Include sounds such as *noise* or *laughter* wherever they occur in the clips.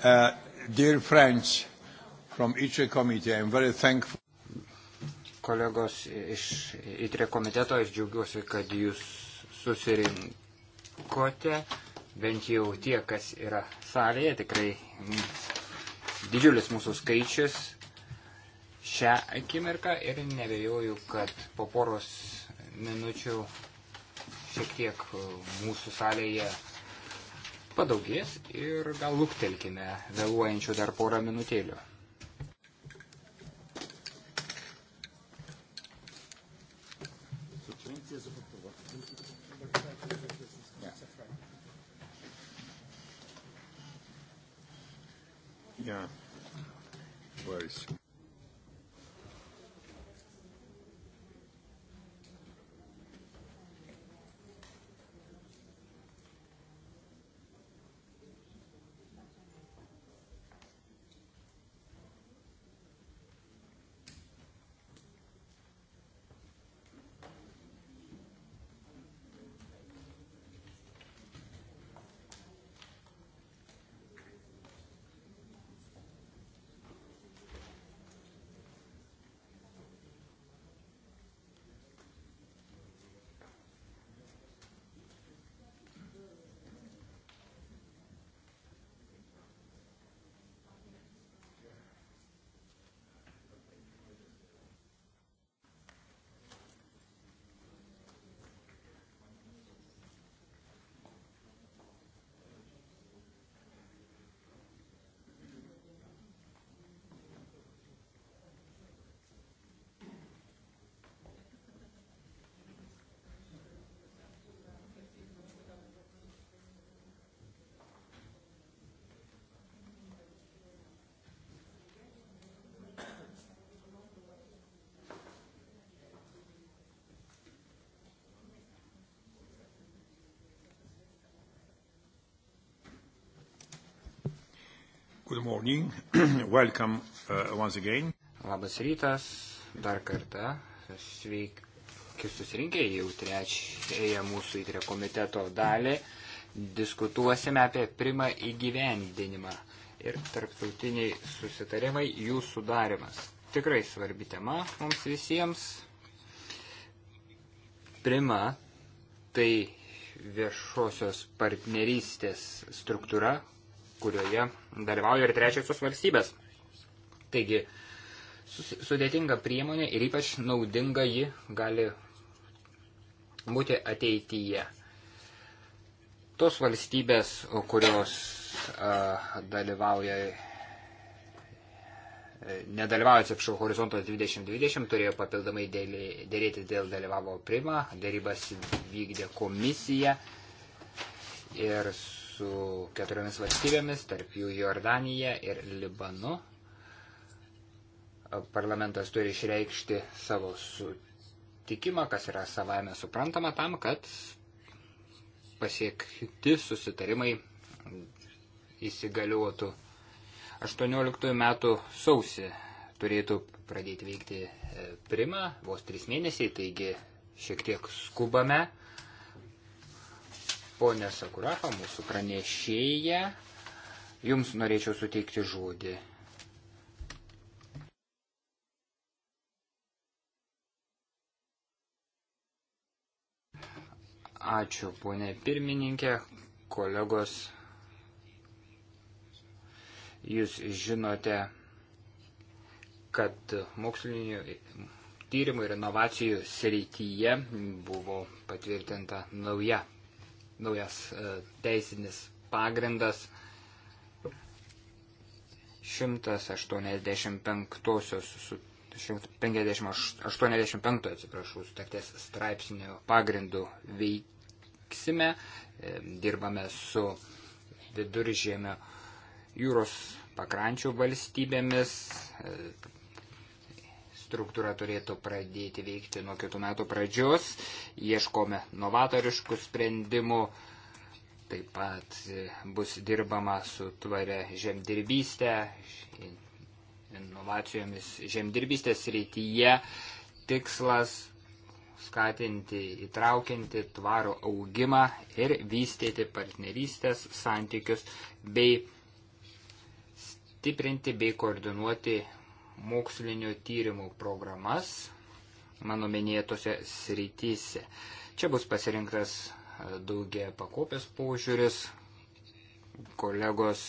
Uh, dear friends from ITRE committee, I'm very thankful. Kolegos iš ITRE komiteto, aš džiaugiuosi, kad jūs susirinkote, bent jau tie, kas yra salėje, tikrai didžiulis mūsų skaičius šią akimirką ir nebejoju, kad po poros minučių šiek tiek mūsų salėje padaugės ir gal luktelkime vėluojančių dar porą minutėlių. Good morning. *clears throat* Welcome uh, once again. Labas rytas. Dar kartą. Sveiki susirinkę jau trečiąją mūsų įtrė komiteto dalį. Diskutuosime apie primą įgyvendinimą ir tarptautiniai susitarimai jų sudarimas. Tikrai svarbi tema mums visiems. Prima tai viešosios partnerystės struktūra, kurioje dalyvauja ir trečiosios valstybės. Taigi, sudėtinga priemonė ir ypač naudinga ji gali būti ateityje. Tos valstybės, kurios a, dalyvauja, e, nedalyvauja, atsiprašau, horizontas 2020, turėjo papildomai dėrėti dėl dalyvavo prima, dėrybas vykdė komisija ir su keturiomis valstybėmis, tarp jų Jordanija ir Libanu. Parlamentas turi išreikšti savo sutikimą, kas yra savame suprantama tam, kad pasiekti susitarimai įsigaliuotų. 18 metų sausį turėtų pradėti veikti e, prima, vos 3 mėnesiai, taigi šiek tiek skubame. Pone Sakurafa, mūsų pranešėja, jums norėčiau suteikti žodį. Ačiū, ponė pirmininkė, kolegos. Jūs žinote, kad mokslinių tyrimų ir inovacijų srityje buvo patvirtinta nauja naujas e, teisinis pagrindas 185 155 atsiprašau, sutarties straipsnių pagrindų veiksime, e, dirbame su viduržėmio jūros pakrančių valstybėmis, e, struktūra turėtų pradėti veikti nuo kitų metų pradžios. Ieškome novatoriškų sprendimų. Taip pat e, bus dirbama su tvaria žemdirbystė, inovacijomis žemdirbystės rytyje. Tikslas skatinti, įtraukinti tvarų augimą ir vystyti partnerystės santykius bei stiprinti bei koordinuoti mokslinių tyrimų programas mano minėtose srityse. Čia bus pasirinktas e, daugia pakopės paužiūris. Kolegos,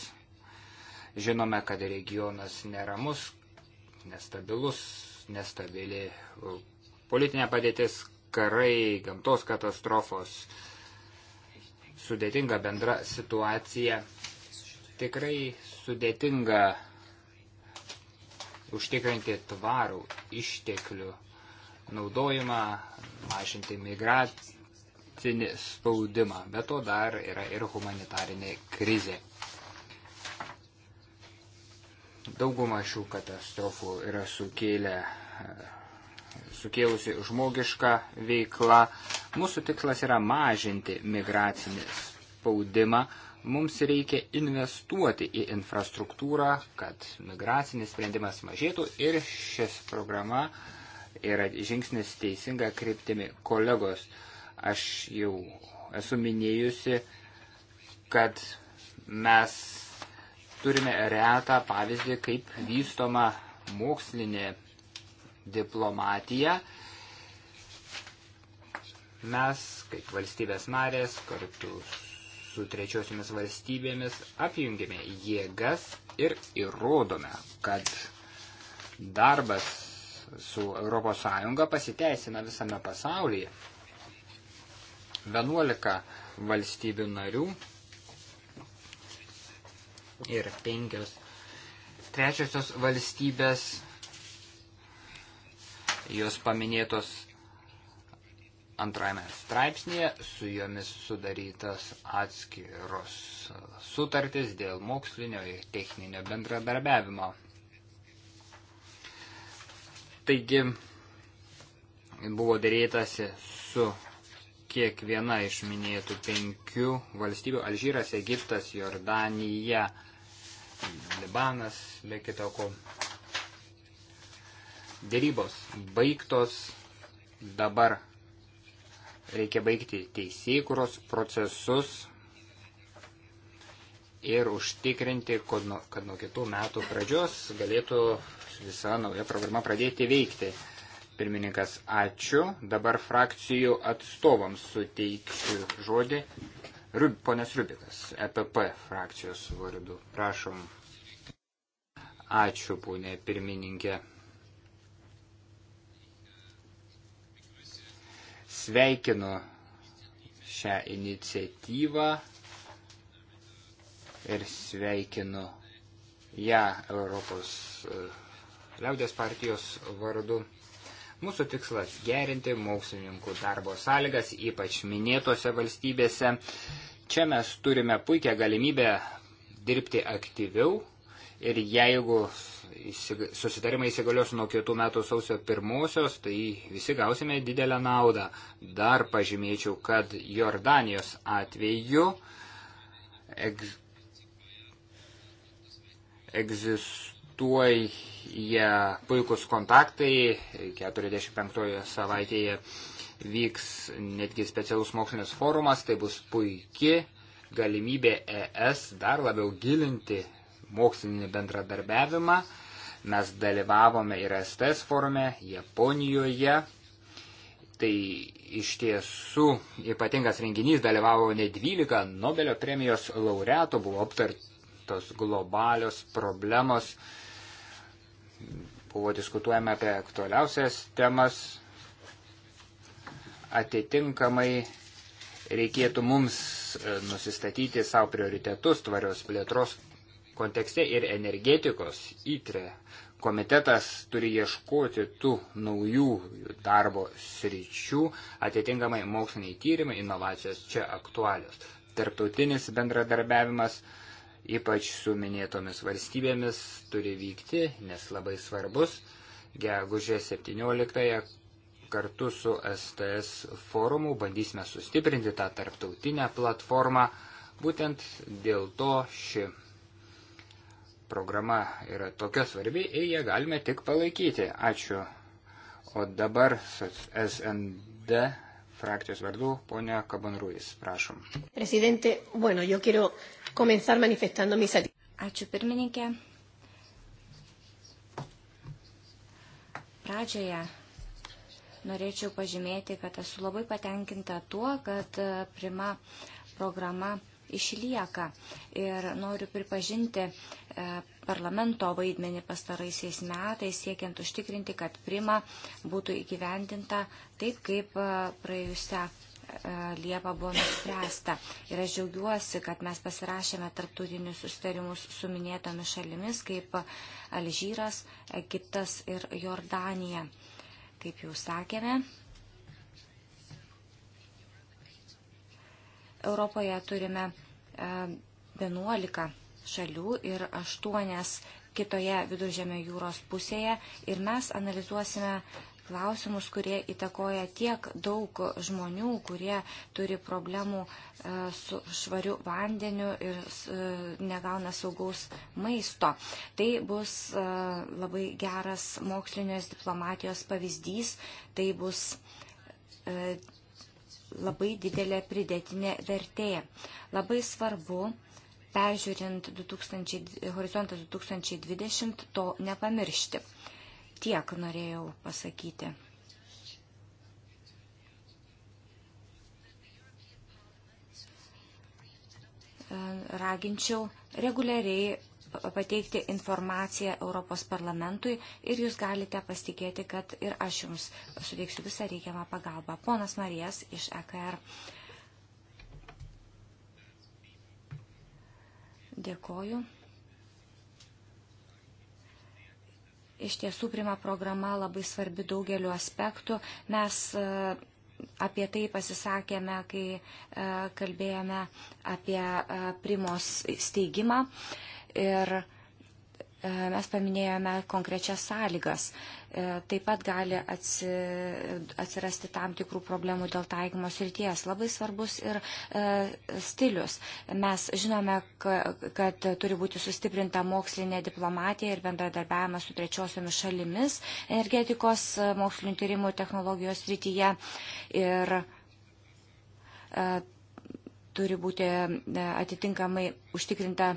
žinome, kad regionas neramus, nestabilus, nestabili e, politinė padėtis, karai, gamtos katastrofos, sudėtinga bendra situacija. Tikrai sudėtinga užtikrinti tvarų išteklių naudojimą, mažinti migracinį spaudimą. Be to dar yra ir humanitarinė krizė. Dauguma šių katastrofų yra sukėlę, sukėlusi žmogiška veikla. Mūsų tikslas yra mažinti migracinį spaudimą Mums reikia investuoti į infrastruktūrą, kad migracinis sprendimas mažėtų ir šis programa yra žingsnis teisinga kryptimi. Kolegos, aš jau esu minėjusi, kad mes turime retą pavyzdį, kaip vystoma mokslinė diplomatija. Mes, kaip valstybės narės, kartu su trečiosiomis valstybėmis, apjungiame jėgas ir įrodome, kad darbas su ES pasiteisina visame pasaulyje. 11 valstybių narių ir 5 trečiosios valstybės, jos paminėtos antrajame straipsnėje su jomis sudarytas atskiros sutartis dėl mokslinio ir techninio bendradarbiavimo. Taigi buvo dėrėtasi su kiekviena iš minėtų penkių valstybių - Alžyras, Egiptas, Jordanija, Libanas, be kitoko. Dėrybos baigtos, dabar reikia baigti teisėkuros procesus ir užtikrinti, kad nuo, kad nuo kitų metų pradžios galėtų visa nauja programa pradėti veikti. Pirmininkas, ačiū. Dabar frakcijų atstovams suteiksiu žodį. Rub, ponas Rubikas, EPP frakcijos vardu. Prašom. Ačiū, ponė pirmininkė. sveikinu šią iniciatyvą ir sveikinu ją Europos e, liaudės partijos vardu. Mūsų tikslas - gerinti mokslininkų darbo sąlygas, ypač minėtose valstybėse. Čia mes turime puikią galimybę dirbti aktyviau ir jeigu susitarimai įsigalios nuo kitų metų sausio pirmosios, tai visi gausime didelę naudą. Dar pažymėčiau, kad Jordanijos atveju egz... egzistuoja puikus kontaktai, 45 savaitėje vyks netgi specialus mokslinis forumas, tai bus puiki galimybė ES dar labiau gilinti mokslinį bendradarbiavimą. Mes dalyvavome ir STS forume Japonijoje. Tai iš tiesų ypatingas renginys dalyvavo ne 12 Nobelio premijos laureatų, buvo aptartos globalios problemos, buvo diskutuojama apie aktualiausias temas. Atitinkamai reikėtų mums e, nusistatyti savo prioritetus tvarios plėtros kontekste ir energetikos įtrė komitetas turi ieškoti tų naujų darbo sričių, atitinkamai moksliniai tyrimai, inovacijos čia aktualios. Tarptautinis bendradarbiavimas, ypač su minėtomis valstybėmis, turi vykti, nes labai svarbus. Gegužė 17-ąją kartu su STS forumu bandysime sustiprinti tą tarptautinę platformą. Būtent dėl to ši programa yra tokia svarbi ir ją galime tik palaikyti. Ačiū. O dabar SND frakcijos vardu ponia Kabanruis, prašom. Presidente, bueno, yo quiero comenzar manifestando mis Ačiū pirmininkė. Pradžioje norėčiau pažymėti, kad esu labai patenkinta tuo, kad e, prima programa išlieka. Ir noriu pripažinti e, parlamento vaidmenį pastaraisiais metais, siekiant užtikrinti, kad prima būtų įgyvendinta taip, kaip e, praėjusią e, Liepa buvo nuspręsta. Ir aš džiaugiuosi, kad mes pasirašėme tarptautinius sustarimus su minėtomis šalimis, kaip Alžyras, Egiptas ir Jordanija. Kaip jau sakėme, Europoje turime 11 e, šalių ir 8 kitoje viduržėmio jūros pusėje ir mes analizuosime klausimus, kurie įtakoja tiek daug žmonių, kurie turi problemų e, su švariu vandeniu ir e, negauna saugaus maisto. Tai bus labai geras mokslinės diplomatijos pavyzdys, tai bus labai didelė pridėtinė vertė. Labai svarbu, peržiūrint 2000, horizontą 2020, to nepamiršti. Tiek norėjau pasakyti. Raginčiau reguliariai pateikti informaciją Europos parlamentui ir jūs galite pasitikėti, kad ir aš jums suteiksiu visą reikiamą pagalbą. Ponas Marijas iš EKR. Dėkoju. Iš tiesų, prima programa labai svarbi daugeliu aspektų. Mes e, apie tai pasisakėme, kai e, kalbėjome apie e, primos steigimą ir e, mes paminėjome konkrečias sąlygas. E, taip pat gali atsirasti tam tikrų problemų dėl taikymo srities. Labai svarbus ir e, stilius. Mes žinome, kad turi būti sustiprinta mokslinė diplomatija ir bendradarbiavimas su trečiosiomis šalimis energetikos mokslinių tyrimų technologijos srityje. Ir turi būti atitinkamai užtikrinta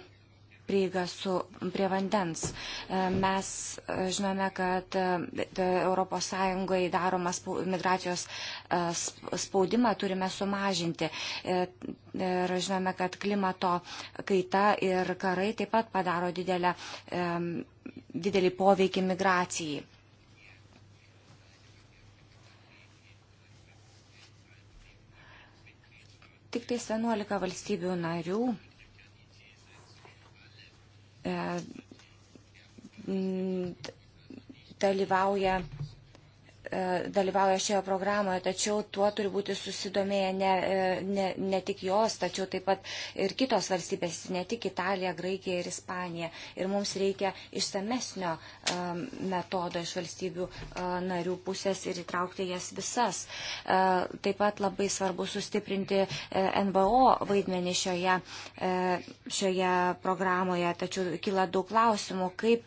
prieigą su, prie vandens. E, mes e, žinome, kad ES e, daromas migracijos spaudimą turime sumažinti. Ir žinome, kad klimato kaita ir karai taip pat padaro didelę, didelį poveikį migracijai. Tik tais 11 valstybių narių E, dalyvauja E, dalyvauja šioje programoje, tačiau tuo turi būti susidomėję ne, e, ne, ne tik jos, tačiau taip pat ir kitos valstybės, ne tik Italija, Graikija ir Ispanija. Ir mums reikia išsamesnio e, metodo iš valstybių narių pusės ir įtraukti jas visas. Taip pat labai svarbu sustiprinti NVO vaidmenį šioje, šioje programoje, tačiau kyla daug klausimų, kaip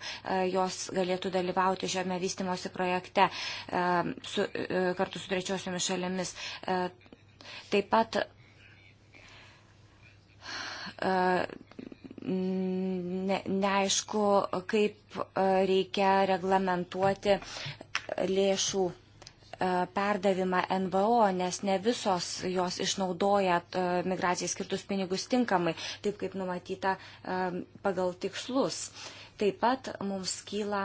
jos galėtų dalyvauti šiame vystimosi projekte. Uh, su, e, kartu su trečiosiomis šalimis. E, taip pat e, ne, neaišku, kaip reikia reglamentuoti lėšų perdavimą NVO, nes ne visos jos išnaudoja migracijai skirtus pinigus tinkamai, taip kaip numatyta pagal tikslus. Taip pat mums kyla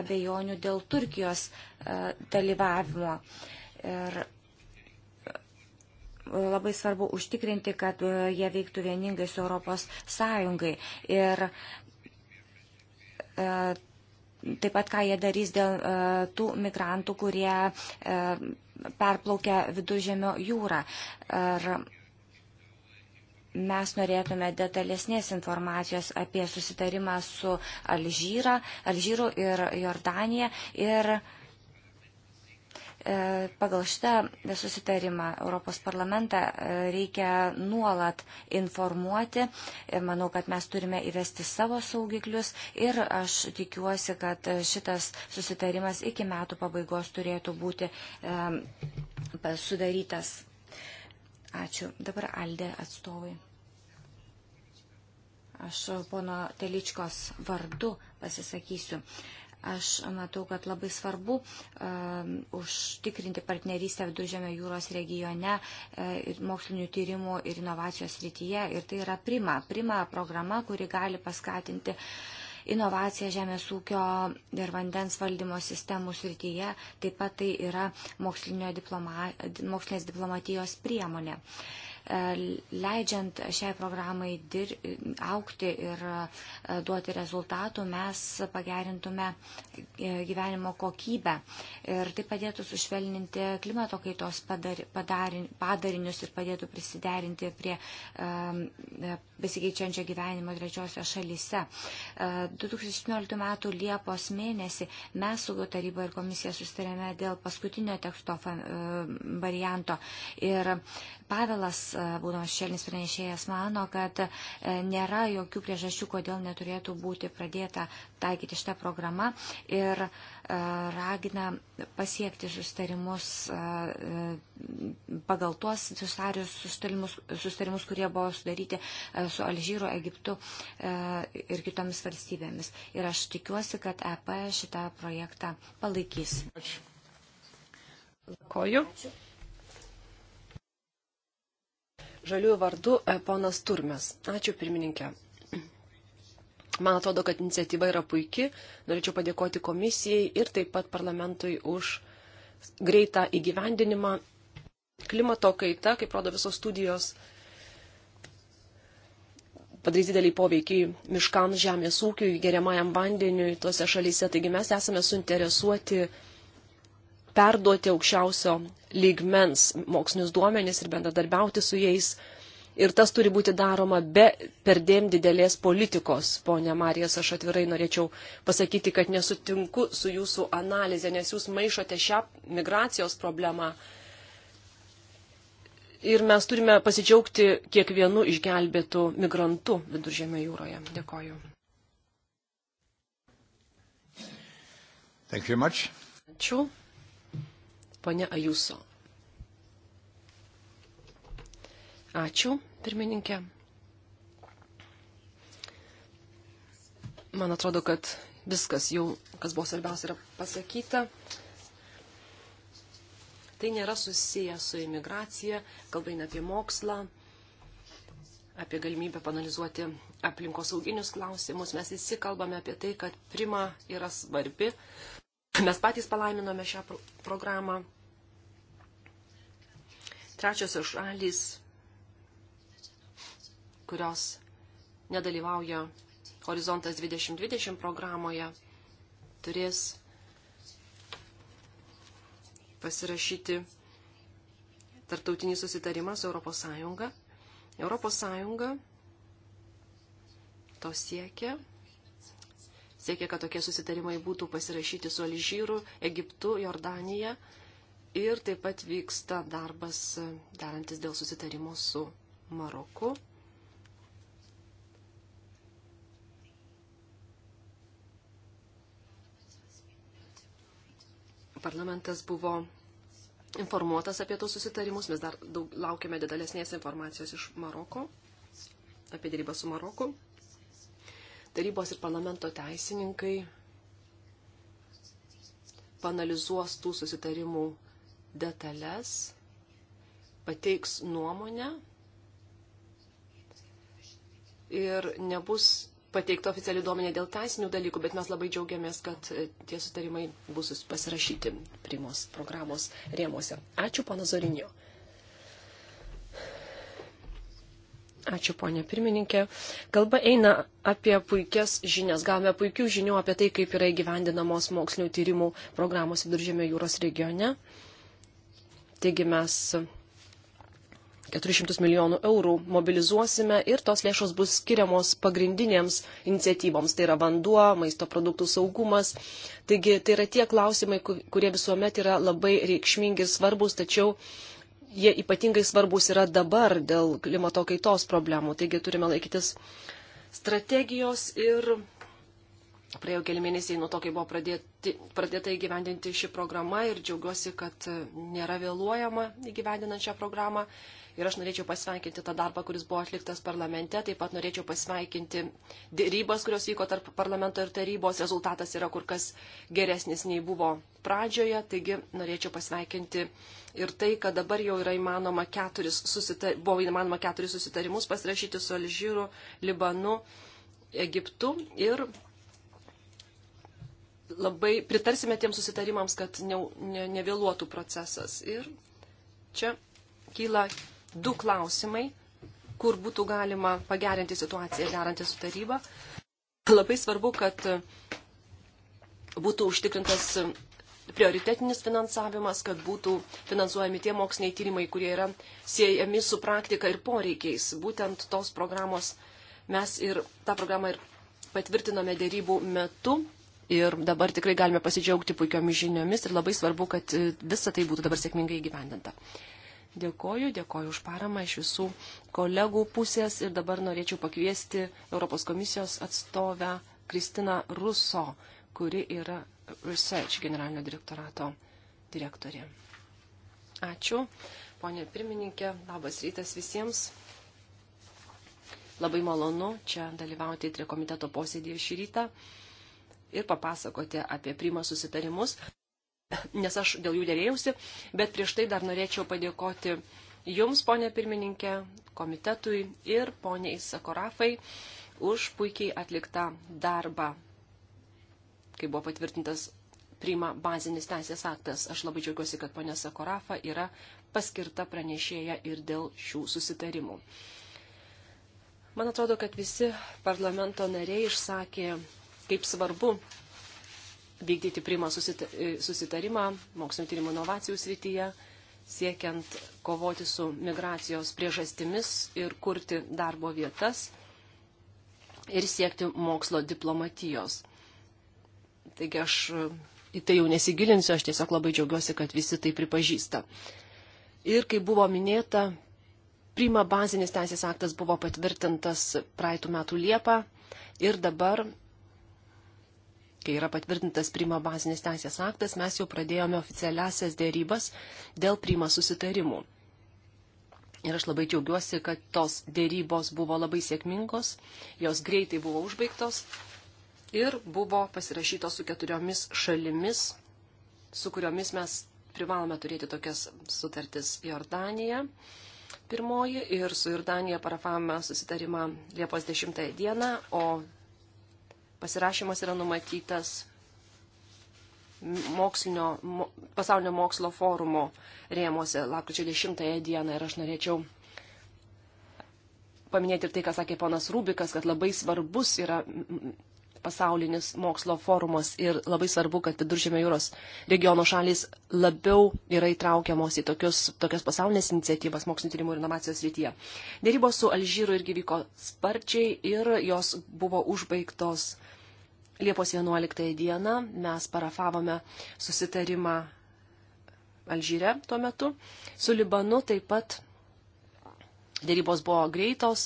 abejonių dėl Turkijos e, dalyvavimo. Ir e, labai svarbu užtikrinti, kad e, jie veiktų vieningai su Europos Sąjungai. Ir taip pat, ką jie darys dėl tų migrantų, kurie perplaukia viduržėmio jūrą. Ir Mes norėtume detalesnės informacijos apie susitarimą su Alžyra, Alžyru ir Jordanija. Ir e, pagal šitą susitarimą Europos parlamentą e, reikia nuolat informuoti. E, manau, kad mes turime įvesti savo saugiklius ir aš tikiuosi, kad šitas susitarimas iki metų pabaigos turėtų būti sudarytas. Ačiū. Dabar Aldė atstovai. Aš pono Teličkos vardu pasisakysiu. Aš matau, kad labai svarbu um, užtikrinti partnerystę Vidužėmio jūros regione uh, ir mokslinių tyrimų ir inovacijos rytyje. Ir tai yra prima, prima programa, kuri gali paskatinti uh, inovacija žemės ūkio ir vandens valdymo sistemų srityje, taip pat tai yra mokslinės diplomatijos priemonė. E, leidžiant šiai programai dir, aukti ir e, duoti rezultatų, mes pagerintume e, gyvenimo kokybę. Ir tai padėtų sušvelninti klimato kaitos padarinius ir padėtų prisiderinti prie besikeičiančio gyvenimo trečiose šalyse. 2017 m. Liepos mėnesį mes su taryba ir komisija sustarėme dėl paskutinio teksto varianto. Ir Pavelas būdamas šešėlinis pranešėjas, mano, kad nėra jokių priežasčių, kodėl neturėtų būti pradėta taikyti šitą programą ir ragina pasiekti sustarimus pagal tuos sustarimus, sustarimus, kurie buvo sudaryti su Alžyru, Egiptu ir kitomis valstybėmis. Ir aš tikiuosi, kad EP šitą projektą palaikys. Ačiū. Dėkoju. Ačiū. Žaliųjų vardu e, ponas Turmes. Ačiū pirmininkė. Man atrodo, kad iniciatyva yra puikia. Norėčiau padėkoti komisijai ir taip pat parlamentui už greitą įgyvendinimą. Klimato kaita, kaip rodo visos studijos, padarys didelį poveikį miškams, žemės ūkiui, geriamajam vandeniui tose šalyse. Taigi mes esame suinteresuoti perduoti aukščiausio lygmens mokslinius duomenis ir bendradarbiauti su jais. Ir tas turi būti daroma be perdėm didelės politikos. Pone Marijas, aš atvirai norėčiau pasakyti, kad nesutinku su jūsų analizė, nes jūs maišote šią migracijos problemą. Ir mes turime pasidžiaugti kiekvienu išgelbėtų migrantų viduržėmio jūroje. Dėkoju. Ačiū. Pone Ajuso. Ačiū, pirmininkė. Man atrodo, kad viskas jau, kas buvo svarbiausia, yra pasakyta. Tai nėra susiję su imigracija, kalba eina apie mokslą, apie galimybę panalizuoti aplinkosauginius klausimus. Mes visi kalbame apie tai, kad prima yra svarbi Mes patys palaiminome šią pro programą. Trečiosios šalys, kurios nedalyvauja Horizontas 2020 programoje, turės pasirašyti tartautinį susitarimą su ES. ES to siekia siekia, kad tokie susitarimai būtų pasirašyti su Alžyru, Egiptu, Jordanija ir taip pat vyksta darbas e, darantis dėl susitarimo su Maroku. Parlamentas buvo informuotas apie tos susitarimus, mes dar daug, laukiame detalesnės informacijos iš Maroko, apie dėrybą su Maroku tarybos ir parlamento teisininkai panalizuos tų susitarimų detalės, pateiks nuomonę ir nebus pateikta oficiali duomenė dėl teisinių dalykų, bet mes labai džiaugiamės, kad e, tie sutarimai bus pasirašyti primos programos rėmuose. Ačiū, pana Zorinio. Ačiū, ponė pirmininkė. Kalba eina apie puikias žinias. Gavome puikių žinių apie tai, kaip yra įgyvendinamos mokslinio tyrimų programos viduržėmio jūros regione. Taigi mes 400 milijonų eurų mobilizuosime ir tos lėšos bus skiriamos pagrindinėms iniciatyvoms. Tai yra vanduo, maisto produktų saugumas. Taigi tai yra tie klausimai, kurie visuomet yra labai reikšmingi ir svarbus, tačiau jie ypatingai svarbus yra dabar dėl klimato kaitos problemų. Taigi turime laikytis strategijos ir praėjo keli mėnesiai nuo to, kai buvo pradėti, pradėta įgyvendinti ši programa ir džiaugiuosi, kad nėra vėluojama įgyvendinant šią programą ir aš norėčiau pasveikinti tą darbą, kuris buvo atliktas parlamente, taip pat norėčiau pasveikinti dėrybas, kurios vyko tarp parlamento ir tarybos, rezultatas yra kur kas geresnis nei buvo pradžioje, taigi norėčiau pasveikinti ir tai, kad dabar jau yra įmanoma keturis, susitar... buvo įmanoma keturis susitarimus pasirašyti su Alžyru, Libanu, Egiptu ir labai pritarsime tiems susitarimams, kad ne, ne, nevėluotų procesas. Ir čia kyla du klausimai, kur būtų galima pagerinti situaciją derantį su taryba. Labai svarbu, kad būtų užtikrintas prioritetinis finansavimas, kad būtų finansuojami tie moksliniai tyrimai, kurie yra siejami su praktika ir poreikiais. Būtent tos programos mes ir tą programą ir patvirtinome dėrybų metu. Ir dabar tikrai galime pasidžiaugti puikiomis žiniomis ir labai svarbu, kad visa tai būtų dabar sėkmingai įgyvendinta. Dėkoju, dėkoju už paramą iš visų kolegų pusės ir dabar norėčiau pakviesti Europos komisijos atstovę Kristina Ruso, kuri yra Research generalinio direktorato direktorė. Ačiū, ponė pirmininkė, labas rytas visiems. Labai malonu čia dalyvauti trikomiteto posėdėje šį rytą ir papasakoti apie primą susitarimus nes aš dėl jų dėrėjausi, bet prieš tai dar norėčiau padėkoti Jums, ponė pirmininkė, komitetui ir poniai Sakorafai už puikiai atliktą darbą, kai buvo patvirtintas priima bazinis teisės aktas. Aš labai džiaugiuosi, kad ponė Sakorafa yra paskirta pranešėja ir dėl šių susitarimų. Man atrodo, kad visi parlamento nariai išsakė, kaip svarbu vykdyti primą e, susitarimą mokslinio tyrimų inovacijų srityje, siekiant kovoti su migracijos priežastimis ir kurti darbo vietas ir siekti mokslo diplomatijos. Taigi aš e, į tai jau nesigilinsiu, aš tiesiog labai džiaugiuosi, kad visi tai pripažįsta. Ir kaip buvo minėta, prima bazinis teisės aktas buvo patvirtintas praeitų metų Liepą ir dabar kai yra patvirtintas priima bazinis teisės aktas, mes jau pradėjome oficialiasias dėrybas dėl priima susitarimų. Ir aš labai džiaugiuosi, kad tos dėrybos buvo labai sėkmingos, jos greitai buvo užbaigtos ir buvo pasirašytos su keturiomis šalimis, su kuriomis mes privalome turėti tokias sutartis Jordanija. Pirmoji ir su Jordanija parafavome susitarimą Liepos 10 dieną, o Pasirašymas yra numatytas mokslinio, mo, pasaulinio mokslo forumo rėmuose lakryčio 10 dieną ir aš norėčiau paminėti ir tai, ką sakė ponas Rubikas, kad labai svarbus yra pasaulinis mokslo forumas ir labai svarbu, kad viduržėmio jūros regiono šalis labiau yra įtraukiamos į tokius, tokias pasaulinės iniciatyvas mokslinio tyrimų ir inovacijos rytyje. Dėrybos su Alžyru irgi vyko sparčiai ir jos buvo užbaigtos Liepos 11 dieną mes parafavome susitarimą Alžyre tuo metu. Su Libanu taip pat dėrybos buvo greitos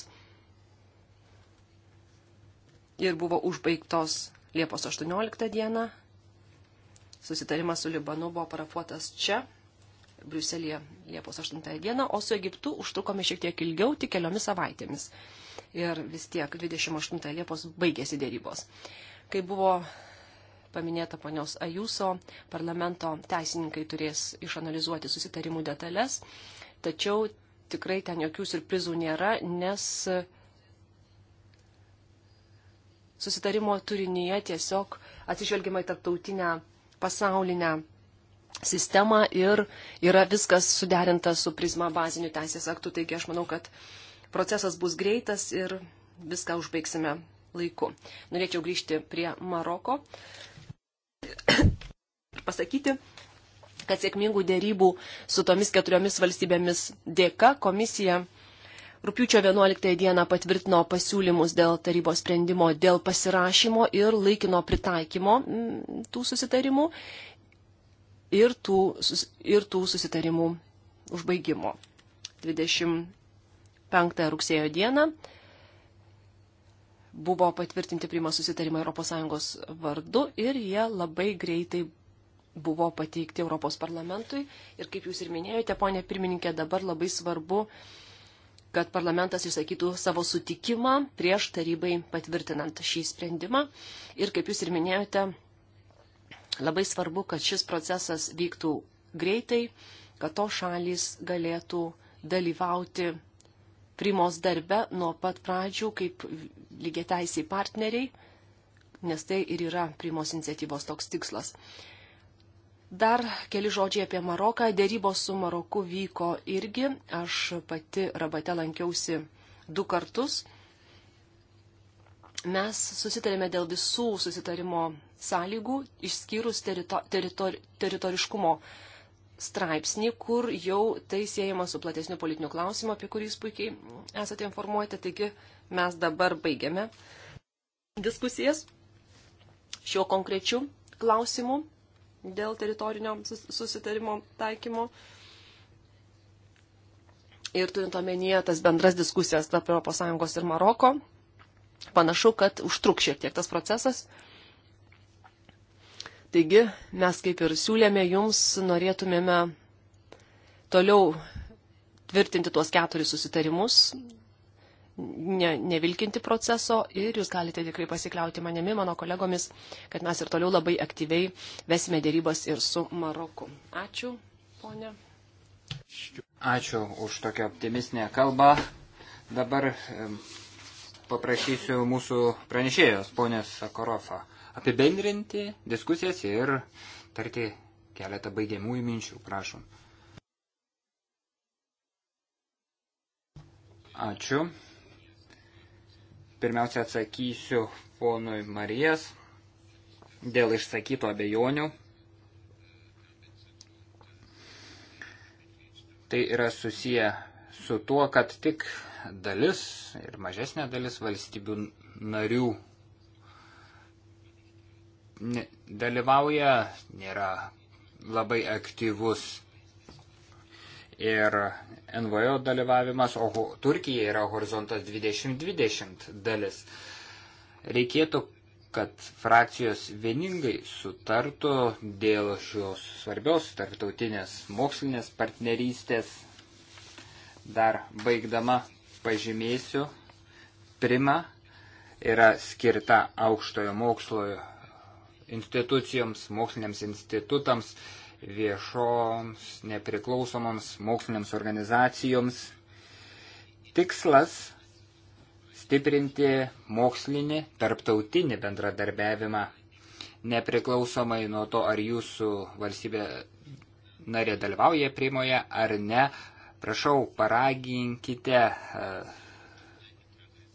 ir buvo užbaigtos Liepos 18 dieną. Susitarimas su Libanu buvo parafuotas čia, Briuselėje, Liepos 8 dieną, o su Egiptu užtrukome šiek tiek ilgiau, tik keliomis savaitėmis. Ir vis tiek 28 Liepos baigėsi dėrybos. Kai buvo paminėta ponios Ajuso, parlamento teisininkai turės išanalizuoti susitarimų detalės, tačiau tikrai ten jokių surprizų nėra, nes susitarimo turinyje tiesiog atsižvelgiama į tarptautinę pasaulinę sistemą ir yra viskas suderinta su prisma baziniu teisės aktu. Taigi aš manau, kad procesas bus greitas ir viską užbaigsime laiku. Norėčiau grįžti prie Maroko ir pasakyti, kad sėkmingų dėrybų su tomis keturiomis valstybėmis dėka komisija rūpiučio 11 dieną patvirtino pasiūlymus dėl tarybos sprendimo dėl pasirašymo ir laikino pritaikymo mm, tų susitarimų ir tų, ir tų susitarimų užbaigimo. 25 rugsėjo dieną buvo patvirtinti priima susitarimą ES vardu ir jie labai greitai buvo pateikti Europos parlamentui. Ir kaip jūs ir minėjote, ponė pirmininkė, dabar labai svarbu, kad parlamentas išsakytų savo sutikimą prieš tarybai patvirtinant šį sprendimą. Ir kaip jūs ir minėjote, labai svarbu, kad šis procesas vyktų greitai, kad to šalis galėtų dalyvauti primos darbe nuo pat pradžių kaip lygiateisiai partneriai, nes tai ir yra primos iniciatyvos toks tikslas. Dar keli žodžiai apie Maroką. Dėrybos su Maroku vyko irgi. Aš pati rabate lankiausi du kartus. Mes susitarėme dėl visų susitarimo sąlygų, išskyrus terito, teritor, teritoriškumo teritori straipsnį, kur jau tai siejama su platesniu politiniu klausimu, apie kurį jūs puikiai esate informuoti. Taigi mes dabar baigiame diskusijas šiuo konkrečiu klausimu dėl teritorinio susitarimo taikymo. Ir turint omenyje tas bendras diskusijas tarp ES ir Maroko, panašu, kad užtruk šiek tiek tas procesas. Taigi mes kaip ir siūlėme jums, norėtumėme toliau tvirtinti tuos keturis susitarimus, ne, nevilkinti proceso ir jūs galite tikrai pasikliauti manimi, mano kolegomis, kad mes ir toliau labai aktyviai vesime dėrybas ir su Maroku. Ačiū, ponė. Ačiū už tokią optimistinę kalbą. Dabar paprašysiu mūsų pranešėjos, ponės Sakorofą apibendrinti diskusijas ir tarti keletą baigiamųjų minčių. Prašom. Ačiū. Pirmiausia, atsakysiu ponui Marijas dėl išsakyto abejonių. Tai yra susiję su tuo, kad tik dalis ir mažesnė dalis valstybių narių dalyvauja, nėra labai aktyvus ir NVO dalyvavimas, o Turkija yra horizontas 2020 dalis. Reikėtų, kad frakcijos vieningai sutartų dėl šios svarbios tarptautinės mokslinės partnerystės. Dar baigdama pažymėsiu, prima yra skirta aukštojo mokslojo institucijoms, moksliniams institutams, viešoms, nepriklausomoms moksliniams organizacijoms. Tikslas - stiprinti mokslinį, tarptautinį bendradarbiavimą, nepriklausomai nuo to, ar jūsų valstybė narė dalyvauja primoje ar ne. Prašau, paraginkite e,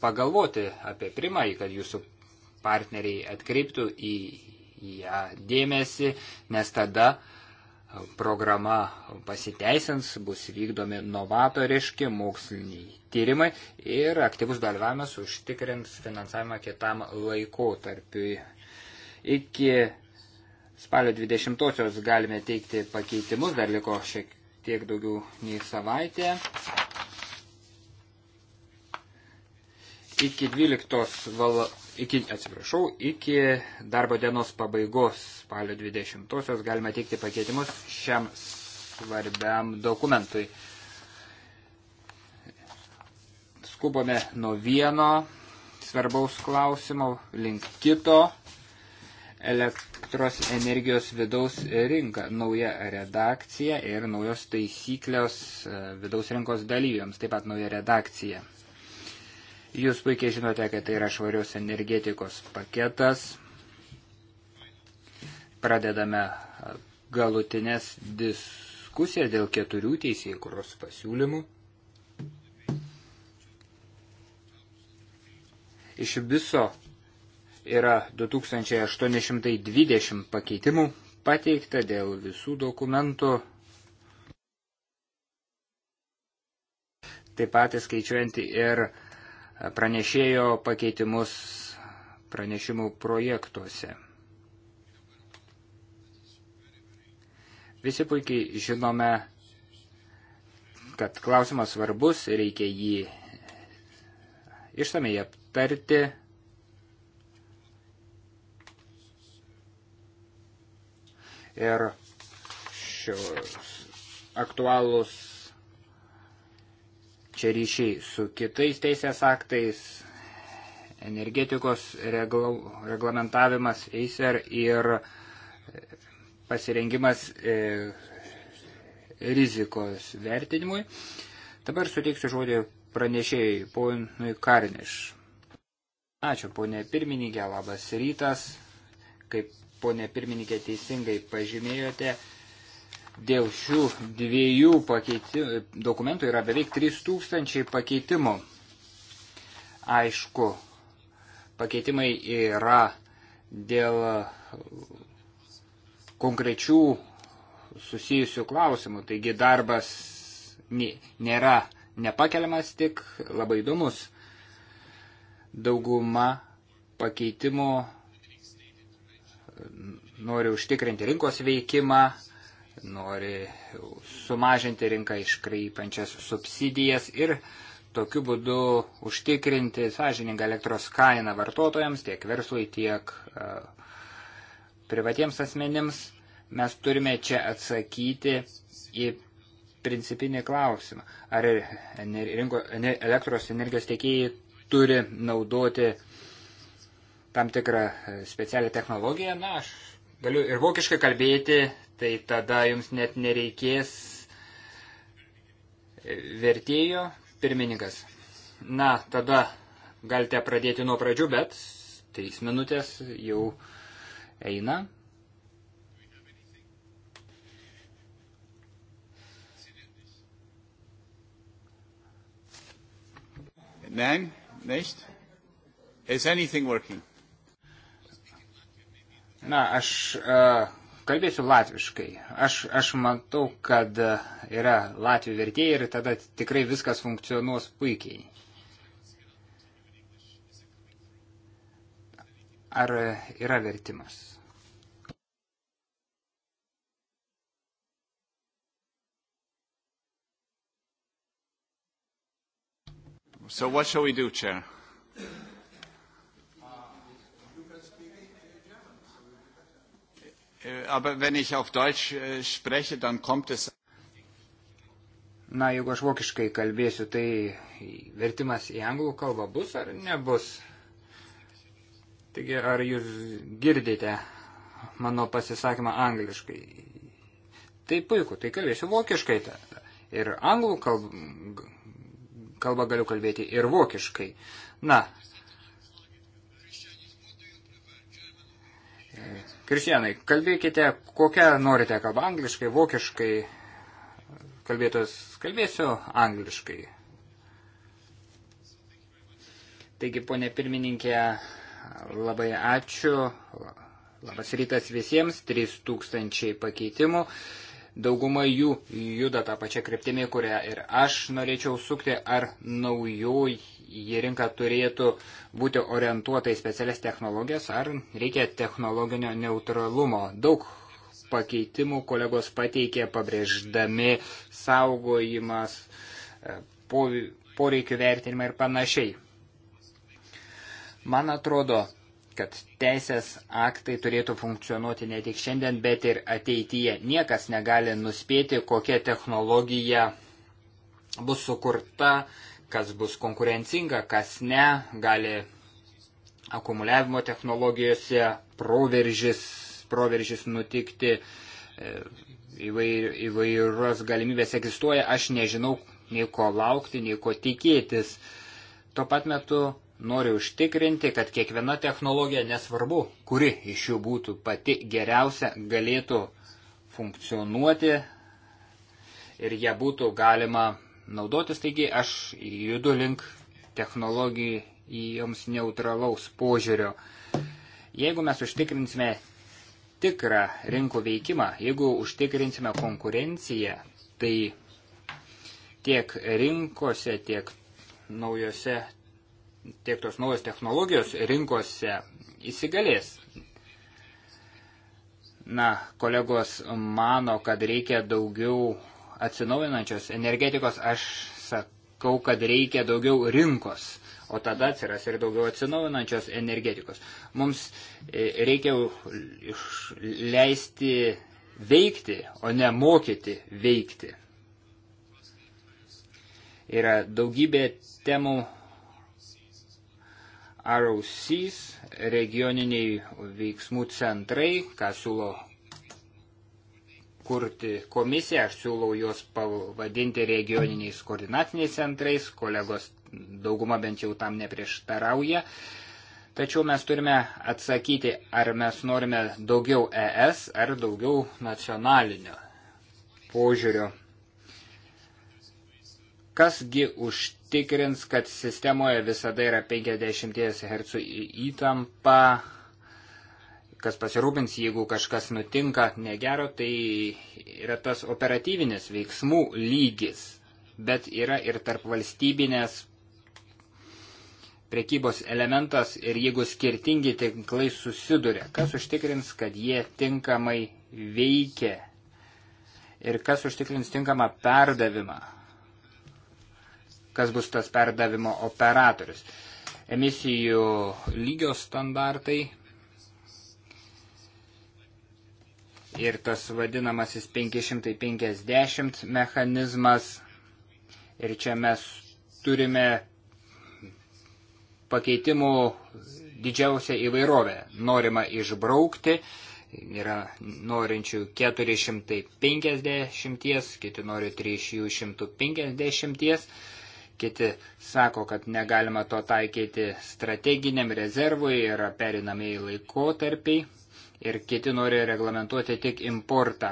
pagalvoti apie primąjį, kad jūsų partneriai atkreiptų į ją dėmesį, nes tada programa pasiteisins, bus vykdomi novatoriški moksliniai tyrimai ir aktyvus dalyvavimas užtikrins finansavimą kitam laikotarpiui. Iki spalio 20-osios galime teikti pakeitimus, dar liko šiek tiek daugiau nei savaitė. iki 12 val... Iki, atsiprašau, iki darbo dienos pabaigos spalio 20-osios galima teikti pakeitimus šiam svarbiam dokumentui. Skubame nuo vieno svarbaus klausimo link kito elektros energijos vidaus rinka, nauja redakcija ir naujos taisyklės e, vidaus rinkos dalyviams, taip pat nauja redakcija. Jūs puikiai žinote, kad tai yra švarios energetikos paketas. Pradedame galutinės diskusijas dėl keturių teisėkuros pasiūlymų. Iš viso yra 2820 pakeitimų pateikta dėl visų dokumentų. Taip pat skaičiuojant ir pranešėjo pakeitimus pranešimų projektuose. Visi puikiai žinome, kad klausimas svarbus, reikia jį išsamei aptarti. Ir šios aktualūs čia ryšiai su kitais teisės aktais, energetikos regla, reglamentavimas, eiser ir pasirengimas e, rizikos vertinimui. Dabar suteiksiu žodį pranešėjai, ponui Karniš. Ačiū, ponė pirmininkė, labas rytas. Kaip ponė pirmininkė teisingai pažymėjote, Dėl šių dviejų pakeiti, dokumentų yra beveik 3000 pakeitimų. Aišku, pakeitimai yra dėl konkrečių susijusių klausimų. Taigi darbas nėra nepakeliamas, tik labai įdomus. Dauguma pakeitimų nori užtikrinti rinkos veikimą, nori sumažinti rinką iškreipančias subsidijas ir tokiu būdu užtikrinti sąžiningą elektros kainą vartotojams, tiek verslui, tiek e, privatiems asmenims. Mes turime čia atsakyti į principinį klausimą, ar elektros energijos tiekėjai turi naudoti tam tikrą e, specialią technologiją. Na, aš galiu ir vokiškai kalbėti, tai tada jums net nereikės vertėjo pirmininkas. Na, tada galite pradėti nuo pradžių, bet 3 minutės jau eina. Nein, nicht? Is anything working? Na, aš uh, Kalbėsiu latviškai. Aš, aš matau, kad yra latvių vertėjai ir tada tikrai viskas funkcionuos puikiai. Ar yra vertimas? So what shall we do, Chair? Äh, aber wenn ich auf Deutsch äh, spreche, dann kommt es. Na, jeigu aš vokiškai kalbėsiu, tai vertimas į anglų kalbą bus ar nebus? Taigi, ar jūs girdite mano pasisakymą angliškai? Tai puiku, tai kalbėsiu vokiškai. Ir anglų kalbą, kalbą galiu kalbėti ir vokiškai. Na, Kristijanai, kalbėkite, kokią norite kalbą, angliškai, vokiškai, kalbėtos, kalbėsiu angliškai. Taigi, ponė pirmininkė, labai ačiū. Labas rytas visiems, 3000 pakeitimų dauguma jų juda tą pačią kryptimį, kurią ir aš norėčiau sukti, ar naujoji rinka turėtų būti orientuota į specialias technologijas, ar reikia technologinio neutralumo. Daug pakeitimų kolegos pateikė pabrėždami saugojimas, e, poreikių vertinimą ir panašiai. Man atrodo, kad teisės aktai turėtų funkcionuoti ne tik šiandien, bet ir ateityje. Niekas negali nuspėti, kokia technologija bus sukurta, kas bus konkurencinga, kas ne, gali akumuliavimo technologijose proveržis, proveržis nutikti, e, įvair, įvairios galimybės egzistuoja, aš nežinau nei ko laukti, nei ko tikėtis. Tuo pat metu nori užtikrinti, kad kiekviena technologija, nesvarbu, kuri iš jų būtų pati geriausia, galėtų funkcionuoti ir ją būtų galima naudotis. Taigi aš judu link technologijoms neutralaus požiūrio. Jeigu mes užtikrinsime tikrą rinkų veikimą, jeigu užtikrinsime konkurenciją, tai tiek rinkose, tiek naujose tiek tos naujos technologijos rinkose įsigalės. Na, kolegos mano, kad reikia daugiau atsinaujinančios energetikos, aš sakau, kad reikia daugiau rinkos, o tada atsiras ir daugiau atsinaujinančios energetikos. Mums e, reikia leisti veikti, o ne mokyti veikti. Yra daugybė temų ROCs, regioniniai veiksmų centrai, ką siūlo kurti komisiją, aš siūlau juos pavadinti regioniniais koordinatiniais centrais, kolegos dauguma bent jau tam neprieštarauja. Tačiau mes turime atsakyti, ar mes norime daugiau ES ar daugiau nacionalinio požiūrio kasgi užtikrins, kad sistemoje visada yra 50 Hz įtampa, kas pasirūpins, jeigu kažkas nutinka negero, tai yra tas operatyvinis veiksmų lygis, bet yra ir tarp valstybinės prekybos elementas ir jeigu skirtingi tinklai susiduria, kas užtikrins, kad jie tinkamai veikia ir kas užtikrins tinkamą perdavimą kas bus tas perdavimo operatorius. Emisijų lygio standartai ir tas vadinamasis 550 mechanizmas. Ir čia mes turime pakeitimų didžiausią įvairovę. Norima išbraukti, yra norinčių 450, kiti nori 350. Kiti sako, kad negalima to taikyti strateginiam rezervui ir perinamieji laikotarpiai. Ir kiti nori reglamentuoti tik importą.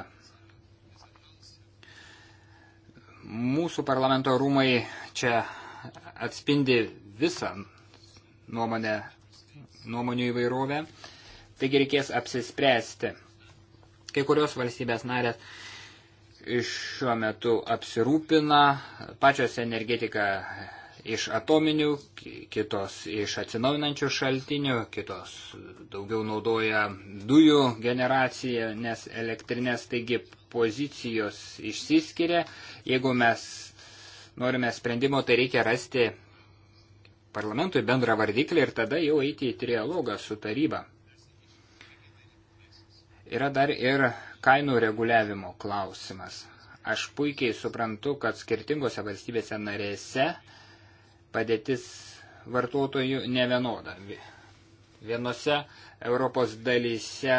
Mūsų parlamento rūmai čia atspindi visą nuomonę, nuomonių įvairovę. Taigi reikės apsispręsti. Kai kurios valstybės narės iš šiuo metu apsirūpina pačios energetika iš atominių, kitos iš atsinaujinančių šaltinių, kitos daugiau naudoja dujų generaciją, nes elektrinės taigi pozicijos išsiskiria. Jeigu mes norime sprendimo, tai reikia rasti parlamentui bendrą vardiklį ir tada jau eiti į trialogą su taryba. Yra dar ir kainų reguliavimo klausimas. Aš puikiai suprantu, kad skirtingose valstybėse narėse padėtis vartotojų nevienoda. Vienose Europos dalyse,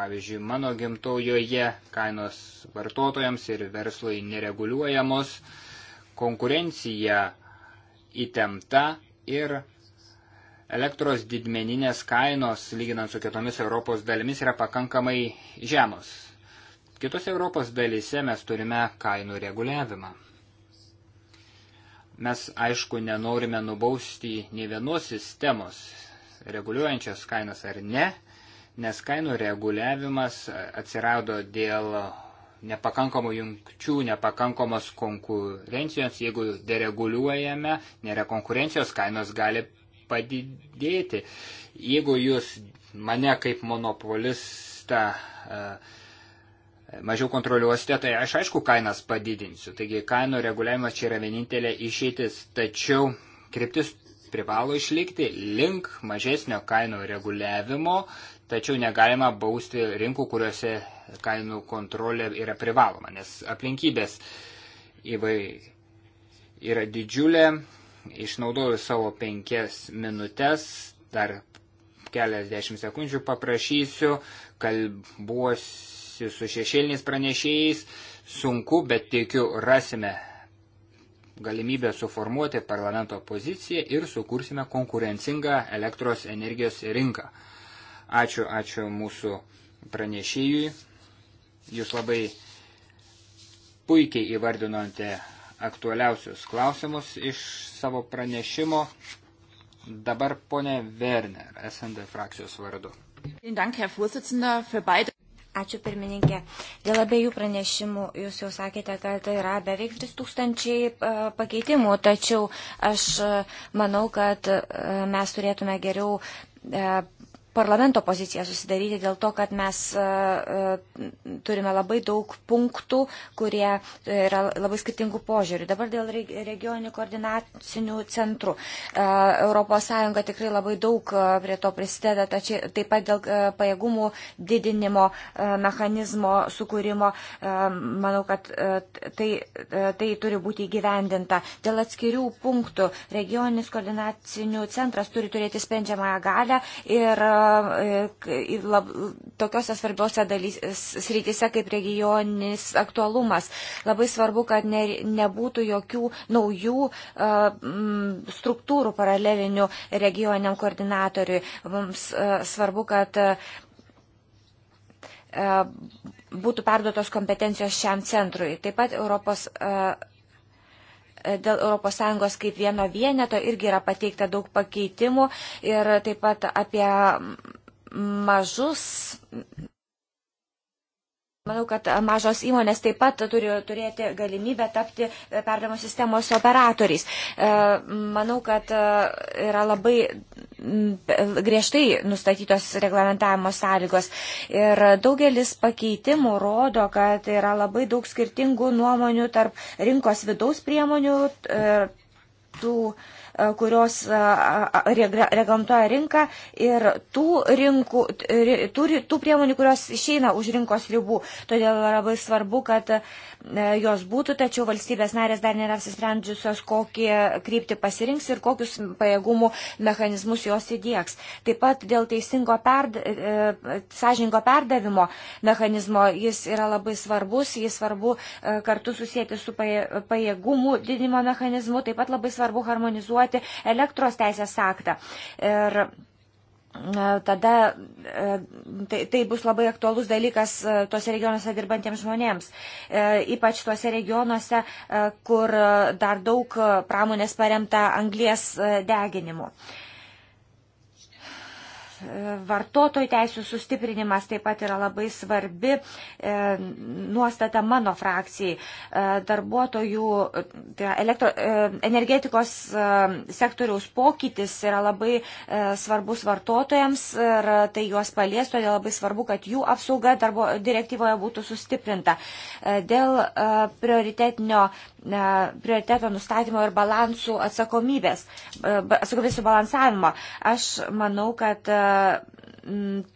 pavyzdžiui, mano gimtojoje kainos vartotojams ir verslui nereguliuojamos, konkurencija įtempta ir Elektros didmeninės kainos, lyginant su kitomis Europos dalimis, yra pakankamai žemos. Kitose Europos dalyse mes turime kainų reguliavimą. Mes, aišku, nenorime nubausti nei vienos sistemos, reguliuojančios kainas ar ne, nes kainų reguliavimas atsirado dėl nepakankamo jungčių, nepakankamos konkurencijos. Jeigu dereguliuojame, nėra konkurencijos, kainos gali padidėti. Jeigu jūs mane kaip monopolistą e, mažiau kontroliuosite, tai aš aišku kainas padidinsiu. Taigi kainų reguliavimas čia yra vienintelė išeitis, tačiau kryptis privalo išlikti link mažesnio kainų reguliavimo, tačiau negalima bausti rinkų, kuriuose kainų kontrolė yra privaloma, nes aplinkybės įvai yra didžiulė, išnaudoju savo penkias minutės, dar keliasdešimt sekundžių paprašysiu, kalbuosi su šešėliniais pranešėjais, sunku, bet tikiu rasime galimybę suformuoti parlamento poziciją ir sukursime konkurencingą elektros energijos rinką. Ačiū, ačiū mūsų pranešėjui. Jūs labai puikiai įvardinote aktualiausius klausimus iš savo pranešimo. Dabar ponė Werner, SND frakcijos vardu. Ačiū pirmininkė. Dėl abiejų pranešimų jūs jau sakėte, kad yra beveik 3000 e, pakeitimų, tačiau aš e, manau, kad e, mes turėtume geriau parlamento poziciją susidaryti dėl to, kad mes e, e, turime labai daug punktų, kurie e, yra labai skirtingų požiūrių. Dabar dėl regioninių koordinacinių centrų. ES tikrai labai daug prie to prisideda, tačiau taip pat dėl pajėgumų didinimo mechanizmo sukūrimo. Manau, kad tai, tai turi būti įgyvendinta. Dėl atskirių punktų regioninis koordinacinių centras turi turėti sprendžiamąją galę ir E, lab, tokiuose svarbiose srityse kaip regioninis aktualumas. Labai svarbu, kad ne, nebūtų jokių naujų e, struktūrų paralelinių regioniniam koordinatoriui. Mums e, svarbu, kad būtų perduotos kompetencijos šiam centrui. Taip pat Europos dėl ES kaip vieno vieneto irgi yra pateikta daug pakeitimų ir taip pat apie mažus Manau, kad mažos įmonės taip pat turi turėti galimybę tapti e, perdavimo sistemos operatoriais. E, manau, kad yra labai griežtai nustatytos reglamentavimo sąlygos. Ir daugelis pakeitimų rodo, kad yra labai daug skirtingų nuomonių tarp rinkos vidaus priemonių. E, tų, uh, kurios reglamentuoja rinką ir tų, rinkų, tų, tų priemonių, kurios išeina už rinkos ribų. Todėl labai svarbu, kad jos būtų, tačiau valstybės narės dar nėra apsisprendžiusios, kokie krypti pasirinks ir kokius pajėgumų mechanizmus jos įdėks. Taip pat dėl teisingo perd, e, e, sąžininko perdavimo mechanizmo jis yra labai svarbus, jis svarbu e, kartu susijęti su pajėgumų didinimo mechanizmu, taip pat labai svarbu harmonizuoti interpretuoti elektros teisės aktą. Ir e, tada e, tai, tai bus labai aktualus dalykas e, tuose regionuose dirbantiems žmonėms. Ypač tuose regionuose, kur dar daug pramonės paremta anglies deginimu vartotojų teisų sustiprinimas taip pat yra labai svarbi e, nuostata mano frakcijai. E, darbuotojų tai elektro, e, energetikos sektoriaus pokytis yra labai svarbus vartotojams ir tai juos palies, todėl labai svarbu, kad jų apsauga darbo direktyvoje būtų sustiprinta. Dėl prioritetinio prioriteto nustatymo ir balansų atsakomybės, atsakomybės subalansavimo. Aš manau, kad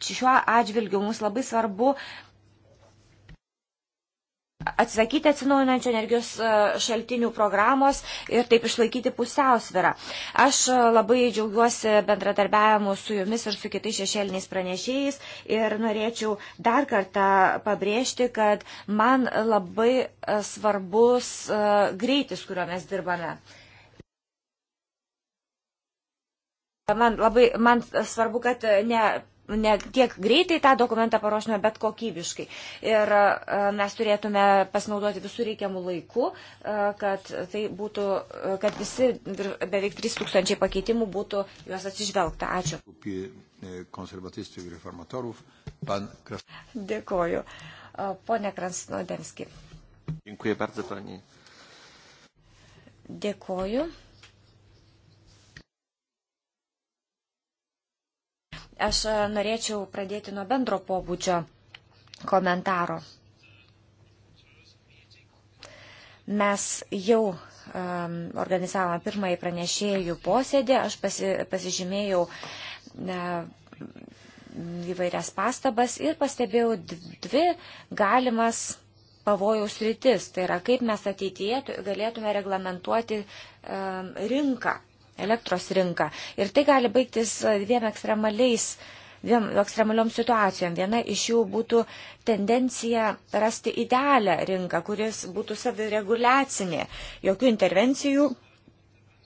šiuo atžvilgiu mums labai svarbu atsakyti atsinaujinančio energijos e, šaltinių programos ir taip išlaikyti pusiausvirą. Aš e, labai džiaugiuosi bendradarbiavimu su jumis ir su kitais šešėliniais pranešėjais ir norėčiau dar kartą pabrėžti, kad man labai e, svarbus greitis, kuriuo mes dirbame. Man labai man svarbu, kad ne ne tiek greitai tą dokumentą paruošime, bet kokybiškai. Ir e, mes turėtume pasinaudoti visų reikiamų laikų, e, kad, tai būtų, e, kad visi beveik 3000 pakeitimų būtų juos atsižvelgta. Ačiū. konservatistų ir reformatorų. Pan Kras... Dėkoju. Pone Krasnodemski. Dėkoju. Aš e, norėčiau pradėti nuo bendro pobūdžio komentaro. Mes jau um, organizavome pirmąjį pranešėjų posėdį, aš pasi, pasižymėjau ne, įvairias pastabas ir pastebėjau dvi galimas pavojaus rytis. Tai yra, kaip mes ateityje galėtume reglamentuoti um, rinką elektros rinką. Ir tai gali baigtis dviem ekstremaliais, dviem ekstremaliom situacijom. Viena iš jų būtų tendencija rasti idealią rinką, kuris būtų savireguliacinė, jokių intervencijų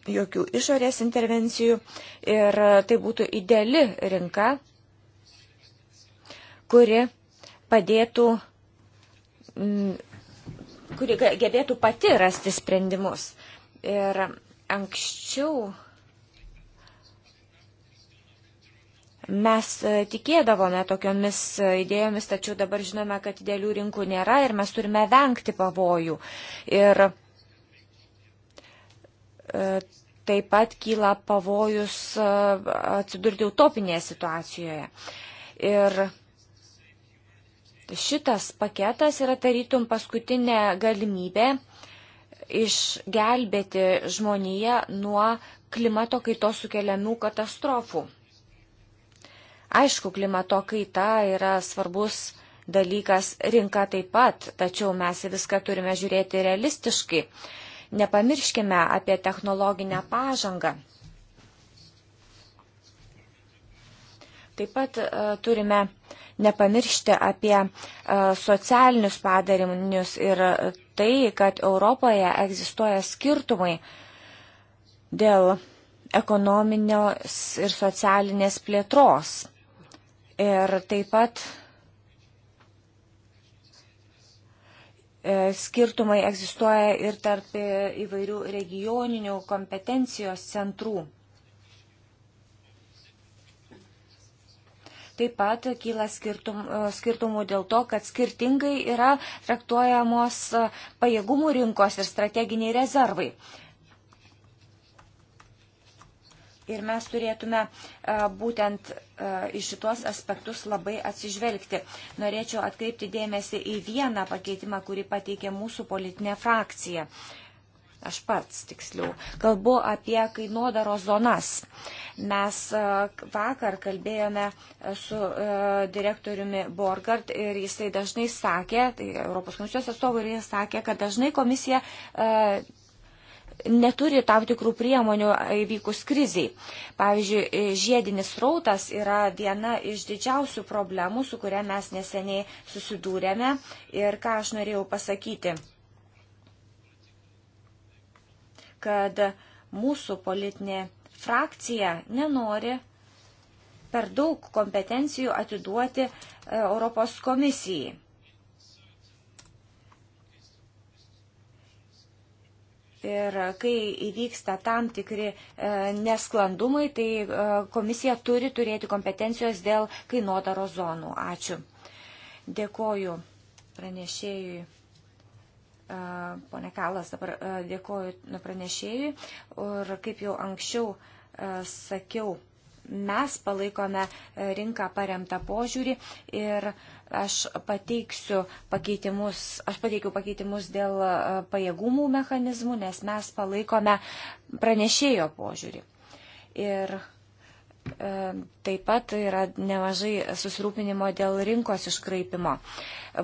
jokių išorės intervencijų ir tai būtų ideali rinka, kuri padėtų mm, kuri gebėtų pati rasti sprendimus. Ir anksčiau mes e, tikėdavome tokiomis e, idėjomis, tačiau dabar žinome, kad dėlių rinkų nėra ir mes turime vengti pavojų. Ir e, taip pat kyla pavojus atsidurti utopinėje situacijoje. Ir šitas paketas yra tarytum paskutinė galimybė išgelbėti žmoniją nuo klimato kaitos sukeliamų katastrofų. Aišku, klimato kaita yra svarbus dalykas, rinka taip pat, tačiau mes į viską turime žiūrėti realistiškai. Nepamirškime apie technologinę pažangą. Taip pat e, turime nepamiršti apie e, socialinius padarinius ir e, tai, kad Europoje egzistuoja skirtumai dėl ekonominės ir socialinės plėtros. Ir taip pat skirtumai egzistuoja ir tarp įvairių regioninių kompetencijos centrų. Taip pat kyla skirtum, e, skirtumų dėl to, kad skirtingai yra traktuojamos e, pajėgumų rinkos ir strateginiai rezervai. Ir mes turėtume e, būtent į šitos aspektus labai atsižvelgti. Norėčiau atkreipti dėmesį į vieną pakeitimą, kurį pateikė mūsų politinė frakcija aš pats tiksliau, kalbu apie kainodaros zonas. Mes e, vakar kalbėjome e, su e, direktoriumi Borgart ir jisai dažnai sakė, tai Europos komisijos atstovai ir jis sakė, kad dažnai komisija neturi tam tikrų priemonių įvykus kriziai. Pavyzdžiui, žiedinis rautas yra viena iš didžiausių problemų, su kuria mes neseniai susidūrėme ir ką aš norėjau pasakyti kad mūsų politinė frakcija nenori per daug kompetencijų atiduoti e, Europos komisijai. Ir kai įvyksta tam tikri e, nesklandumai, tai e, komisija turi turėti kompetencijos dėl kainodaro zonų. Ačiū. Dėkoju pranešėjui. Pone Kalas, dabar dėkoju pranešėjui ir kaip jau anksčiau sakiau, mes palaikome rinką paremtą požiūrį ir aš pateiksiu pakeitimus, aš pateikiu pakeitimus dėl pajėgumų mechanizmų, nes mes palaikome pranešėjo požiūrį. Ir E, taip pat yra nemažai susirūpinimo dėl rinkos iškraipimo.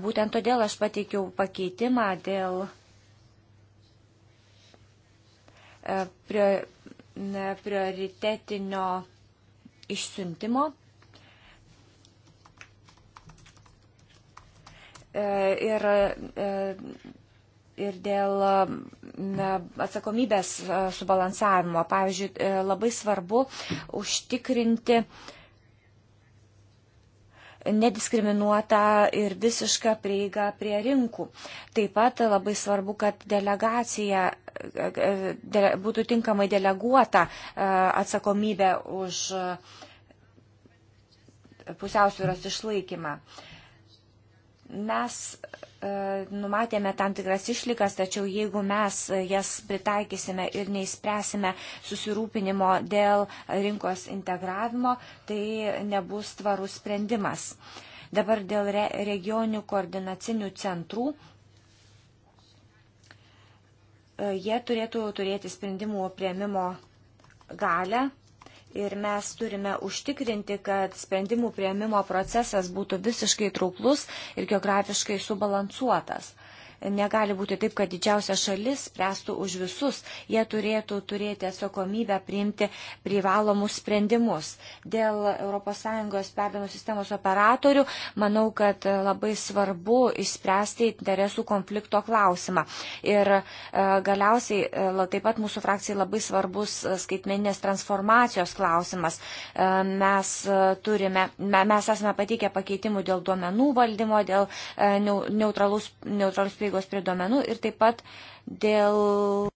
Būtent todėl aš pateikiau pakeitimą dėl e, prioritetinio išsiuntimo. E, ir ir dėl atsakomybės subalansavimo. Pavyzdžiui, e, labai svarbu užtikrinti nediskriminuotą ir visišką prieigą prie rinkų. Taip pat labai svarbu, kad delegacija e, e, dele, būtų tinkamai deleguota atsakomybė už pusiausvėros išlaikymą. Mes E, numatėme tam tikras išlygas, tačiau jeigu mes jas pritaikysime ir neįspręsime susirūpinimo dėl rinkos integravimo, tai nebus tvarus sprendimas. Dabar dėl re regionių koordinacinių centrų. E, jie turėtų turėti sprendimų prieimimo galę Ir mes turime užtikrinti, kad sprendimų prieimimo procesas būtų visiškai trauklus ir geografiškai subalansuotas. Negali būti taip, kad didžiausia šalis spręstų už visus. Jie turėtų turėti atsakomybę priimti privalomus sprendimus. Dėl ES perdavimo sistemos operatorių, manau, kad labai svarbu išspręsti interesų konflikto klausimą. Ir e, galiausiai e, taip pat mūsų frakcijai labai svarbus e, skaitmeninės transformacijos klausimas. Mes, turime, mes esame pateikę pakeitimų dėl duomenų valdymo, dėl neutralus, neutralus prieigos prieigos prie duomenų ir taip pat dėl,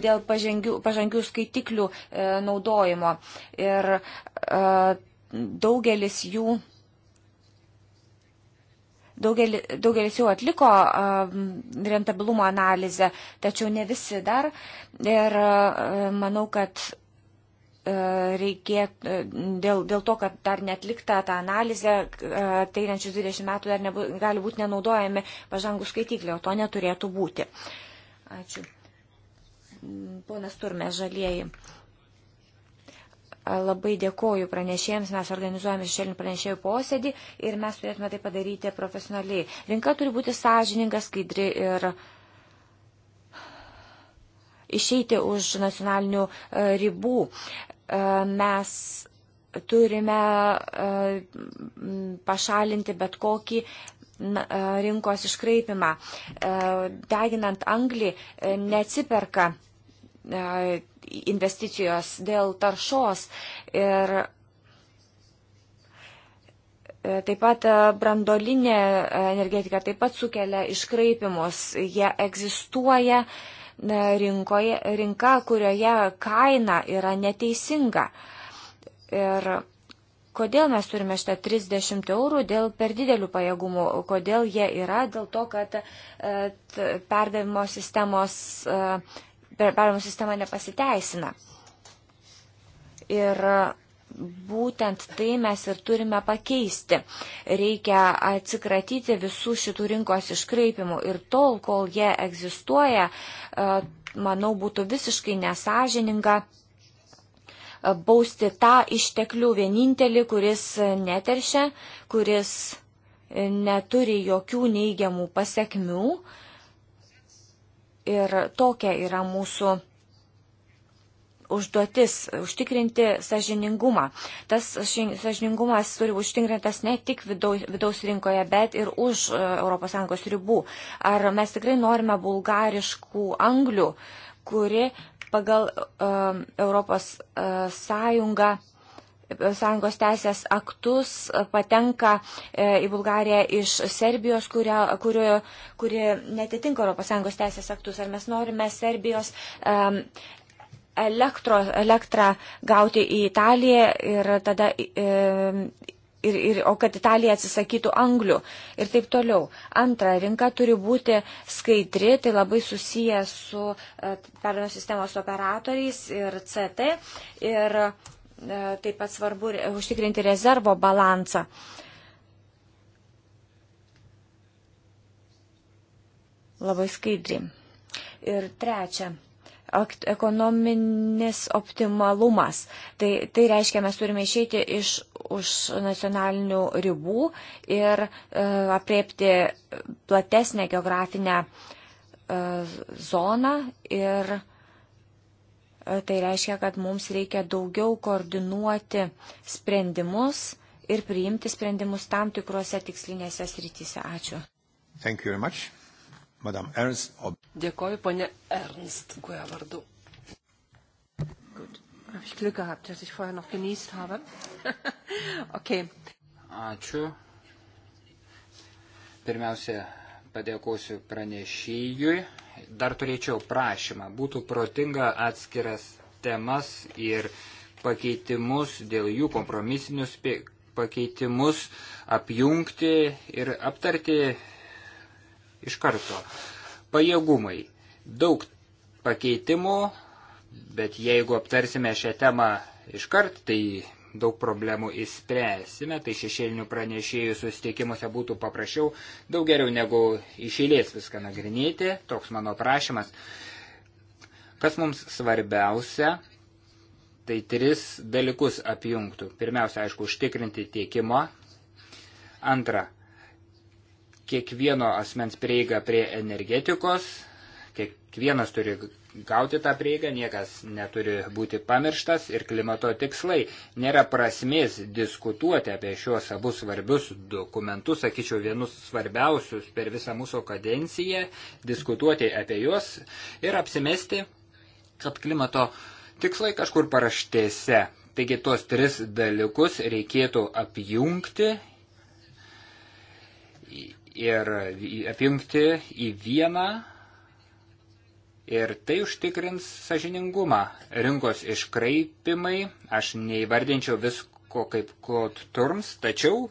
dėl pažengių, pažangių skaitiklių e, naudojimo. Ir e, daugelis jų. Daugelis, daugelis jau atliko uh, rentabilumo analizę, tačiau ne visi dar. Ir uh, manau, kad reikėtų, e, dėl, dėl to, kad dar netlikta ta analizė, e, ateinančius 20 metų dar nebu, gali būti nenaudojami pažangų skaitiklį, o to neturėtų būti. Ačiū. Ponas Turmė, žalieji. Labai dėkoju pranešėjams, mes organizuojame šešėlinių pranešėjų posėdį ir mes turėtume tai padaryti profesionaliai. Rinka turi būti sąžininga, skaidri ir išeiti už nacionalinių e, ribų. E, mes turime e, pašalinti bet kokį e, rinkos iškraipimą. Deginant anglį neatsiperka investicijos dėl taršos ir Taip pat brandolinė energetika taip pat sukelia iškraipimus, jie egzistuoja, uh, rinkoje, rinka, kurioje kaina yra neteisinga. Ir kodėl mes turime šitą 30 eurų dėl per didelių pajėgumų, kodėl jie yra, dėl to, kad e, perdavimo sistemos, e, perdavimo sistema nepasiteisina. Ir būtent tai mes ir turime pakeisti. Reikia atsikratyti visų šitų rinkos iškraipimų ir tol, kol jie egzistuoja, e, manau, būtų visiškai nesažininga e, bausti tą išteklių vienintelį, kuris neteršia, kuris neturi jokių neigiamų pasiekmių. Ir tokia yra mūsų užduotis - užtikrinti sažiningumą. Tas sažiningumas turi būti užtikrintas ne tik vidaus, vidaus rinkoje, bet ir už e, ES ribų. Ar mes tikrai norime bulgariškų anglių, kuri pagal um, Europos uh, e, Sąjungą sąjungos teisės aktus patenka į Bulgariją iš Serbijos, kurio, kurio, kuri netitinka ES teisės aktus. Ar mes norime Serbijos um, elektro, elektrą gauti į Italiją ir tada. E, Ir, ir, o kad Italija atsisakytų anglių ir taip toliau. Antra, rinka turi būti skaidri, tai labai susiję su e, perdavimo sistemos operatoriais ir CT ir e, taip pat svarbu užtikrinti rezervo balansą. Labai skaidri. Ir trečia ekonominis optimalumas. Tai, tai reiškia, mes turime išeiti iš už nacionalinių ribų ir e, apriepti platesnę geografinę e, zoną ir e, tai reiškia, kad mums reikia daugiau koordinuoti sprendimus ir priimti sprendimus tam tikrose tikslinėse srityse. Ačiū. Thank you very much. Madame Ernst. Ob... Dėkoju, ponė Ernst, kuo vardu. Habe ich Glück gehabt, dass ich vorher noch genießt habe. *laughs* okay. Ačiū. Pirmiausia, padėkosiu pranešėjui. Dar turėčiau prašymą. Būtų protinga atskiras temas ir pakeitimus dėl jų kompromisinius pakeitimus apjungti ir aptarti iš karto. Pajėgumai. Daug pakeitimų, bet jeigu aptarsime šią temą iš kart, tai daug problemų įspręsime, tai šešėlinių pranešėjų susitikimuose būtų paprasčiau, daug geriau negu išėlės viską nagrinėti, toks mano prašymas. Kas mums svarbiausia, tai tris dalykus apjungtų. Pirmiausia, aišku, užtikrinti tiekimą. Antra, kiekvieno asmens prieiga prie energetikos, kiekvienas turi gauti tą prieigą, niekas neturi būti pamirštas ir klimato tikslai. Nėra prasmės diskutuoti apie šiuos abu svarbius dokumentus, sakyčiau, vienus svarbiausius per visą mūsų kadenciją, diskutuoti apie juos ir apsimesti, kad klimato tikslai kažkur paraštėse. Taigi tuos tris dalykus reikėtų apjungti ir apjungti į vieną ir tai užtikrins sažiningumą. Rinkos iškraipimai, aš neįvardinčiau visko kaip Klot Turms, tačiau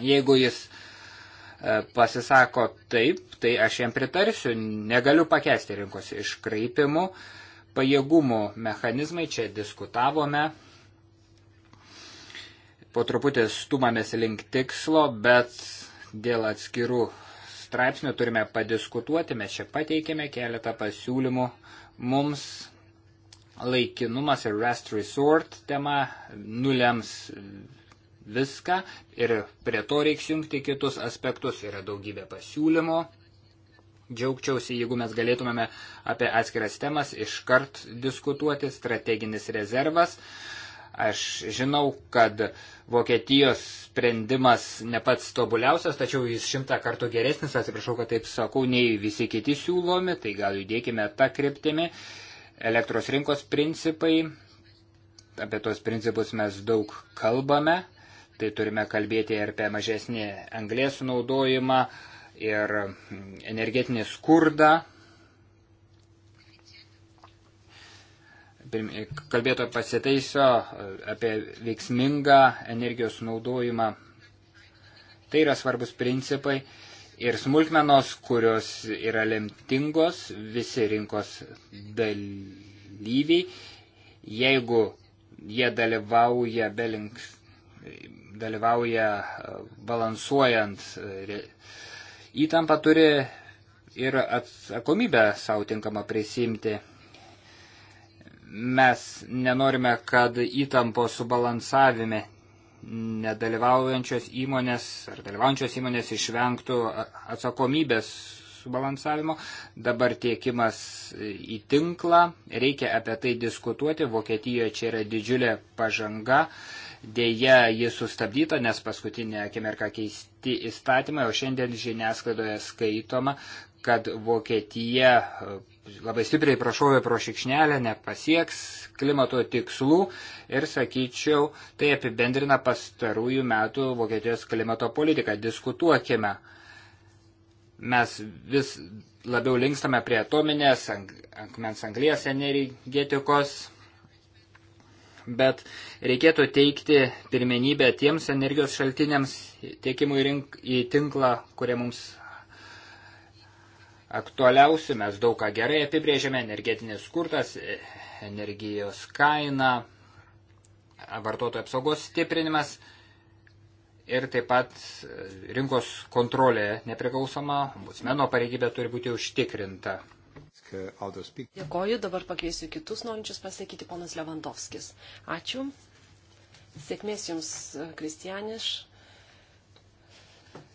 jeigu jis e, pasisako taip, tai aš jam pritarsiu, negaliu pakesti rinkos iškraipimų, pajėgumų mechanizmai čia diskutavome, po truputį stumamės link tikslo, bet Dėl atskirų straipsnių turime padiskutuoti, mes čia pateikėme keletą pasiūlymų. Mums laikinumas ir rest resort tema nulems viską ir prie to reiks jungti kitus aspektus, yra daugybė pasiūlymų. Džiaugčiausi, jeigu mes galėtumėme apie atskiras temas iškart diskutuoti, strateginis rezervas. Uh, Aš žinau, kad Vokietijos sprendimas ne pats tobuliausias, tačiau jis šimtą kartų geresnis, atsiprašau, kad taip sakau, nei visi kiti siūlomi, tai gal judėkime tą kryptimį. Elektros rinkos principai, apie tos principus mes daug kalbame, tai turime kalbėti ir apie mažesnį anglės naudojimą ir energetinį skurdą, kalbėto pasitaiso apie veiksmingą energijos naudojimą. Tai yra svarbus principai ir smulkmenos, kurios yra lemtingos visi rinkos dalyviai, jeigu jie dalyvauja, belink, dalyvauja e, balansuojant e, įtampą turi ir atsakomybę savo tinkamą prisimti. Mes nenorime, kad įtampo subalansavime nedalyvaujančios įmonės ar dalyvaujančios įmonės išvengtų atsakomybės subalansavimo. Dabar tiekimas į tinklą, reikia apie tai diskutuoti. Vokietijoje čia yra didžiulė pažanga. Deja, ji sustabdyta, nes paskutinė akimirka keisti įstatymai, o šiandien žiniasklaidoje skaitoma, kad Vokietija labai stipriai prašovė pro šikšnelę, nepasieks klimato tikslų ir, sakyčiau, tai apibendrina pastarųjų metų Vokietijos klimato politiką. Diskutuokime. Mes vis labiau linkstame prie atominės, akmens anglės energetikos, bet reikėtų teikti pirmenybę tiems energijos šaltiniams tiekimui rink, į tinklą, kurie mums aktualiausi, mes daug ką gerai apibrėžėme, energetinis skurtas, energijos kaina, vartotojų apsaugos stiprinimas ir taip pat e, rinkos kontrolė nepriklausoma, ombudsmeno pareigybė turi būti užtikrinta. Dėkoju, dabar pakeisiu kitus norinčius pasakyti, ponas Levandovskis. Ačiū. Sėkmės Jums, Kristianiš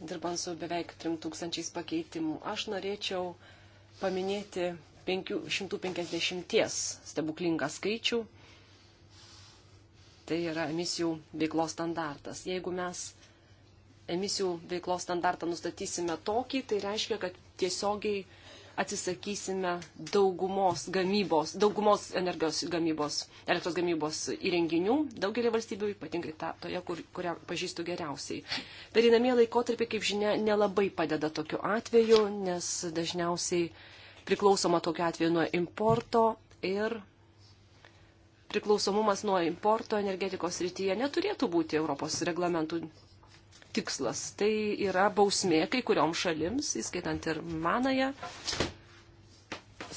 dirbant su beveik 3000 pakeitimų. Aš norėčiau paminėti 550 stebuklingą skaičių. Tai yra emisijų veiklos standartas. Jeigu mes emisijų veiklos standartą nustatysime tokį, tai reiškia, kad tiesiogiai atsisakysime daugumos gamybos, daugumos energijos gamybos, elektros gamybos įrenginių daugelį valstybių, ypatingai ta, toje, kur, kurią pažįstu geriausiai. Perinamie laikotarpiai, kaip žinia, nelabai padeda tokiu atveju, nes dažniausiai priklausoma tokiu atveju nuo importo ir priklausomumas nuo importo energetikos rytyje neturėtų būti Europos reglamentų tikslas. Tai yra bausmė kai kuriom šalims, įskaitant ir manąją,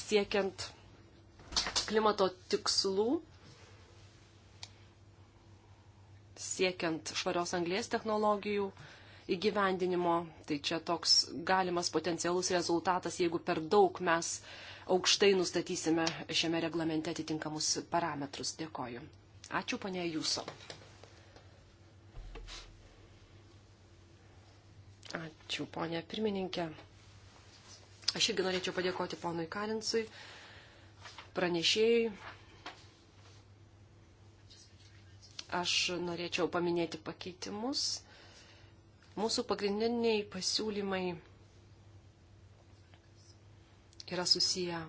siekiant klimato tikslų, siekiant švarios anglės technologijų įgyvendinimo. Tai čia toks galimas potencialus rezultatas, jeigu per daug mes aukštai nustatysime šiame reglamente atitinkamus parametrus. Dėkoju. Ačiū, ponė Jūso. Ačiū, ponė pirmininkė. Aš irgi norėčiau padėkoti ponui Kalinsui, pranešėjui. Aš norėčiau paminėti pakeitimus. Mūsų pagrindiniai pasiūlymai yra susiję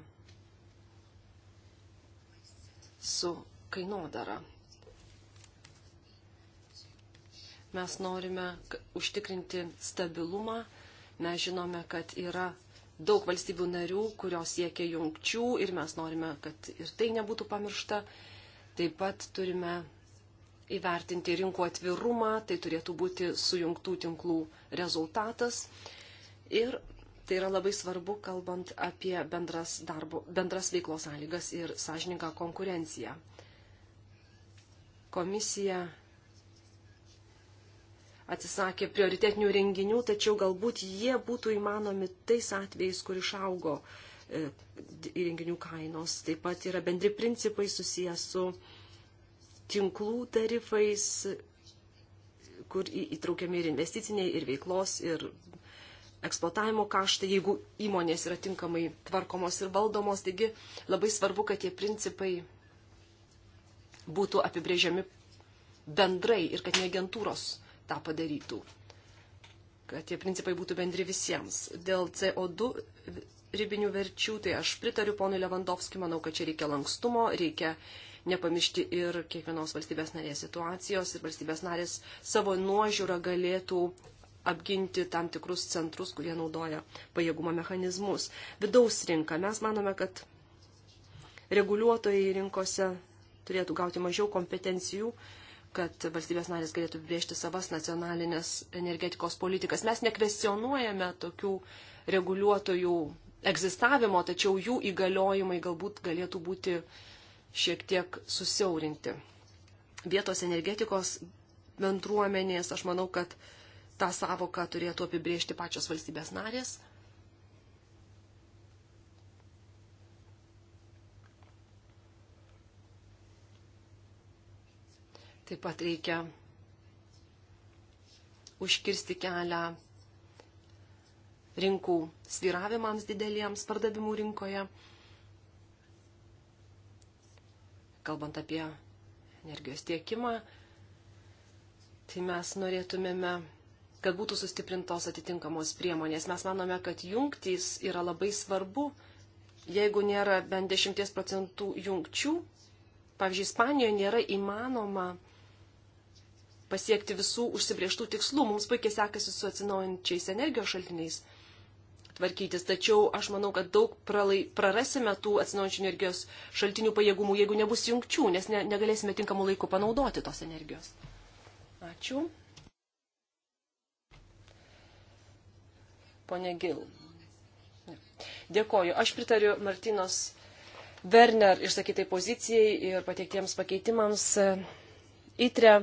su kainodara Mes norime užtikrinti stabilumą. Mes žinome, kad yra daug valstybių narių, kurios siekia jungčių ir mes norime, kad ir tai nebūtų pamiršta. Taip pat turime įvertinti rinkų atvirumą, tai turėtų būti sujungtų tinklų rezultatas. Ir tai yra labai svarbu, kalbant apie bendras, darbo, bendras veiklos sąlygas ir sąžininką konkurenciją. Komisija atsisakė prioritetinių renginių, tačiau galbūt jie būtų įmanomi tais atvejais, kur išaugo e, įrenginių kainos. Taip pat yra bendri principai susijęs su tinklų tarifais, kur įtraukiami ir investiciniai, ir veiklos, ir eksploatavimo kaštai, jeigu įmonės yra tinkamai tvarkomos ir valdomos. Taigi labai svarbu, kad tie principai būtų apibrėžiami bendrai ir kad ne agentūros tą padarytų, kad tie principai būtų bendri visiems. Dėl CO2 ribinių verčių, tai aš pritariu ponui Levandovskiu, manau, kad čia reikia lankstumo, reikia nepamiršti ir kiekvienos valstybės narės situacijos ir valstybės narės savo nuožiūrą galėtų apginti tam tikrus centrus, kurie naudoja pajėgumo mechanizmus. Vidaus rinka. Mes manome, kad reguliuotojai rinkose turėtų gauti mažiau kompetencijų kad valstybės narės galėtų brėžti savas nacionalinės energetikos politikas. Mes nekvestionuojame tokių reguliuotojų egzistavimo, tačiau jų įgaliojimai galbūt galėtų būti šiek tiek susiaurinti. Vietos energetikos bendruomenės, aš manau, kad tą savoką turėtų apibriežti pačios valstybės narės, Taip pat reikia užkirsti kelią rinkų sviravimams dideliems pardavimų rinkoje. Kalbant apie energijos tiekimą, tai mes norėtumėme, kad būtų sustiprintos atitinkamos priemonės. Mes manome, kad jungtys yra labai svarbu, jeigu nėra bent 10 procentų jungčių. Pavyzdžiui, Ispanijoje nėra įmanoma pasiekti visų užsibrieštų tikslų. Mums puikiai sekasi su atsinaujančiais energijos šaltiniais tvarkytis, tačiau aš manau, kad daug pralai, prarasime tų atsinaujančių energijos šaltinių pajėgumų, jeigu nebus jungčių, nes ne, negalėsime tinkamų laikų panaudoti tos energijos. Ačiū. Pone Gil. Dėkoju. Aš pritariu Martinos Werner išsakytai pozicijai ir pateiktiems pakeitimams. ITRE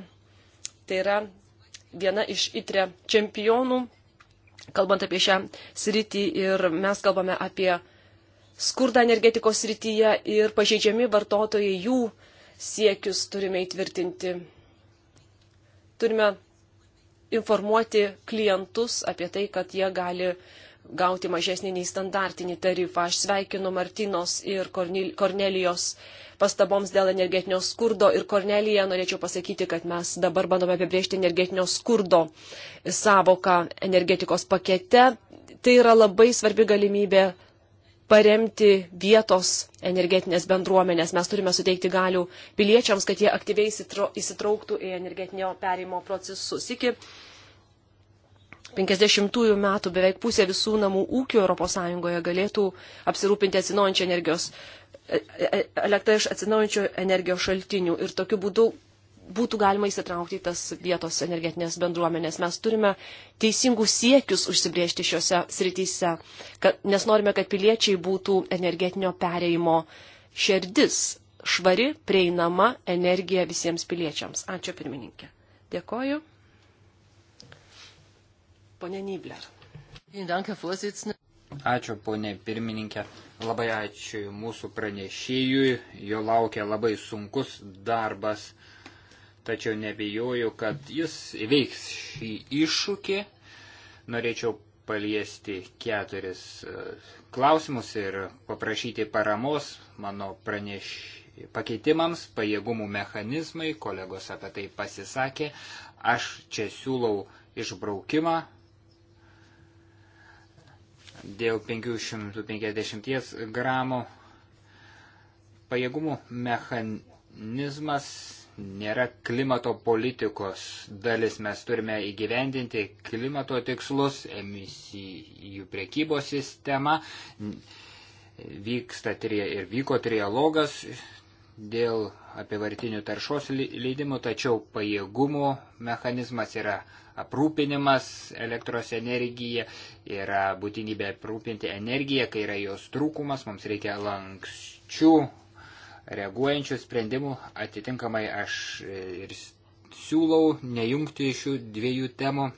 Tai yra viena iš itre čempionų, kalbant apie šią sritį ir mes kalbame apie skurdą energetikos srityje ir pažeidžiami vartotojai jų siekius turime įtvirtinti. Turime informuoti klientus apie tai, kad jie gali gauti mažesnį nei standartinį tarifą. Aš sveikinu Martinos ir Kornelijos pastaboms dėl energetinio skurdo. Ir Kornelija norėčiau pasakyti, kad mes dabar bandome apibriežti energetinio skurdo savoką energetikos pakete. Tai yra labai svarbi galimybė paremti vietos energetinės bendruomenės. Mes turime suteikti galių piliečiams, kad jie aktyviai įsitrauktų į energetinio perimo procesus. Iki 50-ųjų metų beveik pusė visų namų ūkių ES galėtų apsirūpinti atsinaujančią energijos, e, e, e, elektrą iš atsinaujančių energijos šaltinių ir tokiu būdu būtų galima įsitraukti į tas vietos energetinės bendruomenės. Mes turime teisingų siekius užsibriežti šiuose srityse, kad, nes norime, kad piliečiai būtų energetinio pereimo širdis, švari, prieinama energija visiems piliečiams. Ačiū pirmininkė. Dėkoju. Pone Nibler. Ačiū, ponė pirmininkė. Labai ačiū mūsų pranešėjui. Jo laukia labai sunkus darbas, tačiau nebijoju, kad jis įveiks šį iššūkį. Norėčiau paliesti keturis e, klausimus ir paprašyti paramos mano praneš... pakeitimams, pajėgumų mechanizmai, kolegos apie tai pasisakė. Aš čia siūlau išbraukimą dėl 550 gramų pajėgumų mechanizmas nėra klimato politikos dalis. Mes turime įgyvendinti klimato tikslus, emisijų priekybos sistemą. Vyksta ir vyko trialogas dėl apivartinių taršos leidimų, tačiau pajėgumų mechanizmas yra aprūpinimas elektros energija, yra būtinybė aprūpinti energiją, kai yra jos trūkumas, mums reikia lankščių reaguojančių sprendimų. Atitinkamai aš e, ir siūlau nejungti šių dviejų temų.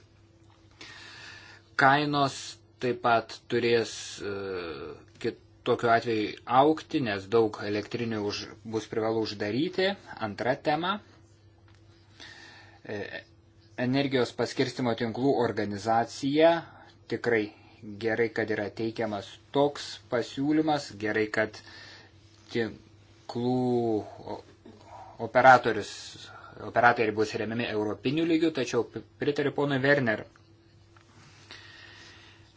Kainos taip pat turės e, kit, tokiu atveju aukti, nes daug elektrinių už, bus privalu uždaryti. Antra tema e, energijos paskirstimo tinklų organizacija. Tikrai gerai, kad yra teikiamas toks pasiūlymas, gerai, kad tinklų operatorius, operatoriai bus remiami europinių lygių, tačiau pritariu ponui Werner.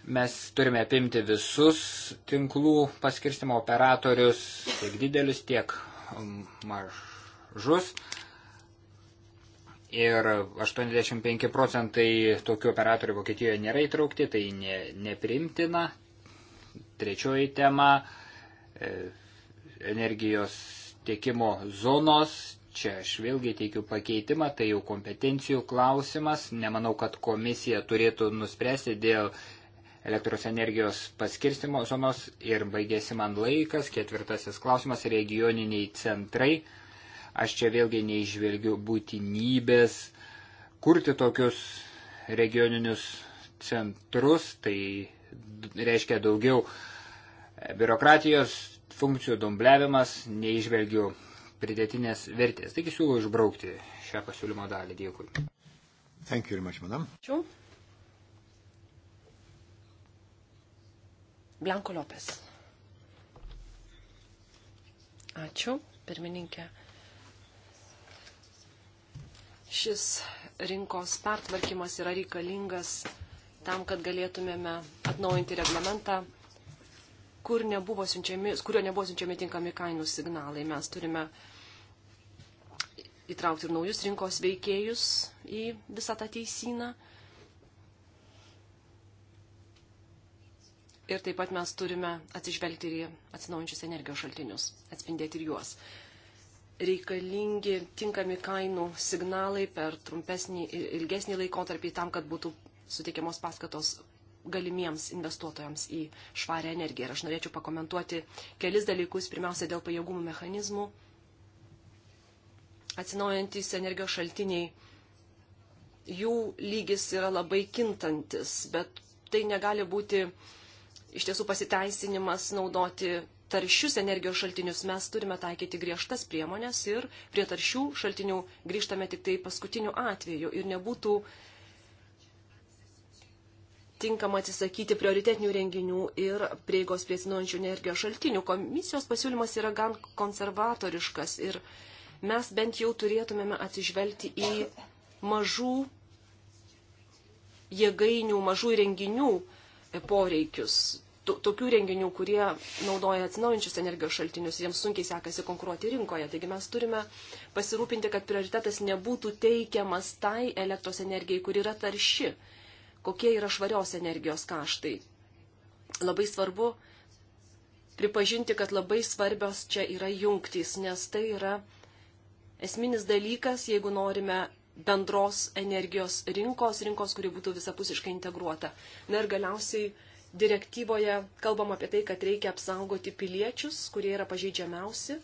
Mes turime apimti visus tinklų paskirstimo operatorius, tiek didelius, tiek mm, mažus ir 85 procentai tokių operatorių Vokietijoje nėra įtraukti, tai ne, neprimtina. Trečioji tema e, - energijos tiekimo zonos. Čia aš vėlgi teikiu pakeitimą, tai jau kompetencijų klausimas. Nemanau, kad komisija turėtų nuspręsti dėl elektros energijos paskirstimo zonos ir baigėsi man laikas. Ketvirtasis klausimas - regioniniai centrai Aš čia vėlgi neižvelgiu būtinybės kurti tokius regioninius centrus, tai reiškia daugiau biurokratijos funkcijų dumblevimas, neižvelgiu pridėtinės vertės. Taigi siūlau išbraukti šią pasiūlymo dalį. Dėkui. Thank you very much, madam. Ačiū. Blanko Lopes. Ačiū, pirmininkė. Šis rinkos pertvarkymas yra reikalingas tam, kad galėtumėme atnaujinti reglamentą, kur nebuvo siunčiami, kurio nebuvo siunčiami tinkami kainų signalai. Mes turime įtraukti ir naujus rinkos veikėjus į visą tą teisyną. Ir taip pat mes turime atsižvelgti ir į atsinaujančius energijos šaltinius, atspindėti ir juos reikalingi tinkami kainų signalai per trumpesnį ir ilgesnį laikotarpį tam, kad būtų suteikiamos paskatos galimiems investuotojams į švarę energiją. Ir aš norėčiau pakomentuoti kelis dalykus. Pirmiausia, dėl pajėgumų mechanizmų. Atsinaujantis energijos šaltiniai, jų lygis yra labai kintantis, bet tai negali būti iš tiesų pasiteisinimas naudoti taršius energijos šaltinius mes turime taikyti griežtas priemonės ir prie taršių šaltinių grįžtame tik tai paskutiniu atveju ir nebūtų tinkama atsisakyti prioritetinių renginių ir prieigos prie atsinaujančių energijos šaltinių. Komisijos pasiūlymas yra gan konservatoriškas ir mes bent jau turėtumėme atsižvelgti į mažų jėgainių, mažų renginių poreikius tokių renginių, kurie naudoja atsinaujančius energijos šaltinius, jiems sunkiai sekasi konkuruoti rinkoje. Taigi mes turime pasirūpinti, kad prioritetas nebūtų teikiamas tai elektros energijai, kuri yra tarši, kokie yra švarios energijos kaštai. Labai svarbu pripažinti, kad labai svarbios čia yra jungtys, nes tai yra esminis dalykas, jeigu norime bendros energijos rinkos, rinkos, kuri būtų visapusiškai integruota. Na ir galiausiai direktyvoje kalbam apie tai, kad reikia apsaugoti piliečius, kurie yra pažeidžiamiausi.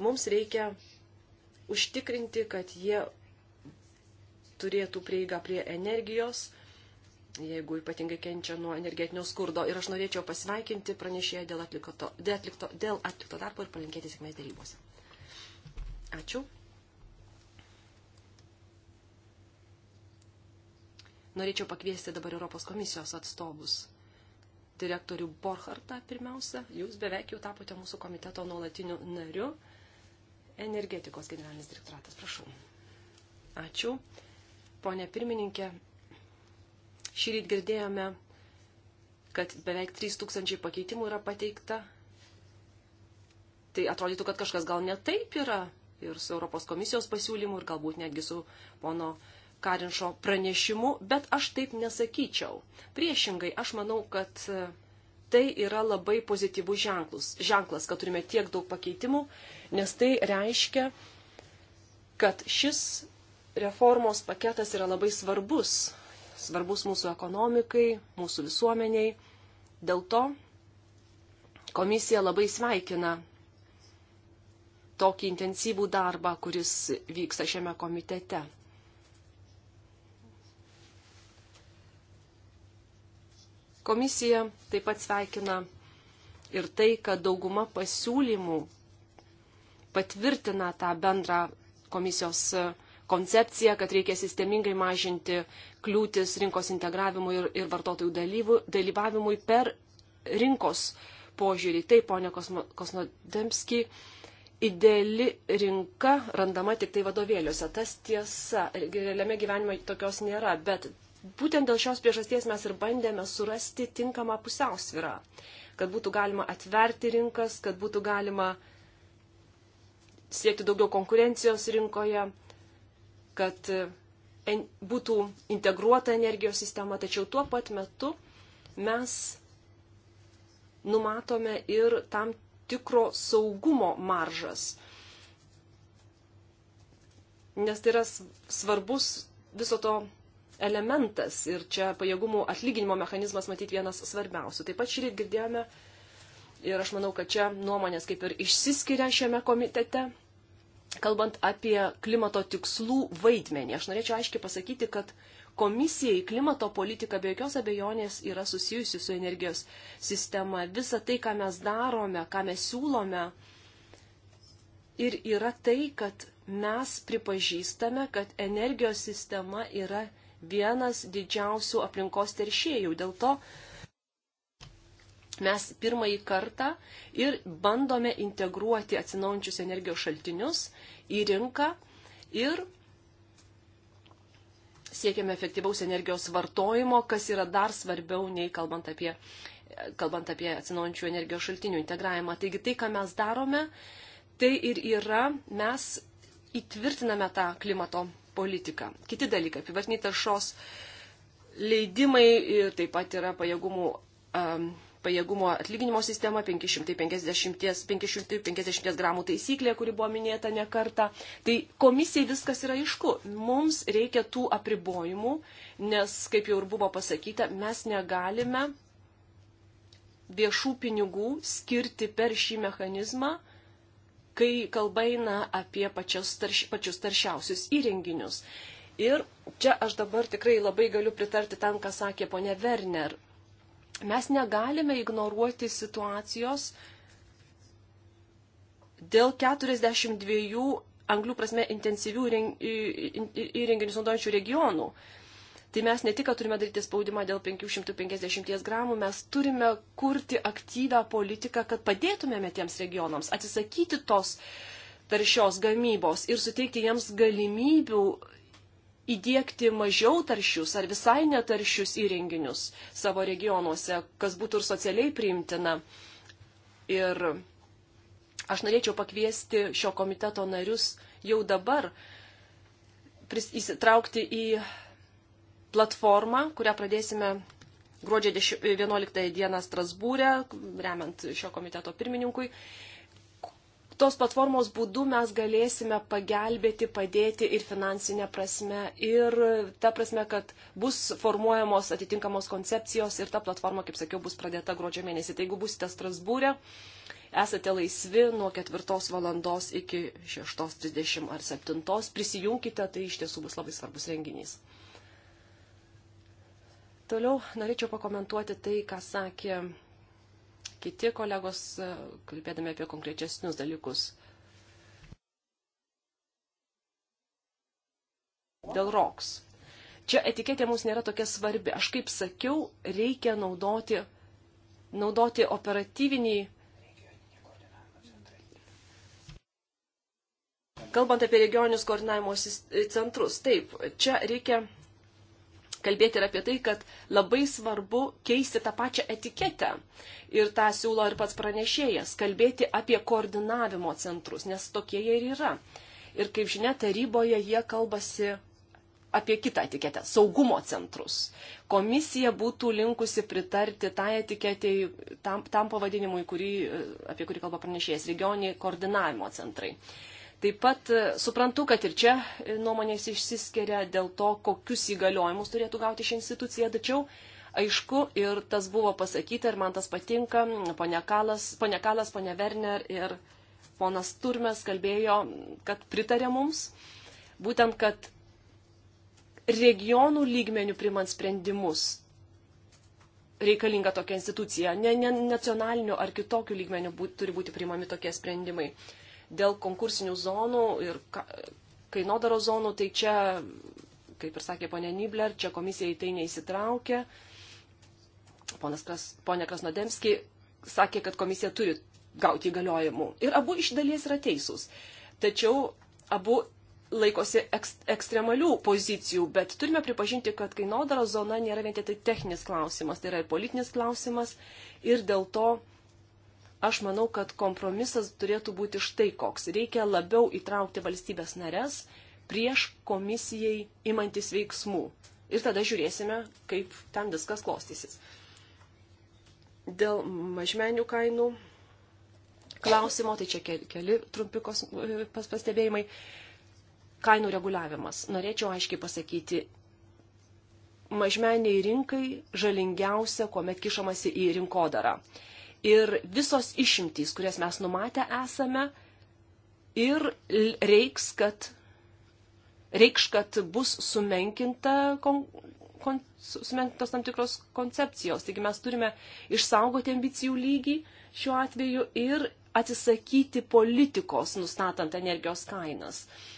Mums reikia užtikrinti, kad jie turėtų prieigą prie energijos, jeigu ypatingai kenčia nuo energetinio skurdo. Ir aš norėčiau pasveikinti pranešėją dėl atlikto, dėl atlikto, dėl atlikto darbo ir palinkėti sėkmės darybose. Ačiū. Norėčiau pakviesti dabar Europos komisijos atstovus direktorių Borchartą pirmiausia. Jūs beveik jau tapote mūsų komiteto nuolatiniu nariu. Energetikos generalinis direktoratas, prašau. Ačiū. Pone pirmininkė, šį ryt girdėjome, kad beveik 3000 pakeitimų yra pateikta. Tai atrodytų, kad kažkas gal netaip yra ir su Europos komisijos pasiūlymu, ir galbūt netgi su pono Karinšo pranešimu, bet aš taip nesakyčiau. Priešingai, aš manau, kad e, tai yra labai pozityvus ženklus, ženklas, kad turime tiek daug pakeitimų, nes tai reiškia, kad šis reformos paketas yra labai svarbus, svarbus mūsų ekonomikai, mūsų visuomeniai. Dėl to komisija labai sveikina tokį intensyvų darbą, kuris vyksta šiame komitete. Komisija taip pat sveikina ir tai, kad dauguma pasiūlymų patvirtina tą bendrą komisijos e, koncepciją, kad reikia sistemingai mažinti kliūtis rinkos integravimui ir, ir vartotojų dalyvų, dalyvavimui per rinkos požiūrį. Taip, ponė Kosnodemski, ideali rinka randama tik tai vadovėliuose. Tas tiesa, realiame gyvenime tokios nėra, bet būtent dėl šios priežasties mes ir bandėme surasti tinkamą pusiausvyrą, kad būtų galima atverti rinkas, kad būtų galima siekti daugiau konkurencijos rinkoje, kad e, būtų integruota energijos sistema, tačiau tuo pat metu mes numatome ir tam tikro saugumo maržas. Nes tai yra svarbus viso to elementas ir čia pajėgumų atlyginimo mechanizmas matyti vienas svarbiausių. Taip pat šįryt girdėjome ir aš manau, kad čia nuomonės kaip ir išsiskiria šiame komitete, kalbant apie klimato tikslų vaidmenį. Aš norėčiau aiškiai pasakyti, kad komisijai klimato politika be jokios abejonės yra susijusi su energijos sistema. Visa tai, ką mes darome, ką mes siūlome, ir yra tai, kad mes pripažįstame, kad energijos sistema yra vienas didžiausių aplinkos teršėjų. Dėl to mes pirmąjį kartą ir bandome integruoti atsinaujančius energijos šaltinius į rinką ir siekiame efektyvaus energijos vartojimo, kas yra dar svarbiau nei kalbant apie, kalbant apie atsinaujančių energijos šaltinių integravimą. Taigi tai, ką mes darome, tai ir yra, mes įtvirtiname tą klimato politiką. Kiti dalykai - apivartiniai taršos leidimai ir taip pat yra pajėgumų. Um, pajėgumo atlyginimo sistema 550, 550 gramų taisyklė, kuri buvo minėta ne kartą. Tai komisijai viskas yra aišku. Mums reikia tų apribojimų, nes, kaip jau ir buvo pasakyta, mes negalime viešų pinigų skirti per šį mechanizmą kai kalba eina apie pačius, tarš, pačius taršiausius įrenginius. Ir čia aš dabar tikrai labai galiu pritarti tam, ką sakė ponė Werner. Mes negalime ignoruoti situacijos dėl 42 anglių prasme intensyvių įrenginius naudojančių regionų. Uh, tai mes ne tik, kad turime daryti spaudimą dėl 550 gramų, mes turime kurti aktyvę politiką, kad padėtumėme tiems regionams atsisakyti tos taršios gamybos ir suteikti jiems galimybių įdėkti mažiau taršius ar visai netaršius įrenginius savo regionuose, kas būtų ir socialiai priimtina. Ir aš norėčiau pakviesti šio komiteto narius jau dabar įsitraukti į platformą, kurią pradėsime gruodžio 11 e, dieną Strasbūrė, remiant šio komiteto pirmininkui. Tos platformos būdu mes galėsime pagelbėti, padėti ir finansinę prasme, ir ta prasme, kad bus formuojamos atitinkamos koncepcijos ir ta platforma, kaip sakiau, bus pradėta gruodžio mėnesį. Tai jeigu būsite Strasbūrė, esate laisvi nuo 4 valandos iki 6.30 ar 7. Prisijunkite, tai iš tiesų bus labai svarbus renginys. Toliau norėčiau pakomentuoti tai, ką sakė kiti kolegos, e, kalbėdami apie konkrečesnius dalykus. Dėl ROKS. Čia etiketė mums nėra tokia svarbi. Aš kaip sakiau, reikia naudoti, naudoti operatyvinį. Kalbant apie regioninius koordinavimo centrus, taip, čia reikia kalbėti ir apie tai, kad labai svarbu keisti tą pačią etiketę. Ir tą siūlo ir pats pranešėjas - kalbėti apie koordinavimo centrus, nes tokie jie ir yra. Ir kaip žinia, taryboje jie kalbasi apie kitą etiketę - saugumo centrus. Komisija būtų linkusi pritarti tą tai etiketę, tam, tam pavadinimui, kurį, apie kurį kalba pranešėjas - regioniai koordinavimo centrai. Taip pat e, suprantu, kad ir čia e, nuomonės išsiskeria dėl to, kokius įgaliojimus turėtų gauti ši institucija, tačiau aišku ir tas buvo pasakyta ir man tas patinka, ponia Kalas, ponia, Kalas, ponia Werner ir ponas Turmes kalbėjo, kad pritarė mums, būtent, kad regionų lygmenių primant sprendimus reikalinga tokia institucija, ne, ne nacionaliniu ar kitokiu lygmeniu būt, turi būti primami tokie sprendimai. Dėl konkursinių zonų ir kainodaro zonų, tai čia, kaip ir sakė ponė Nibler, čia komisija į tai neįsitraukė. Ponas Kras, ponė Krasnodemski sakė, kad komisija turi gauti įgaliojimų. Ir abu iš dalies yra teisūs. Tačiau abu laikosi ek ekstremalių pozicijų, bet turime pripažinti, kad kainodaro zona nėra vien tik tai techninis klausimas, tai yra ir politinis klausimas. Ir dėl to Aš manau, kad kompromisas turėtų būti štai koks. Reikia labiau įtraukti valstybės nares prieš komisijai imantis veiksmų. Ir tada žiūrėsime, kaip ten viskas klostysis. Dėl mažmenių kainų klausimo, tai čia keli trumpi pastebėjimai. Kainų reguliavimas. Norėčiau aiškiai pasakyti, mažmeniai rinkai žalingiausia, kuomet kišamasi į rinkodarą ir visos išimtys, kurias mes numatę esame, ir reiks, kad, reikš, kad bus sumenkinta kon, kon, sumenkintos tam tikros koncepcijos. Taigi mes turime išsaugoti ambicijų lygį šiuo atveju ir atsisakyti politikos nustatant energijos kainas. Uh,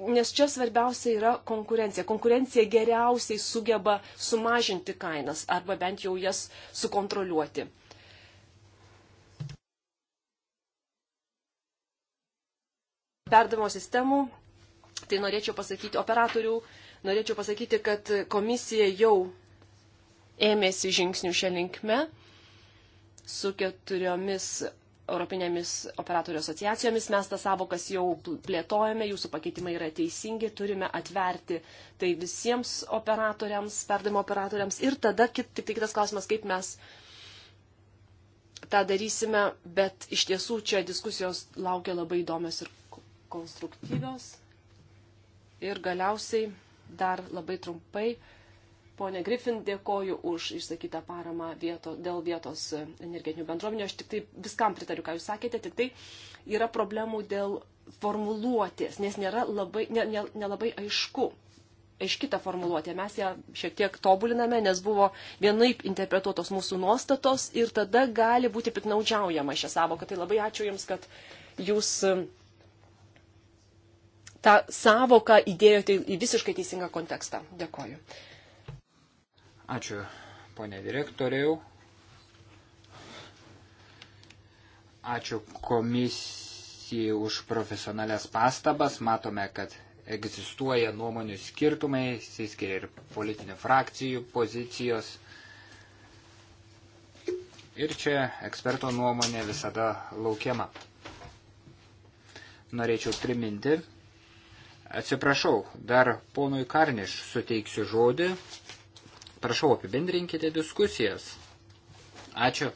nes čia svarbiausia yra konkurencija. Konkurencija geriausiai sugeba sumažinti kainas arba bent jau jas sukontroliuoti. Perdavimo sistemų, tai norėčiau pasakyti operatorių, norėčiau pasakyti, kad komisija jau ėmėsi žingsnių šią linkmę su keturiomis Europinėmis operatorių asociacijomis. Mes tas savokas jau plėtojame, jūsų pakeitimai yra teisingi, turime atverti tai visiems operatoriams, perdavimo operatoriams. Ir tada kit, tik tai kitas klausimas, kaip mes tą darysime, bet iš tiesų čia diskusijos laukia labai įdomios ir konstruktyvios. Ir galiausiai dar labai trumpai Pone Griffin, dėkoju už išsakytą paramą vieto, dėl vietos energetinių bendruomenių. Aš tik tai viskam pritariu, ką jūs sakėte, tik tai yra problemų dėl formuluotės, nes nėra labai, ne, ne, nelabai aišku. Aiškita formuluotė. Mes ją šiek tiek tobuliname, nes buvo vienaip interpretuotos mūsų nuostatos ir tada gali būti piknaudžiaujama šią savoką. Tai labai ačiū Jums, kad Jūs e, tą savoką įdėjote į visiškai teisingą kontekstą. Dėkoju. Ačiū, ponė direktoriau. Ačiū komisijai už profesionalias pastabas. Matome, kad egzistuoja nuomonių skirtumai, įskiria ir politinių frakcijų pozicijos. Ir čia eksperto nuomonė visada laukiama. Norėčiau priminti, atsiprašau, dar ponui Karniš suteiksiu žodį, Prašau, apibendrinkite diskusijas. Ačiū.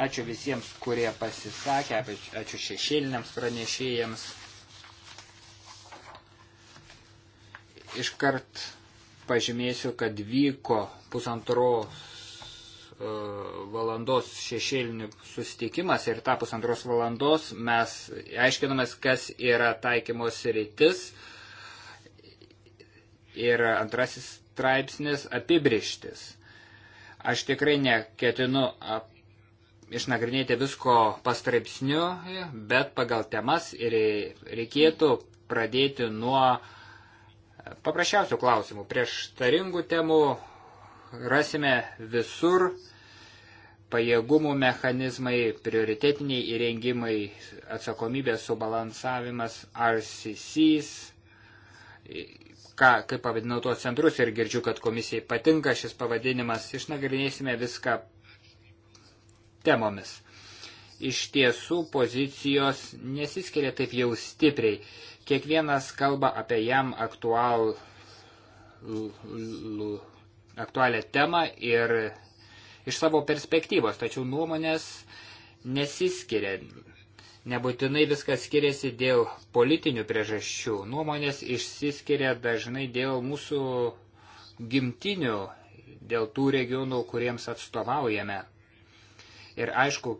Ačiū visiems, kurie pasisakė, ačiū šešėliniams pranešėjams. Iškart pažymėsiu, kad vyko pusantros e, valandos šešėlinių susitikimas ir tą pusantros valandos mes aiškinomės, kas yra taikymos rytis. Ir antrasis straipsnis apibrištis. Aš tikrai neketinu ap... išnagrinėti visko pastraipsniu, bet pagal temas ir reikėtų pradėti nuo paprasčiausių klausimų. Prieštaringų temų rasime visur pajėgumų mechanizmai, prioritetiniai įrengimai, atsakomybės subalansavimas, RCCs, ką, kaip pavadinau tuos centrus ir girdžiu, kad komisijai patinka šis pavadinimas, išnagrinėsime viską temomis. Iš tiesų pozicijos nesiskiria taip jau stipriai. Kiekvienas kalba apie jam aktual, aktualią temą ir iš savo perspektyvos, tačiau nuomonės nesiskiria Nebūtinai viskas skiriasi dėl politinių priežasčių. Nuomonės išsiskiria dažnai dėl mūsų gimtinių, dėl tų regionų, kuriems atstovaujame. Ir aišku,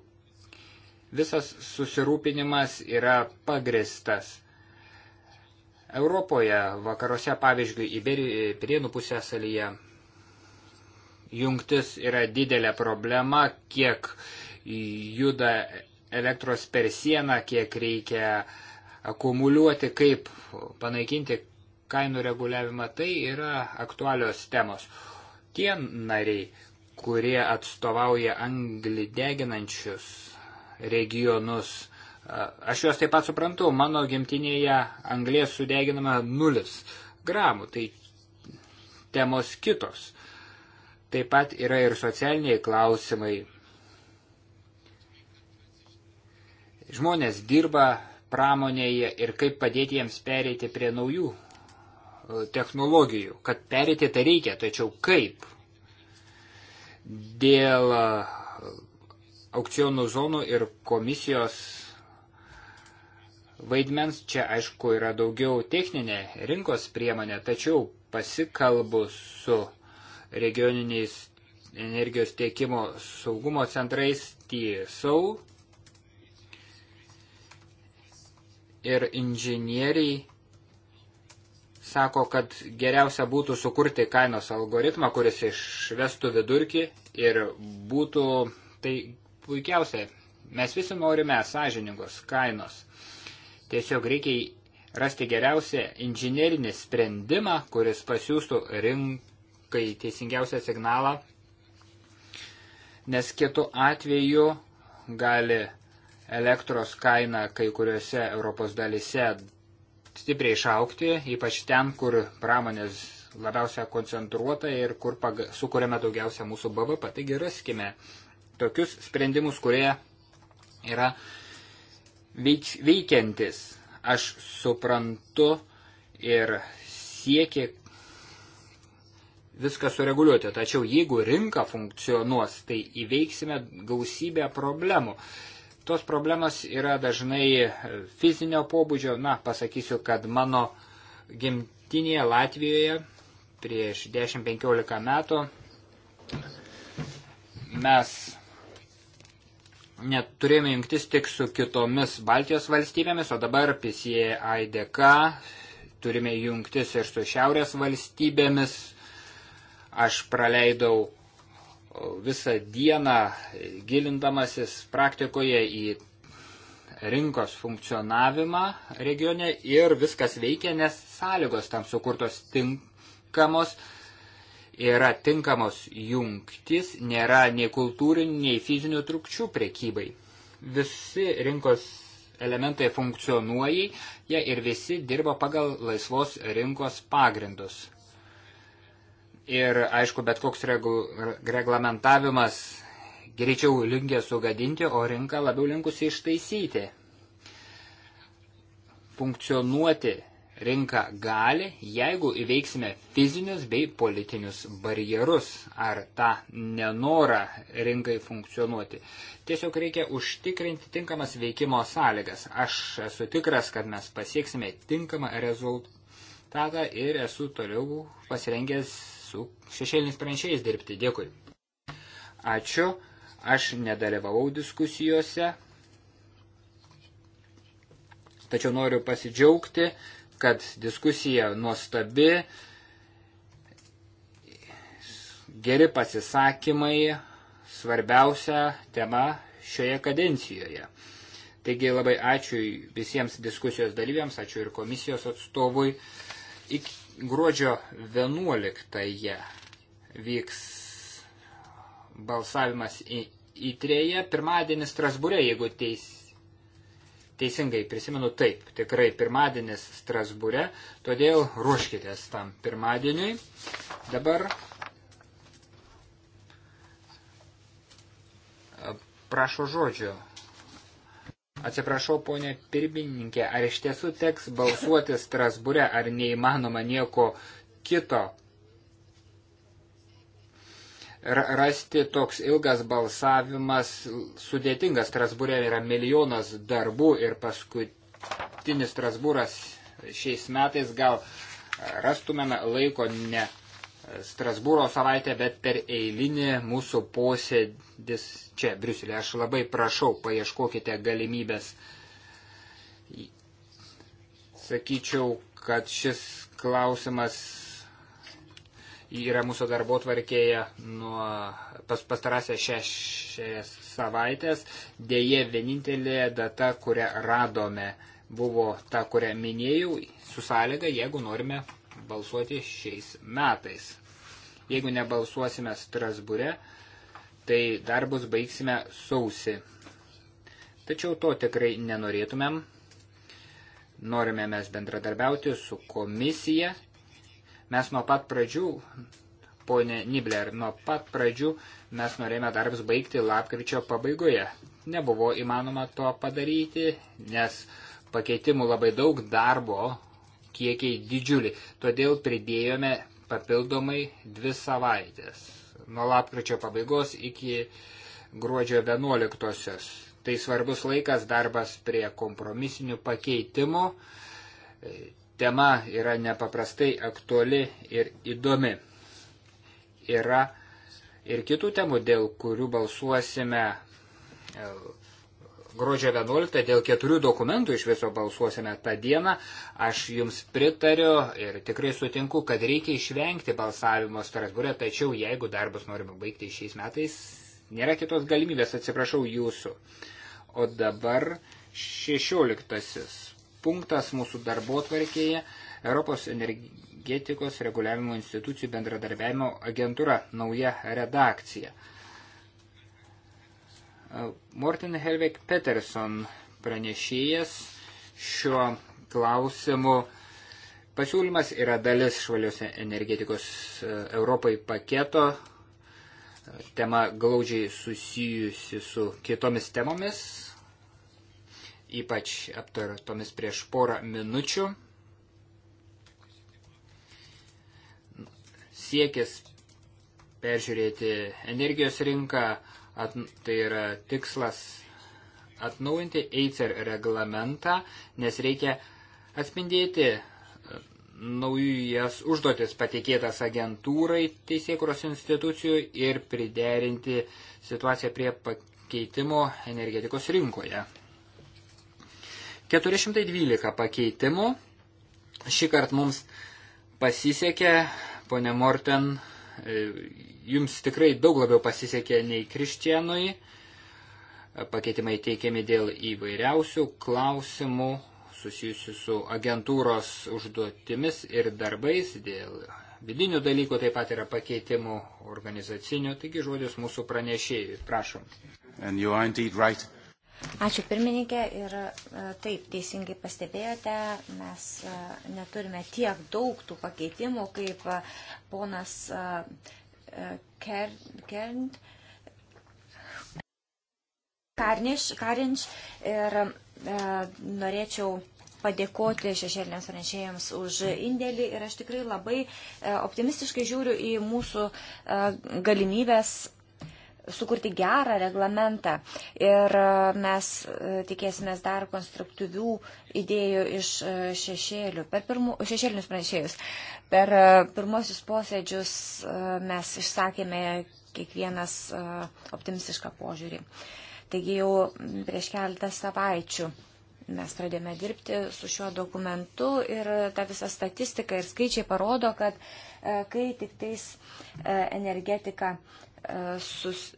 visas susirūpinimas yra pagristas. Europoje, vakaruose, pavyzdžiui, Iberijoje, Pirienų pusėsalyje, jungtis yra didelė problema, kiek juda elektros per sieną, kiek reikia akumuliuoti, kaip panaikinti kainų reguliavimą, tai yra aktualios temos. Tie nariai, kurie atstovauja anglį deginančius regionus, aš juos taip pat suprantu, mano gimtinėje anglės sudeginama nulis gramų, tai temos kitos. Taip pat yra ir socialiniai klausimai, žmonės dirba pramonėje ir kaip padėti jiems pereiti prie naujų e, technologijų. Kad pereiti tai reikia, tačiau kaip? Dėl e, aukcionų zonų ir komisijos vaidmens čia aišku yra daugiau techninė rinkos priemonė, tačiau pasikalbus su regioniniais energijos tiekimo saugumo centrais TSAU ir inžinieriai sako, kad geriausia būtų sukurti kainos algoritmą, kuris išvestų vidurkį ir būtų tai puikiausia. Mes visi norime sąžiningos kainos. Tiesiog reikia rasti geriausią inžinerinį sprendimą, kuris pasiūstų rinkai teisingiausią signalą, nes kitu atveju gali elektros kaina kai kuriuose Europos dalise stipriai išaukti, ypač ten, kur pramonės labiausia koncentruota ir kur sukūrėme daugiausia mūsų BVP. Taigi raskime tokius sprendimus, kurie yra veiks, veikiantis. Aš suprantu ir sieki viską sureguliuoti. Tačiau jeigu rinka funkcionuos, tai įveiksime gausybę problemų. Tos problemos yra dažnai fizinio pobūdžio. Na, pasakysiu, kad mano gimtinėje Latvijoje prieš 10-15 metų mes neturėjome jungtis tik su kitomis Baltijos valstybėmis, o dabar PCI dėka turime jungtis ir su šiaurės valstybėmis. Aš praleidau visą dieną gilindamasis praktikoje į rinkos funkcionavimą regione ir viskas veikia, nes sąlygos tam sukurtos tinkamos, yra tinkamos jungtis, nėra nei kultūrinių, nei fizinių trukčių prekybai. Visi rinkos elementai funkcionuoja ir visi dirba pagal laisvos rinkos pagrindus. Ir aišku, bet koks regu, reglamentavimas greičiau linkia sugadinti, o rinka labiau linkusi ištaisyti. Funkcionuoti rinka gali, jeigu įveiksime fizinius bei politinius barjerus ar tą nenorą rinkai funkcionuoti. Tiesiog reikia užtikrinti tinkamas veikimo sąlygas. Aš esu tikras, kad mes pasieksime tinkamą rezultatą ir esu toliau pasirengęs su šešėlinis pranešėjais dirbti. Dėkui. Ačiū. Aš nedalyvavau diskusijose, tačiau noriu pasidžiaugti, kad diskusija nuostabi, geri pasisakymai, svarbiausia tema šioje kadencijoje. Taigi labai ačiū visiems diskusijos dalyviams, ačiū ir komisijos atstovui. Iki Gruodžio 11-ąją vyks balsavimas į, į trėją, pirmadienį Strasbūrė, jeigu teis, teisingai prisimenu, taip, tikrai pirmadienis Strasbūrė, todėl ruoškitės tam pirmadieniui. Dabar e, prašo žodžio Atsiprašau, ponė pirmininkė, ar iš tiesų teks balsuoti Strasbūre, ar neįmanoma nieko kito? Ra rasti toks ilgas balsavimas sudėtingas. Strasbūre yra milijonas darbų ir paskutinis Strasbūras šiais metais gal rastumėme laiko ne Strasbūro savaitę, bet per eilinį mūsų posėdis čia, Briuselė. Aš labai prašau, paieškokite galimybės. Sakyčiau, kad šis klausimas yra mūsų darbo tvarkėje nuo pas, pastarąsią šešias savaitės. Deja, vienintelė data, kurią radome, buvo ta, kurią minėjau, su sąlyga, jeigu norime balsuoti šiais metais. Jeigu nebalsuosime Strasbūre, tai darbus baigsime sausi. Tačiau to tikrai nenorėtumėm. Norime mes bendradarbiauti su komisija. Mes nuo pat pradžių, ponė Nibler, nuo pat pradžių mes norėjome darbus baigti lapkričio pabaigoje. Nebuvo įmanoma to padaryti, nes pakeitimų labai daug darbo kiekiai didžiuliai. Todėl pridėjome papildomai dvi savaitės. Nuo lapkričio pabaigos iki gruodžio 11-osios. Tai svarbus laikas darbas prie kompromisinių pakeitimų. Tema yra nepaprastai aktuali ir įdomi. Yra ir kitų temų, dėl kurių balsuosime e, gruodžio 11 dėl keturių dokumentų iš viso balsuosime tą dieną. Aš jums pritariu ir tikrai sutinku, kad reikia išvengti balsavimo Strasbūrė, tačiau jeigu darbus norime baigti šiais metais, nėra kitos galimybės, atsiprašau jūsų. O dabar 16 punktas mūsų darbo tvarkėje Europos energetikos reguliavimo institucijų bendradarbiavimo agentūra nauja redakcija. Morten Helvek Peterson pranešėjas šiuo klausimu. Pasiūlymas yra dalis švaliuose energetikos e, Europai paketo. Tema glaudžiai susijusi su kitomis temomis, ypač aptartomis prieš porą minučių. Siekis peržiūrėti energijos rinką, At, tai yra tikslas atnaujinti EICER reglamentą, nes reikia atspindėti e, naujas užduotis patikėtas agentūrai teisėkuros institucijų ir priderinti situaciją prie pakeitimo energetikos rinkoje. 412 pakeitimų. Šį kartą mums pasisekė, ponė Morten E, jums tikrai daug labiau pasisekė nei Krištienui. Pakeitimai teikiami dėl įvairiausių klausimų susijusių su agentūros užduotimis ir darbais, dėl vidinių dalykų taip pat yra pakeitimų organizacinių. Taigi žodis mūsų pranešėjai. Prašom. Right. Ačiū pirmininkė ir e, taip teisingai pastebėjote, mes e, neturime tiek daug tų pakeitimų, kaip e, ponas Kernt. Karniš, Karinč ir e, norėčiau padėkoti šešėlinėms pranešėjams už indėlį ir aš tikrai labai optimistiškai žiūriu į mūsų galimybės sukurti gerą reglamentą ir e, mes e, tikėsime dar konstruktyvių idėjų iš e, šešėlių, per pirmu, šešėlinius pranešėjus. Per pirmosius posėdžius mes išsakėme kiekvienas optimistišką požiūrį. Taigi jau prieš keletą savaičių mes pradėjome dirbti su šiuo dokumentu ir ta visa statistika ir skaičiai parodo, kad kai tik tais energetika sus,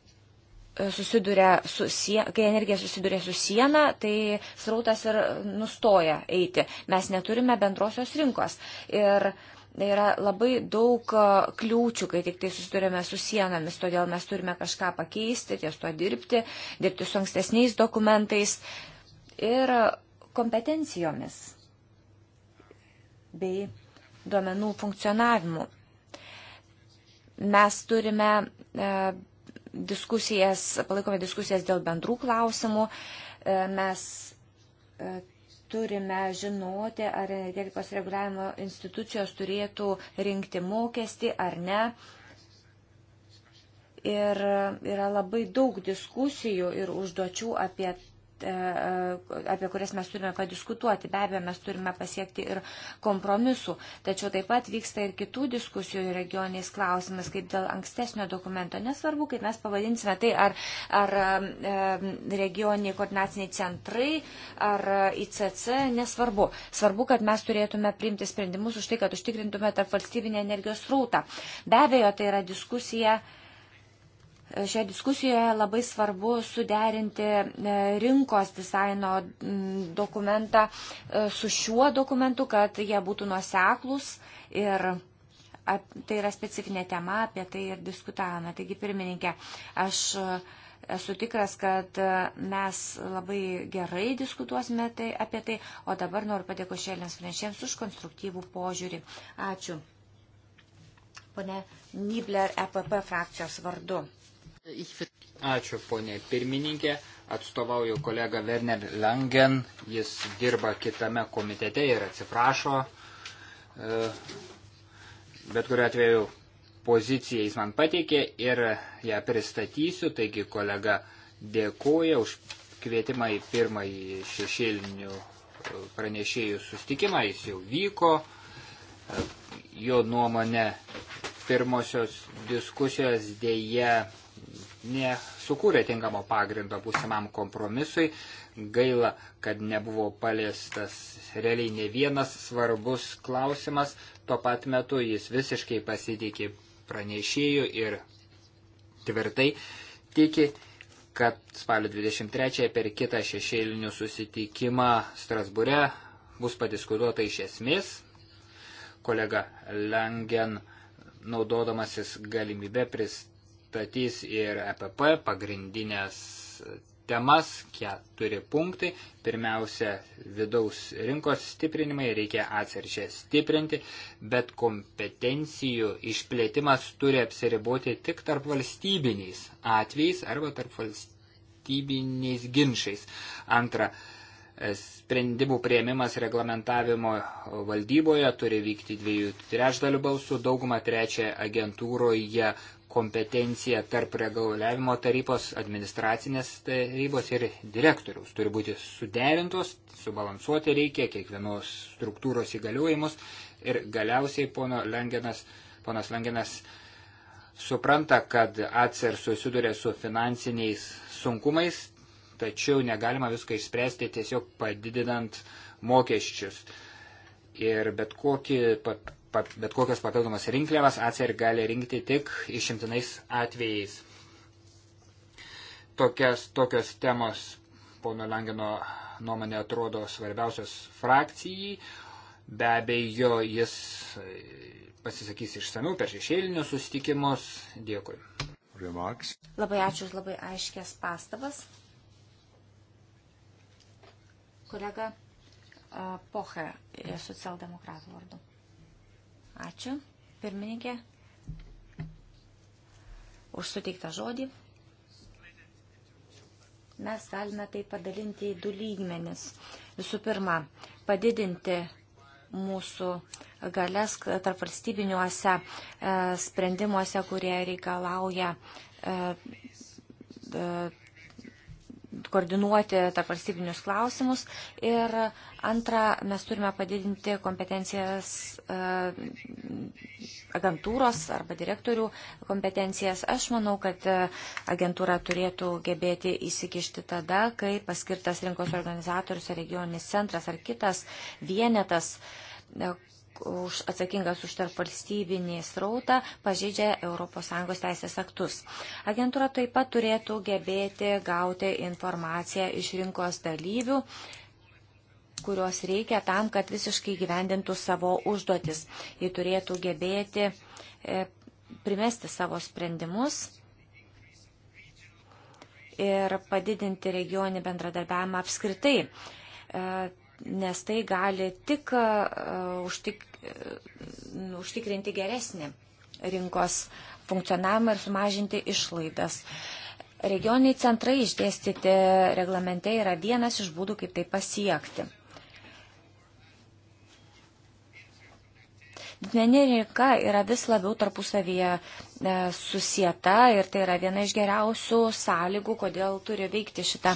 susiduria su siena, kai energija susiduria su siena, tai srautas ir nustoja eiti. Mes neturime bendrosios rinkos. Ir yra labai daug kliūčių, kai tik tai susidurime su sienomis, todėl mes turime kažką pakeisti, ties to dirbti, dirbti su ankstesniais dokumentais ir kompetencijomis bei duomenų funkcionavimu. Mes turime E, diskusijas, palaikome diskusijas dėl bendrų klausimų. E, mes e, turime žinoti, ar energetikos reguliavimo institucijos turėtų rinkti mokestį ar ne. Ir yra labai daug diskusijų ir užduočių apie E, apie kurias mes turime padiskutuoti. Be abejo, mes turime pasiekti ir kompromisų. Tačiau taip pat vyksta ir kitų diskusijų regioniais klausimais, kaip dėl ankstesnio dokumento. Nesvarbu, kaip mes pavadinsime tai, ar, ar e, regioniai koordinaciniai centrai, ar ICC, nesvarbu. Svarbu, kad mes turėtume priimti sprendimus už tai, kad užtikrintume tarp valstybinį energijos rūtą. Be abejo, tai yra diskusija. Yeah Šioje diskusijoje labai svarbu suderinti e, rinkos dizaino dokumentą e, su šiuo dokumentu, kad jie būtų nuoseklus ir tai yra specifinė tema, apie tai ir diskutavome. Taigi, pirmininkė, aš e, esu tikras, kad mes labai gerai diskutuosime tai, apie tai, o dabar noriu padėkoti šiandienas pranešėjams už konstruktyvų požiūrį. Ačiū. Pone Nibler, EPP frakcijos vardu. Ačiū, ponė pirmininkė. Atstovauju kolegą Werner Langen. Jis dirba kitame komitete ir atsiprašo. E, bet kuriu atveju poziciją jis man pateikė ir ją pristatysiu. Taigi kolega dėkoja už kvietimą į pirmąjį šešėlinių e, pranešėjų sustikimą. Jis jau vyko. E, jo nuomonė pirmosios diskusijos dėje nesukūrė tinkamo pagrindo būsimam kompromisui. Gaila, kad nebuvo paliestas realiai ne vienas svarbus klausimas. Tuo pat metu jis visiškai pasitikė pranešėjų ir tvirtai tiki, kad spalio 23 per kitą šešėlinių susitikimą Strasbūre bus padiskutuota iš esmės. Kolega Lengen naudodamasis galimybę pristatyti pristatys ir EPP pagrindinės temas, keturi punktai. Pirmiausia, vidaus rinkos stiprinimai reikia atsarčiai stiprinti, bet kompetencijų išplėtimas turi apsiriboti tik tarp valstybiniais atvejais arba tarp valstybiniais ginčiais. Antra, sprendimų prieimimas reglamentavimo valdyboje turi vykti dviejų trečdalių balsų, daugumą trečią agentūroje kompetencija tarp reguliavimo tarybos, administracinės tarybos ir direktoriaus. Turi būti suderintos, subalansuoti reikia kiekvienos struktūros įgaliojimus ir galiausiai pono Lengenas, ponas Lengenas supranta, kad ACER susiduria su finansiniais sunkumais, tačiau negalima viską išspręsti tiesiog padidinant mokesčius. Ir bet kokį bet kokios papildomas rinkliavas ACR gali rinkti tik išimtinais atvejais. Tokias, tokios temos pono Langino nuomonė atrodo svarbiausios frakcijai. Be abejo, jis e, pasisakys išsamiau per šešėlinius sustikimus. Dėkui. Remarks. Labai ačiū už labai aiškės pastabas. Kolega e, Poche, e, socialdemokratų vardu. Ačiū, pirmininkė, už suteiktą žodį. Mes galime tai padalinti į du lygmenis. Visų pirma, padidinti mūsų galės tarp valstybiniuose e, sprendimuose, kurie reikalauja e, e, koordinuoti tarp valstybinius klausimus. Ir antra, mes turime padidinti kompetencijas e, agentūros arba direktorių kompetencijas. Aš manau, kad e, agentūra turėtų gebėti įsikišti tada, kai paskirtas rinkos organizatorius ar regioninis centras ar kitas vienetas e, už, atsakingas už tarp valstybinį srautą pažeidžia ES teisės aktus. Agentūra taip pat turėtų gebėti gauti informaciją iš rinkos dalyvių kurios reikia tam, kad visiškai gyvendintų savo užduotis. Ji turėtų gebėti e, primesti savo sprendimus ir padidinti regionį bendradarbiavimą apskritai. E, nes tai gali tik e, užtik, e, užtikrinti geresnį rinkos funkcionavimą ir sumažinti išlaidas. Regioniai centrai išdėstyti reglamente yra vienas iš būdų, kaip tai pasiekti. Skaitmeninė rinka yra vis labiau tarpusavyje e, susieta ir tai yra viena iš geriausių sąlygų, kodėl turi veikti šita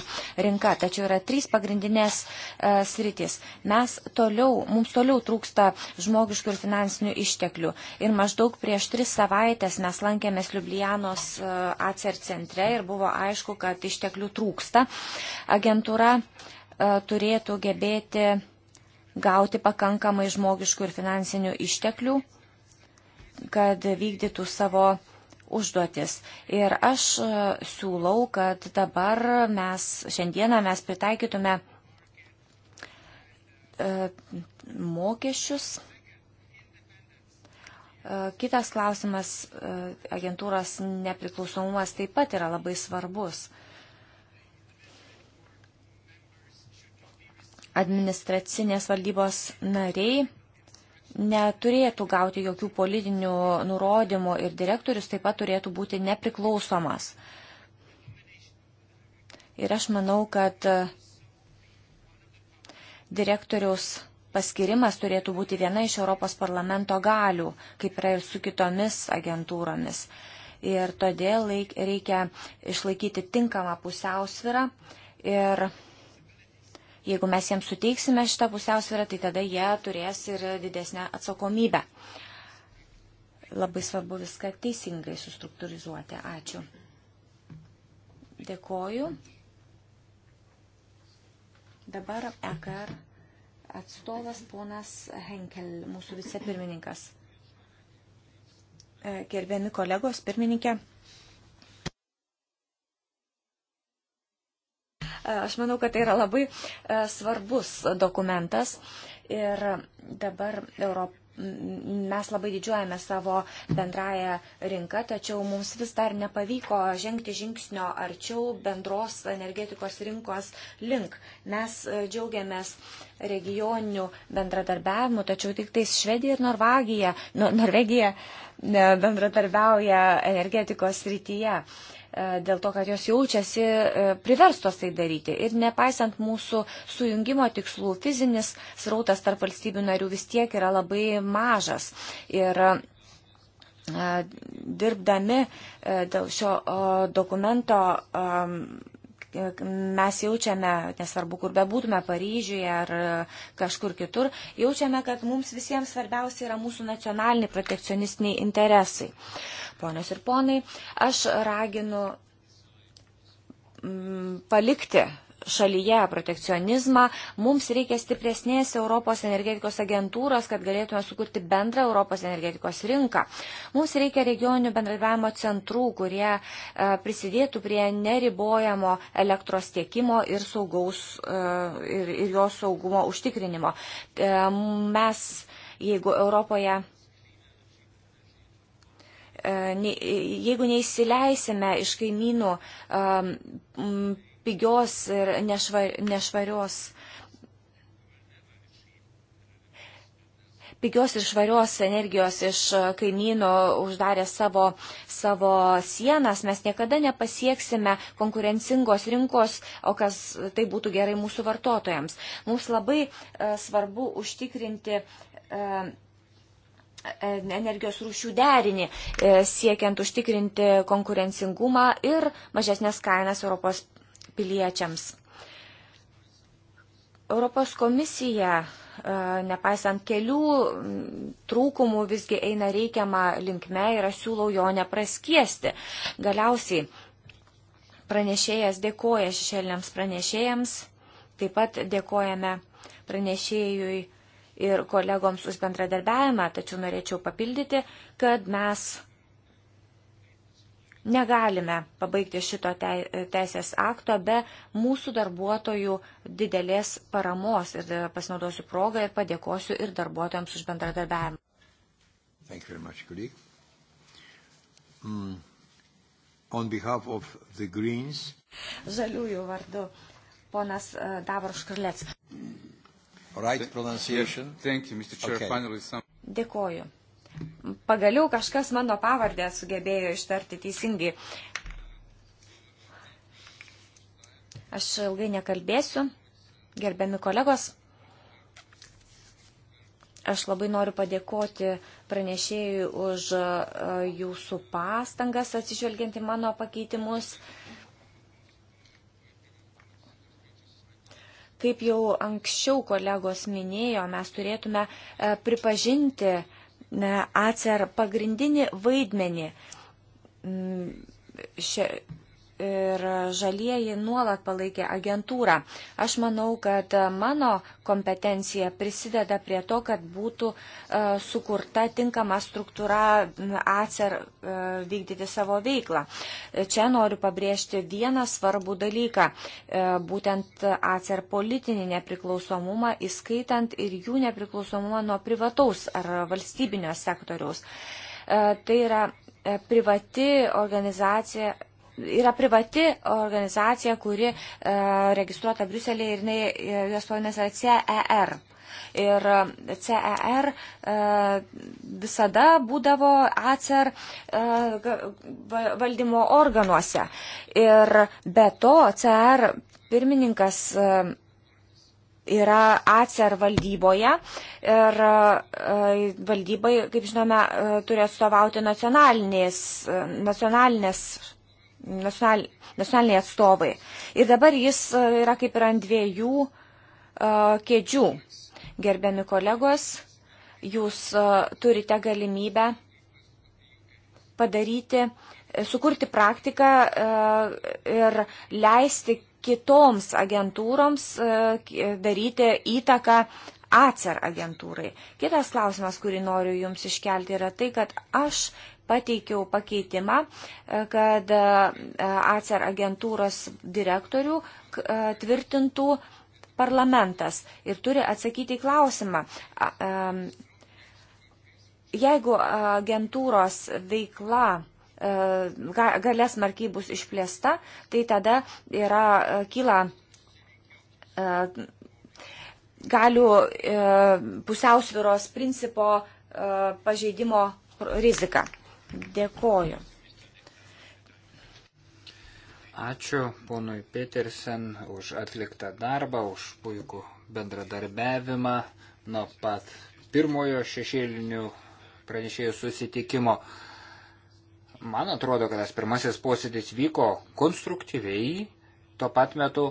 rinka. Tačiau yra trys pagrindinės e, sritis. Mes toliau, mums toliau trūksta žmogiškų ir finansinių išteklių. Ir maždaug prieš tris savaitės mes lankėmės Liublianos e, ACER centre ir buvo aišku, kad išteklių trūksta. Agentūra e, turėtų gebėti gauti pakankamai žmogiškų ir finansinių išteklių, kad vykdytų savo užduotis. Ir aš e, siūlau, kad dabar mes, šiandieną mes pritaikytume e, mokesčius. E, kitas klausimas, agentūros nepriklausomumas taip pat yra labai svarbus. administracinės valdybos nariai neturėtų gauti jokių politinių nurodymų ir direktorius taip pat turėtų būti nepriklausomas. Ir aš manau, kad e, direktoriaus paskirimas turėtų būti viena iš Europos parlamento galių, kaip yra ir su kitomis agentūromis. Ir todėl reikia išlaikyti tinkamą pusiausvirą ir Jeigu mes jiems suteiksime šitą pusiausvyrą, tai tada jie turės ir didesnę atsakomybę. Labai svarbu viską teisingai sustruktūrizuoti. Ačiū. Dėkoju. Dabar EKR atstovas ponas Henkel, mūsų vicepirmininkas. E, gerbiami kolegos, pirmininkė. Aš manau, kad tai yra labai e, svarbus dokumentas ir dabar Europos. Mes labai didžiuojame savo bendrąją rinką, tačiau mums vis dar nepavyko žengti žingsnio arčiau bendros energetikos rinkos link. Mes e, džiaugiamės regioninių bendradarbiavimų, tačiau tik tais Švedija ir Norvagija, Norvegija e, bendradarbiauja energetikos srityje. Uh, E, dėl to, kad jos jaučiasi e, priverstos tai daryti. Ir nepaisant mūsų sujungimo tikslų, fizinis srautas tarp valstybių narių vis tiek yra labai mažas. Ir e, dirbdami dėl šio dokumento mes jaučiame, nesvarbu kur bebūtume, Paryžiuje ar kažkur kitur, jaučiame, kad mums visiems svarbiausia yra mūsų nacionaliniai protekcionistiniai interesai. Ponios ir ponai, aš raginu mm, palikti šalyje protekcionizmą. Mums reikia stipresnės Europos energetikos agentūros, kad galėtume sukurti bendrą Europos energetikos rinką. Mums reikia regioninių bendradavimo centrų, kurie e, prisidėtų prie neribojamo elektros tiekimo ir, saugaus, e, ir, ir jo saugumo užtikrinimo. E, mes, jeigu Europoje jeigu neįsileisime iš kaimynų pigios ir nešvarios. Pigios ir švarios energijos iš kaimynų uždarė savo, savo sienas, mes niekada nepasieksime konkurencingos rinkos, o kas tai būtų gerai mūsų vartotojams. Mums labai e, svarbu užtikrinti. E, energijos rūšių derinį, e, siekiant užtikrinti konkurencingumą ir mažesnės kainas Europos piliečiams. Europos komisija, e, nepaisant kelių trūkumų, visgi eina reikiamą linkme ir aš siūlau jo nepraskiesti. Galiausiai pranešėjas dėkoja šešėliniams pranešėjams, taip pat dėkojame pranešėjui ir kolegoms už bendradarbiavimą, tačiau norėčiau papildyti, kad mes Negalime pabaigti šito teisės akto be mūsų darbuotojų didelės paramos ir pasinaudosiu progą ir padėkosiu ir darbuotojams už bendradarbiavimą. Much, mm. Greens... Žaliųjų vardu, ponas e, Davros Krlec. Right pronunciation. Thank you, Mr. Chair. Okay. Finally, some... Dėkoju. Pagaliau kažkas mano pavardę sugebėjo ištarti teisingai. Aš ilgai nekalbėsiu, gerbiami kolegos. Aš labai noriu padėkoti pranešėjui už e, jūsų pastangas atsižvelgiant į mano pakeitimus. Kaip jau anksčiau kolegos minėjo, mes turėtume e, pripažinti ACR pagrindinį vaidmenį šia, ir žalieji nuolat palaikė agentūrą. Aš manau, kad mano kompetencija prisideda prie to, kad būtų e, sukurta tinkama struktūra ACER e, vykdyti savo veiklą. Čia noriu pabrėžti vieną svarbų dalyką, e, būtent ACER politinį nepriklausomumą, įskaitant ir jų nepriklausomumą nuo privataus ar valstybinio sektoriaus. Tai yra privati organizacija yra privati organizacija, kuri e, registruota Briuselėje ir jinai, e, jos pavadinimas yra CER. Ir e, CER visada būdavo ACER valdymo organuose. Ir be to CER pirmininkas yra ACER valdyboje ir valdybai, kaip žinome, turi atstovauti nacionalinės, nacionalinės nacionaliniai atstovai. Ir dabar jis e, yra kaip ir ant dviejų e, kėdžių. Gerbiami kolegos, jūs e, turite galimybę padaryti, sukurti praktiką ir leisti kitoms agentūroms daryti įtaką ACER agentūrai. Kitas klausimas, kurį noriu Jums iškelti, yra tai, kad aš pateikiau pakeitimą, e, kad e, ACER agentūros direktorių e, tvirtintų parlamentas ir turi atsakyti į klausimą. Jeigu agentūros veikla galės markiai bus išplėsta, tai tada yra kyla galių pusiausviros principo pažeidimo rizika. Dėkoju. Ačiū ponui Petersen už atliktą darbą, už puikų bendradarbiavimą nuo pat pirmojo šešėlinių pranešėjų susitikimo. Man atrodo, kad tas pirmasis posėdis vyko konstruktyviai. Tuo pat metu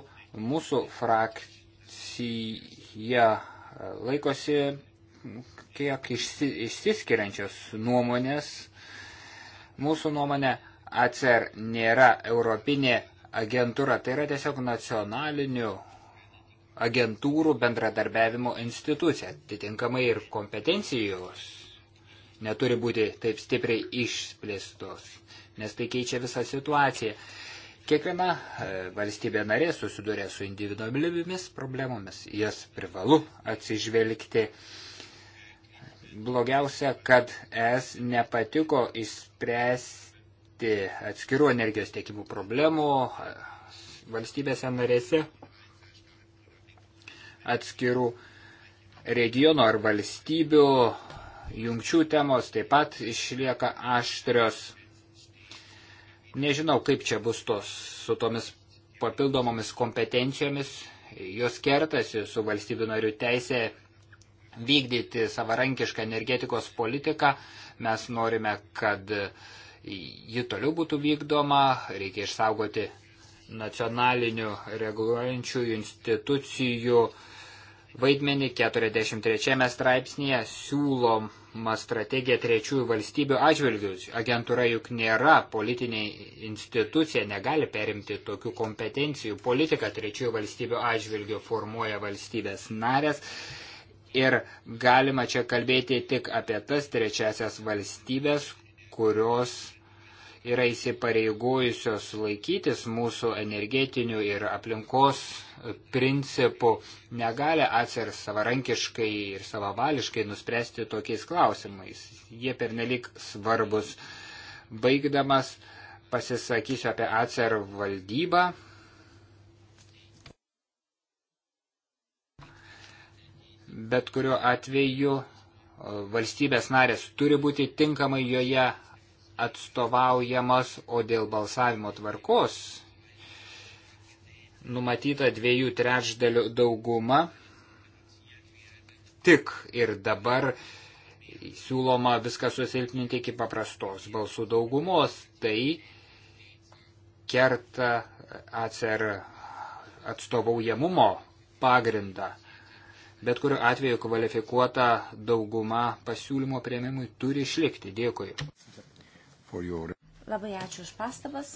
mūsų frakcija laikosi kiek išsiskiriančios nuomonės Mūsų nuomonė, ACER nėra europinė agentūra, tai yra tiesiog nacionalinių agentūrų bendradarbiavimo institucija. Atitinkamai ir kompetencijos neturi būti taip stipriai išplėstos, nes tai keičia visą situaciją. Kiekviena e, valstybė narė susiduria su individualiomis problemomis, jas privalu atsižvelgti blogiausia, kad es nepatiko išspręsti atskirų energijos tiekimų problemų valstybėse narėse atskirų regionų ar valstybių jungčių temos taip pat išlieka aštrios. Nežinau, kaip čia bus tos, su tomis papildomomis kompetencijomis, jos kertasi su valstybių narių teisė vykdyti savarankišką energetikos politiką. Mes norime, kad ji toliau būtų vykdoma, reikia išsaugoti nacionalinių reguliuojančių institucijų vaidmenį 43 straipsnėje siūloma strategija trečiųjų valstybių atžvilgių. Agentūra juk nėra politinė institucija, negali perimti tokių kompetencijų. Politika trečiųjų valstybių atžvilgių formuoja valstybės narės. Ir galima čia kalbėti tik apie tas trečiasias valstybės, kurios yra įsipareigojusios laikytis mūsų energetinių ir aplinkos principų, negali atsir savarankiškai ir savavališkai nuspręsti tokiais klausimais. Jie pernelik svarbus. Baigdamas pasisakysiu apie atsir valdybą, bet kuriuo atveju e, valstybės narės turi būti tinkamai joje atstovaujamas, o dėl balsavimo tvarkos numatyta dviejų trečdalių dauguma. Tik ir dabar siūloma viską susilpninti iki paprastos balsų daugumos, tai kerta atsir atstovaujamumo pagrindą. Bet kuriu atveju kvalifikuota dauguma pasiūlymo prieimimui turi išlikti. Dėkui. Your... Labai ačiū už pastabas.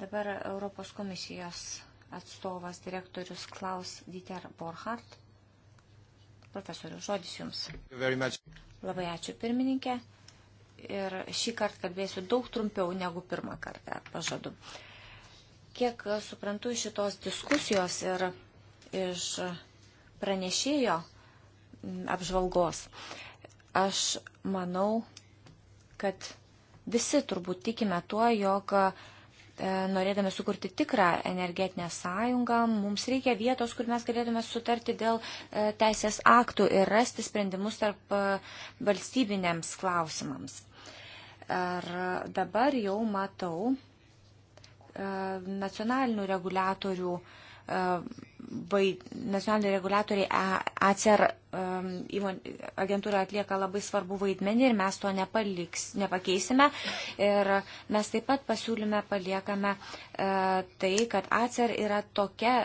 Dabar Europos komisijos atstovas direktorius Klaus Dieter Borchardt. Profesorius, žodis jums. Labai ačiū pirmininkė. Ir šį kartą kalbėsiu daug trumpiau negu pirmą kartą, pažadu. Uh, Kiek suprantu iš šitos diskusijos ir iš pranešėjo mm, apžvalgos, aš manau, kad visi turbūt tikime tuo, jog e, norėdami sukurti tikrą energetinę sąjungą, mums reikia vietos, kur mes galėtume sutarti dėl e, teisės aktų ir rasti sprendimus tarp e, valstybinėms klausimams. Ir dabar jau matau, E, nacionalinių reguliatorių, e, nacionaliniai reguliatoriai e, ACR agentūra atlieka labai svarbu vaidmenį ir mes to nepaliks, nepakeisime. Ir mes taip pat pasiūlyme paliekame tai, kad ACR yra tokia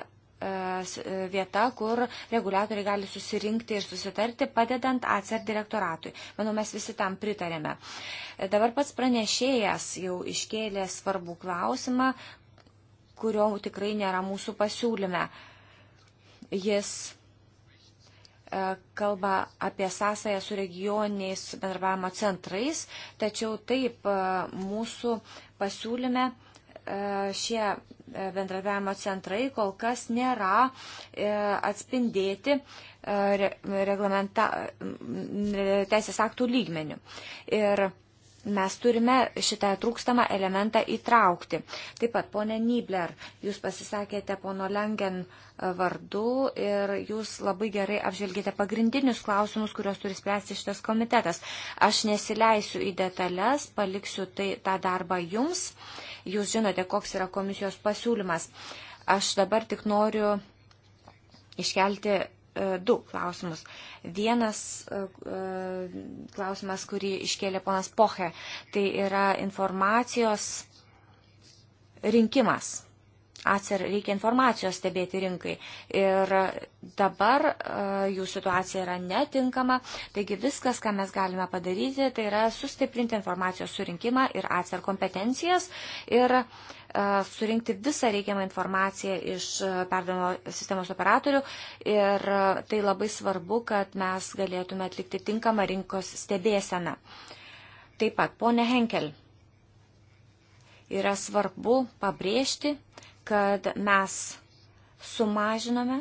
E, e, vieta, kur reguliatoriai gali susirinkti ir susitarti, padedant ACER direktoratui. Manau, mes visi tam pritarėme. E, dabar pats pranešėjas jau iškėlė svarbų klausimą, kurio tikrai nėra mūsų pasiūlyme. Jis kalba apie sąsąją su regioniniais bendravimo centrais, tačiau taip mūsų pasiūlyme E, šie e, bendradarbiavimo centrai kol kas nėra e, atspindėti reglamenta teisės aktų lygmenių. Ir mes turime šitą trūkstamą elementą įtraukti. Taip pat, ponė Nibler, jūs pasisakėte pono Lengen e, vardu ir jūs labai gerai apžvelgėte pagrindinius klausimus, kuriuos turi spręsti šitas komitetas. Aš nesileisiu į detalės, paliksiu tai, tą darbą jums. Jūs žinote, koks yra komisijos pasiūlymas. Aš dabar tik noriu iškelti E, du klausimus. Vienas e, e, klausimas, kurį iškėlė ponas Poche, tai yra informacijos rinkimas. Atsir reikia informacijos stebėti rinkai. Ir dabar jų situacija yra netinkama. Taigi viskas, ką mes galime padaryti, tai yra sustiprinti informacijos surinkimą ir atsir kompetencijas. Ir uh, surinkti visą reikiamą informaciją iš perdavimo sistemos operatorių ir tai labai svarbu, kad mes galėtume atlikti tinkamą rinkos stebėseną. Taip pat, ponė Henkel, yra svarbu pabrėžti, kad mes sumažinome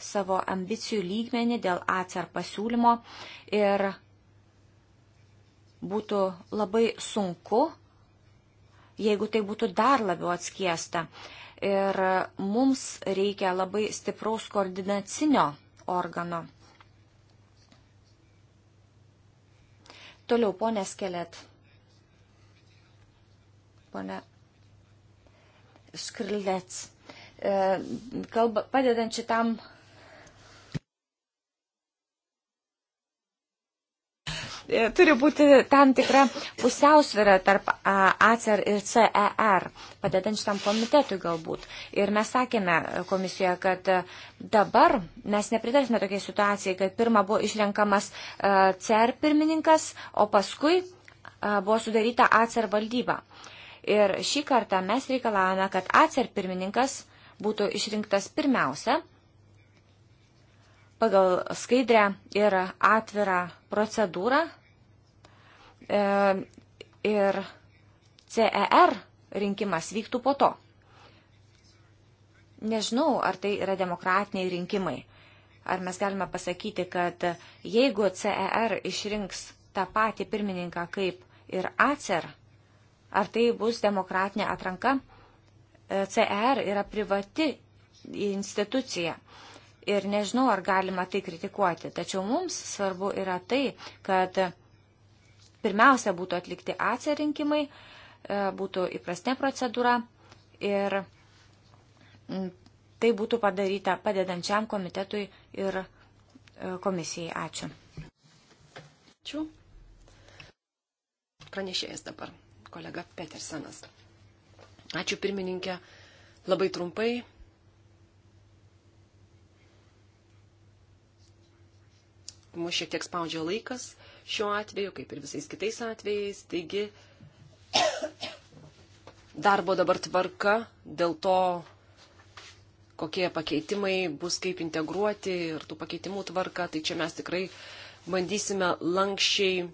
savo ambicijų lygmenį dėl ACR pasiūlymo ir būtų labai sunku jeigu tai būtų dar labiau atskiesta. Ir mums reikia labai stipraus koordinacinio organo. Toliau, ponė Skelet. Pone Skrilets. E, kalba, padedant šitam E, turi būti tam tikra pusiausvėra tarp ACER ir CER, padedant šitam komitetui galbūt. Ir mes sakėme komisijoje, kad dabar mes nepritarsime tokiai situacijai, kad pirmą buvo išrenkamas e, CER pirmininkas, o paskui e, buvo sudaryta ACER valdyba. Ir šį kartą mes reikalavome, kad ACER pirmininkas būtų išrinktas pirmiausia pagal skaidrę ir atvirą procedūrą, E, ir CER rinkimas vyktų po to. Nežinau, ar tai yra demokratiniai rinkimai. Ar mes galime pasakyti, kad jeigu CER išrinks tą patį pirmininką kaip ir ACER, ar tai bus demokratinė atranka? E, CER yra privati institucija. Ir nežinau, ar galima tai kritikuoti. Tačiau mums svarbu yra tai, kad pirmiausia būtų atlikti AC rinkimai, e, būtų įprastinė procedūra ir tai būtų padaryta padedančiam komitetui ir e, komisijai. Ačiū. Ačiū. Pranešėjas dabar, kolega Petersenas. Ačiū pirmininkė. Labai trumpai. Mūsų šiek tiek spaudžia laikas šiuo atveju, kaip ir visais kitais atvejais. Taigi, darbo dabar tvarka dėl to, kokie pakeitimai bus, kaip integruoti ir tų pakeitimų tvarka, tai čia mes tikrai bandysime lankščiai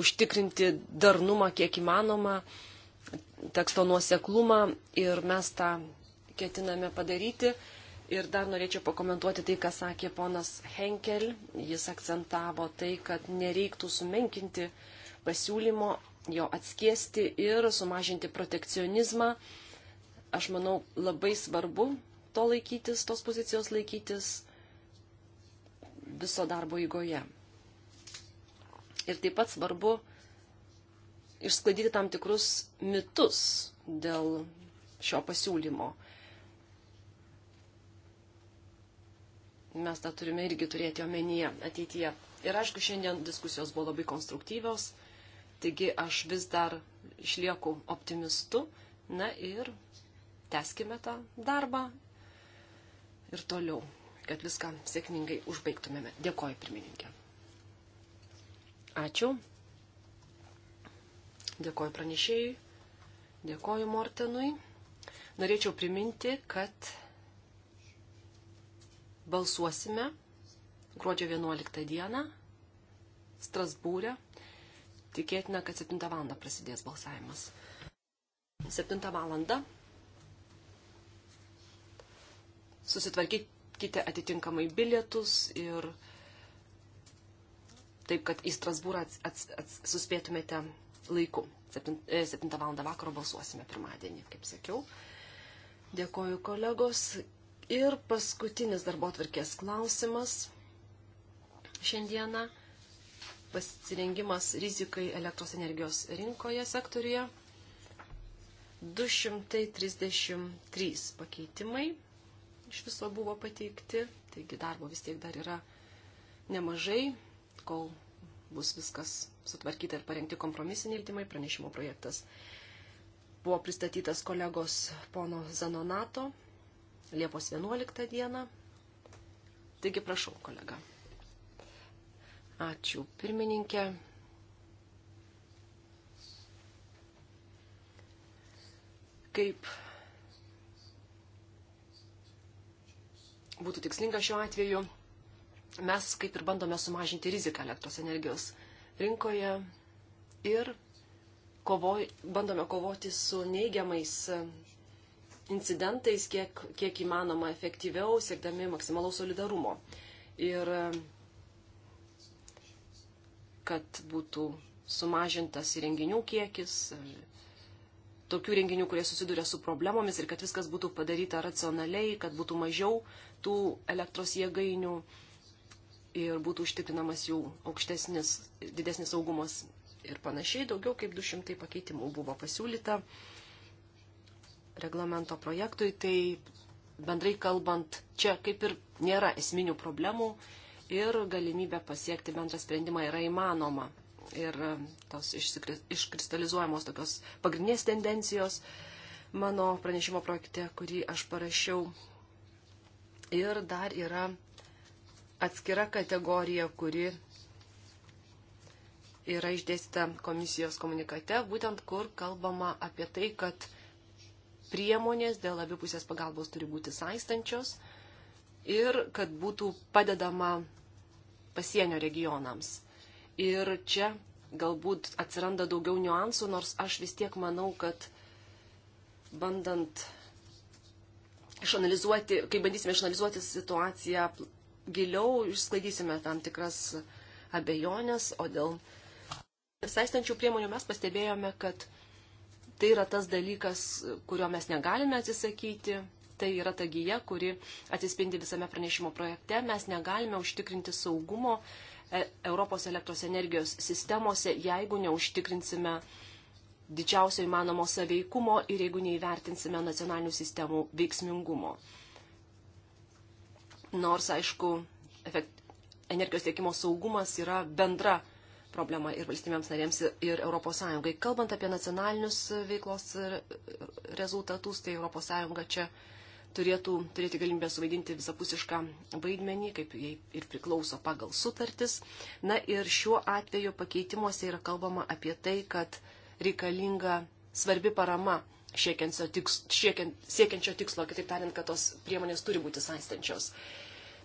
užtikrinti darnumą kiek įmanoma, teksto nuoseklumą ir mes tą ketiname padaryti. Ir dar norėčiau pakomentuoti tai, ką sakė ponas Henkel. Jis akcentavo tai, kad nereiktų sumenkinti pasiūlymo, jo atskiesti ir sumažinti protekcionizmą. Aš manau, labai svarbu to laikytis, tos pozicijos laikytis viso darbo įgoje. Ir taip pat svarbu išsklaidyti tam tikrus mitus dėl šio pasiūlymo. mes tą turime irgi turėti omenyje ateityje. Ir aišku, šiandien diskusijos buvo labai konstruktyvios, taigi aš vis dar išlieku optimistu. Na ir teskime tą darbą ir toliau, kad viską sėkmingai užbaigtumėme. Dėkoju, pirmininkė. Ačiū. Dėkoju pranešėjai. Dėkoju Mortenui. Norėčiau priminti, kad balsuosime gruodžio 11 dieną Strasbūrė. Tikėtina, kad 7 val. prasidės balsavimas. 7 val. Susitvarkykite atitinkamai bilietus ir taip, kad į Strasbūrą ats, ats, ats, suspėtumėte laiku. 7, 7 val. vakaro balsuosime pirmadienį, kaip sakiau. Dėkoju kolegos. Ir paskutinis darbo tvarkės klausimas šiandieną - pasirengimas rizikai elektros energijos rinkoje sektoriuje. 233 pakeitimai iš viso buvo pateikti, taigi darbo vis tiek dar yra nemažai, kol bus viskas sutvarkyta ir parengti kompromisiniai timai, pranešimo projektas buvo pristatytas kolegos pono Zanonato Liepos 11 dieną. Taigi prašau, kolega. Ačiū, pirmininkė. Kaip būtų tikslinga šiuo atveju, mes kaip ir bandome sumažinti riziką elektros energijos rinkoje ir kovoj, bandome kovoti su neigiamais incidentais kiek, kiek įmanoma efektyviau, siekdami maksimalaus solidarumo. Ir kad būtų sumažintas įrenginių kiekis, tokių renginių, kurie susiduria su problemomis ir kad viskas būtų padaryta racionaliai, kad būtų mažiau tų elektros jėgainių ir būtų užtikrinamas jų aukštesnis, didesnis saugumas ir panašiai. Daugiau kaip 200 pakeitimų buvo pasiūlyta. Uh, reglamento projektui, tai bendrai kalbant, čia kaip ir nėra esminių problemų ir galimybė pasiekti bendrą sprendimą yra įmanoma. Ir tos iškristalizuojamos tokios pagrindinės tendencijos mano pranešimo projekte, kurį aš parašiau. Ir dar yra atskira kategorija, kuri yra išdėstyta komisijos komunikate, būtent kur kalbama apie tai, kad priemonės dėl abipusės pagalbos turi būti saistančios ir kad būtų padedama pasienio regionams. Ir čia galbūt atsiranda daugiau niuansų, nors aš vis tiek manau, kad bandant išanalizuoti, kai bandysime išanalizuoti situaciją giliau, išsklaidysime tam tikras saistančių priemonių mes pastebėjome, kad tai yra tas dalykas, kurio mes negalime atsisakyti, tai yra ta gyja, kuri atsispindi visame pranešimo projekte, mes negalime užtikrinti saugumo e, Europos elektros energijos sistemose, jeigu neužtikrinsime didžiausio įmanomo saveikumo ir jeigu neįvertinsime nacionalinių sistemų veiksmingumo. Nors, aišku, efekt, energijos tiekimo saugumas yra bendra problema ir valstybėms narėms, ir ES. Kalbant apie nacionalinius veiklos rezultatus, tai ES čia turėtų turėti galimybę suvaidinti visapusišką vaidmenį, kaip jai ir priklauso pagal sutartis. Na ir šiuo atveju pakeitimuose yra kalbama apie tai, kad reikalinga svarbi parama siekiančio, tiks, siekiant, siekiančio tikslo, kitaip tariant, kad tos priemonės turi būti saistančios.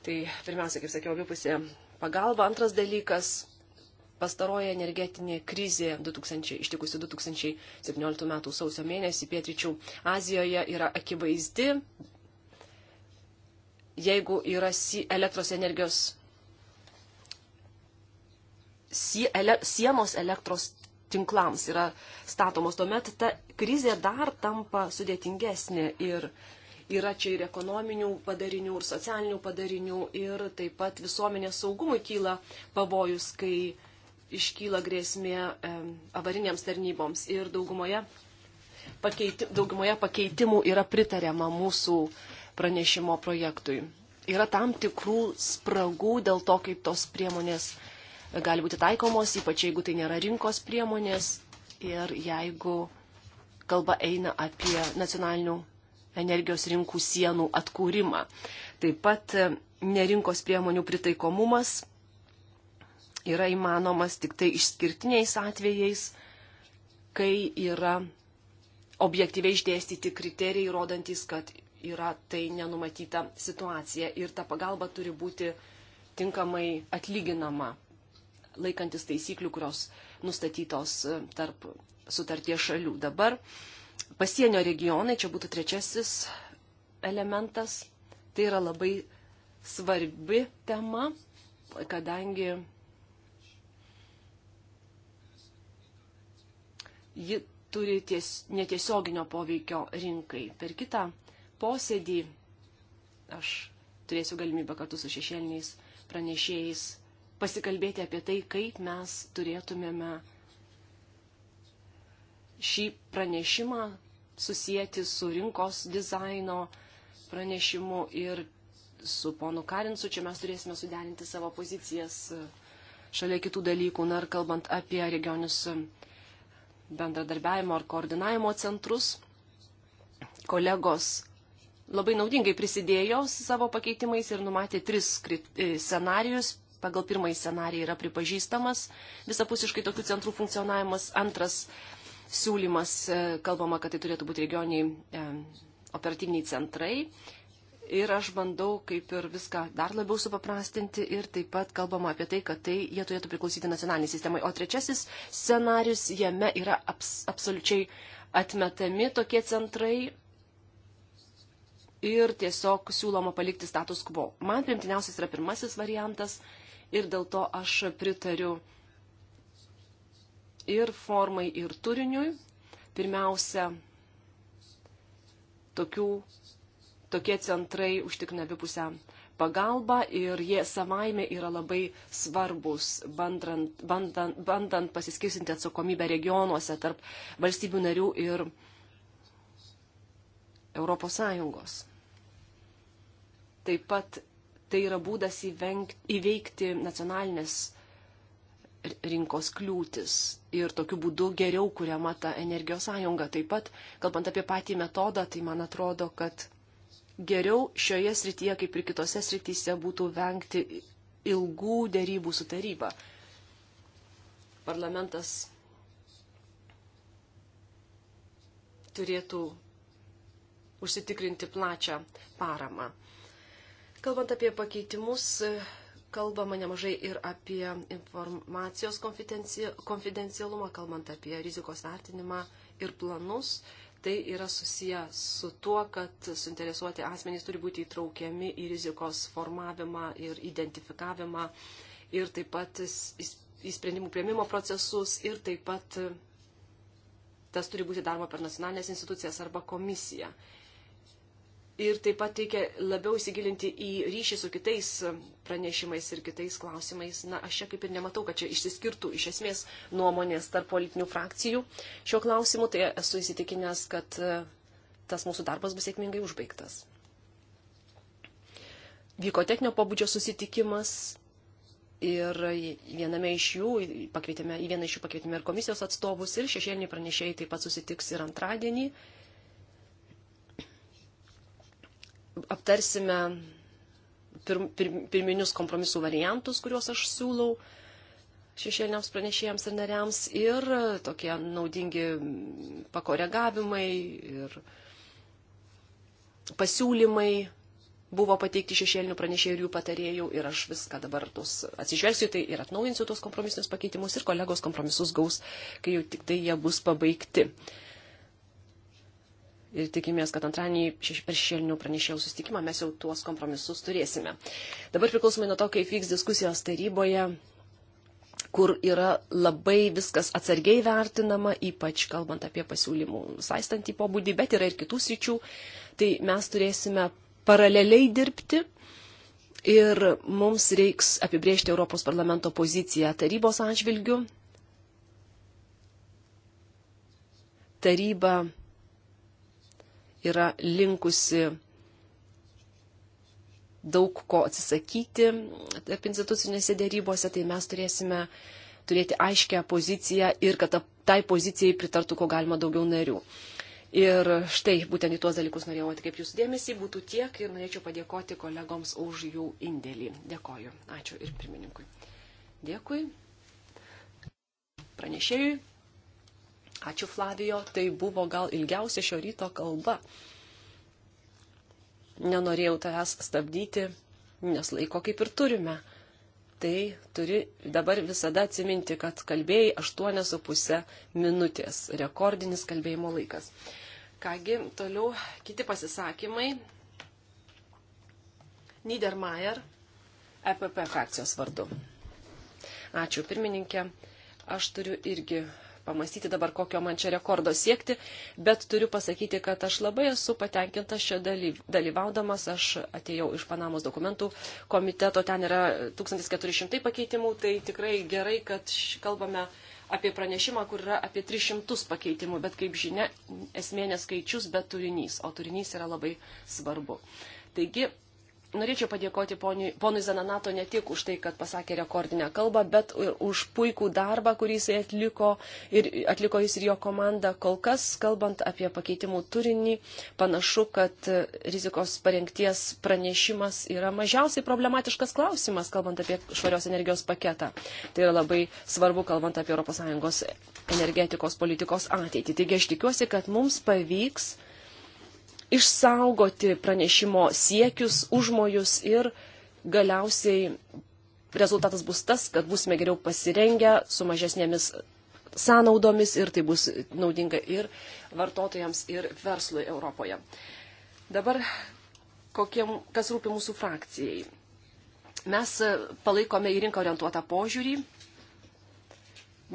Tai pirmiausia, kaip sakiau, abipusė pagalba. Antras dalykas Pastaroji energetinė krizė 2000, ištikusi 2017 m. sausio mėnesį pietryčių Azijoje yra akivaizdi. Jeigu yra elektros energijos sie, ele, sienos elektros tinklams yra statomos, tuomet ta krizė dar tampa sudėtingesnė ir yra čia ir ekonominių padarinių, ir socialinių padarinių, ir taip pat visuomenės saugumui kyla pavojus, kai iškyla grėsmė avarinėms tarnyboms ir daugumoje, pakeiti, daugumoje pakeitimų yra pritariama mūsų pranešimo projektui. Yra tam tikrų spragų dėl to, kaip tos priemonės gali būti taikomos, ypač jeigu tai nėra rinkos priemonės ir jeigu kalba eina apie nacionalinių energijos rinkų sienų atkūrimą. Taip pat nerinkos priemonių pritaikomumas yra įmanomas tik tai išskirtiniais atvejais, kai yra objektyviai išdėstyti kriterijai, rodantis, kad yra tai nenumatyta situacija ir ta pagalba turi būti tinkamai atlyginama, laikantis taisyklių, kurios nustatytos e, tarp sutarties šalių. Dabar pasienio regionai, čia būtų trečiasis elementas, tai yra labai svarbi tema, kadangi ji turi ties, netiesioginio poveikio rinkai. Per kitą posėdį aš turėsiu galimybę kartu su šešėliniais pranešėjais pasikalbėti apie tai, kaip mes turėtumėme šį pranešimą susijęti su rinkos dizaino pranešimu ir su ponu Karinsu. Čia mes turėsime suderinti savo pozicijas šalia kitų dalykų. Na ir kalbant apie regionius bendradarbiavimo ar koordinavimo centrus. Kolegos labai naudingai prisidėjo savo pakeitimais ir numatė tris e, scenarius. Pagal pirmąjį scenarijų yra pripažįstamas visapusiškai tokių centrų funkcionavimas. Antras siūlymas, e, kalbama, kad tai turėtų būti regioniai e, operatyviniai centrai. Ir aš bandau kaip ir viską dar labiau supaprastinti ir taip pat kalbama apie tai, kad tai jie turėtų priklausyti nacionaliniai sistemai. O trečiasis scenarius, jame yra abs, absoliučiai atmetami tokie centrai ir tiesiog siūloma palikti status quo. Man primtiniausias yra pirmasis variantas ir dėl to aš pritariu ir formai, ir turiniui. Pirmiausia, tokių tokie centrai užtikrina abipusę pagalbą ir jie savaime yra labai svarbus, bandant, bandant, bandant pasiskirsinti atsakomybę regionuose tarp valstybių narių ir ES. Taip pat tai yra būdas įvengti, įveikti nacionalinės rinkos kliūtis ir tokiu būdu geriau kuriama ta energijos sąjunga. Taip pat, kalbant apie patį metodą, tai man atrodo, kad geriau šioje srityje, kaip ir kitose srityse, būtų vengti ilgų dėrybų su taryba. Parlamentas turėtų užsitikrinti plačią paramą. Kalbant apie pakeitimus, kalbama nemažai ir apie informacijos konfidencialumą, kalbant apie rizikos vertinimą ir planus tai yra susiję su tuo, kad suinteresuoti asmenys turi būti įtraukiami į rizikos formavimą ir identifikavimą ir taip pat į sprendimų prieimimo procesus ir taip pat tas turi būti daroma per nacionalinės institucijas arba komisiją. Ir taip pat reikia labiau įsigilinti į ryšį su kitais pranešimais ir kitais klausimais. Na, aš čia kaip ir nematau, kad čia išsiskirtų iš esmės nuomonės tarp politinių frakcijų šiuo klausimu, tai esu įsitikinęs, kad e, tas mūsų darbas bus sėkmingai užbaigtas. Vyko techninio pobūdžio susitikimas ir viename iš jų pakvietėme, į vieną iš jų pakvietėme ir komisijos atstovus ir šešėliniai pranešėjai taip pat susitiks ir antradienį. aptarsime pirm, pirm, pirminius kompromisų variantus, kuriuos aš siūlau šešėliniams pranešėjams ir nariams ir tokie naudingi pakoregavimai ir pasiūlymai buvo pateikti šešėlinių pranešėjų ir jų patarėjų ir aš viską dabar tos atsižvelgsiu tai ir atnaujinsiu tos kompromisinius pakeitimus ir kolegos kompromisus gaus, kai jau tik tai jie bus pabaigti. Uh, ir tikimės, kad antradienį per šešėlinių pranešėjų sustikimą mes jau tuos kompromisus turėsime. Dabar priklausomai nuo to, kaip vyks diskusijos taryboje, kur yra labai viskas atsargiai vertinama, ypač kalbant apie pasiūlymų saistantį pobūdį, bet yra ir kitų sričių, tai mes turėsime paraleliai dirbti. Ir mums reiks apibriežti Europos parlamento poziciją tarybos atžvilgių. Taryba yra linkusi daug ko atsisakyti tarp institucinėse dėrybose, tai mes turėsime turėti aiškę poziciją ir kad tai pozicijai pritartų ko galima daugiau narių. Ir štai būtent į tuos dalykus norėjau atkreipti jūsų dėmesį, būtų tiek ir norėčiau padėkoti kolegoms už jų indėlį. Dėkoju. Ačiū ir pirmininkui. Dėkui. Pranešėjui. Ačiū Flavijo, tai buvo gal ilgiausia šio ryto kalba. Nenorėjau tavęs stabdyti, nes laiko kaip ir turime. Tai turi dabar visada atsiminti, kad kalbėjai 8,5 minutės. Rekordinis kalbėjimo laikas. Kągi, toliau kiti pasisakymai. Niedermayer, EPP frakcijos vardu. Ačiū pirmininkė. Aš turiu irgi pamastyti dabar, kokio man čia rekordo siekti, bet turiu pasakyti, kad aš labai esu patenkintas čia dalyvaudamas. Aš atėjau iš Panamos dokumentų komiteto, ten yra 1400 pakeitimų, tai tikrai gerai, kad kalbame apie pranešimą, kur yra apie 300 pakeitimų, bet kaip žinia, esmė neskaičius, bet turinys, o turinys yra labai svarbu. Taigi, norėčiau padėkoti poniui, ponui Zananato ne tik už tai, kad pasakė rekordinę kalbą, bet ir už puikų darbą, kurį jis atliko ir atliko jis ir jo komanda. Kol kas, kalbant apie pakeitimų turinį, panašu, kad rizikos parengties pranešimas yra mažiausiai problematiškas klausimas, kalbant apie švarios energijos paketą. Tai yra labai svarbu, kalbant apie ES energetikos politikos ateitį. Taigi aš tikiuosi, kad mums pavyks išsaugoti pranešimo siekius, užmojus ir galiausiai rezultatas bus tas, kad būsime geriau pasirengę su mažesnėmis sąnaudomis ir tai bus naudinga ir vartotojams, ir verslui Europoje. Dabar kokie, kas rūpi mūsų frakcijai. Mes palaikome į rinką orientuotą požiūrį,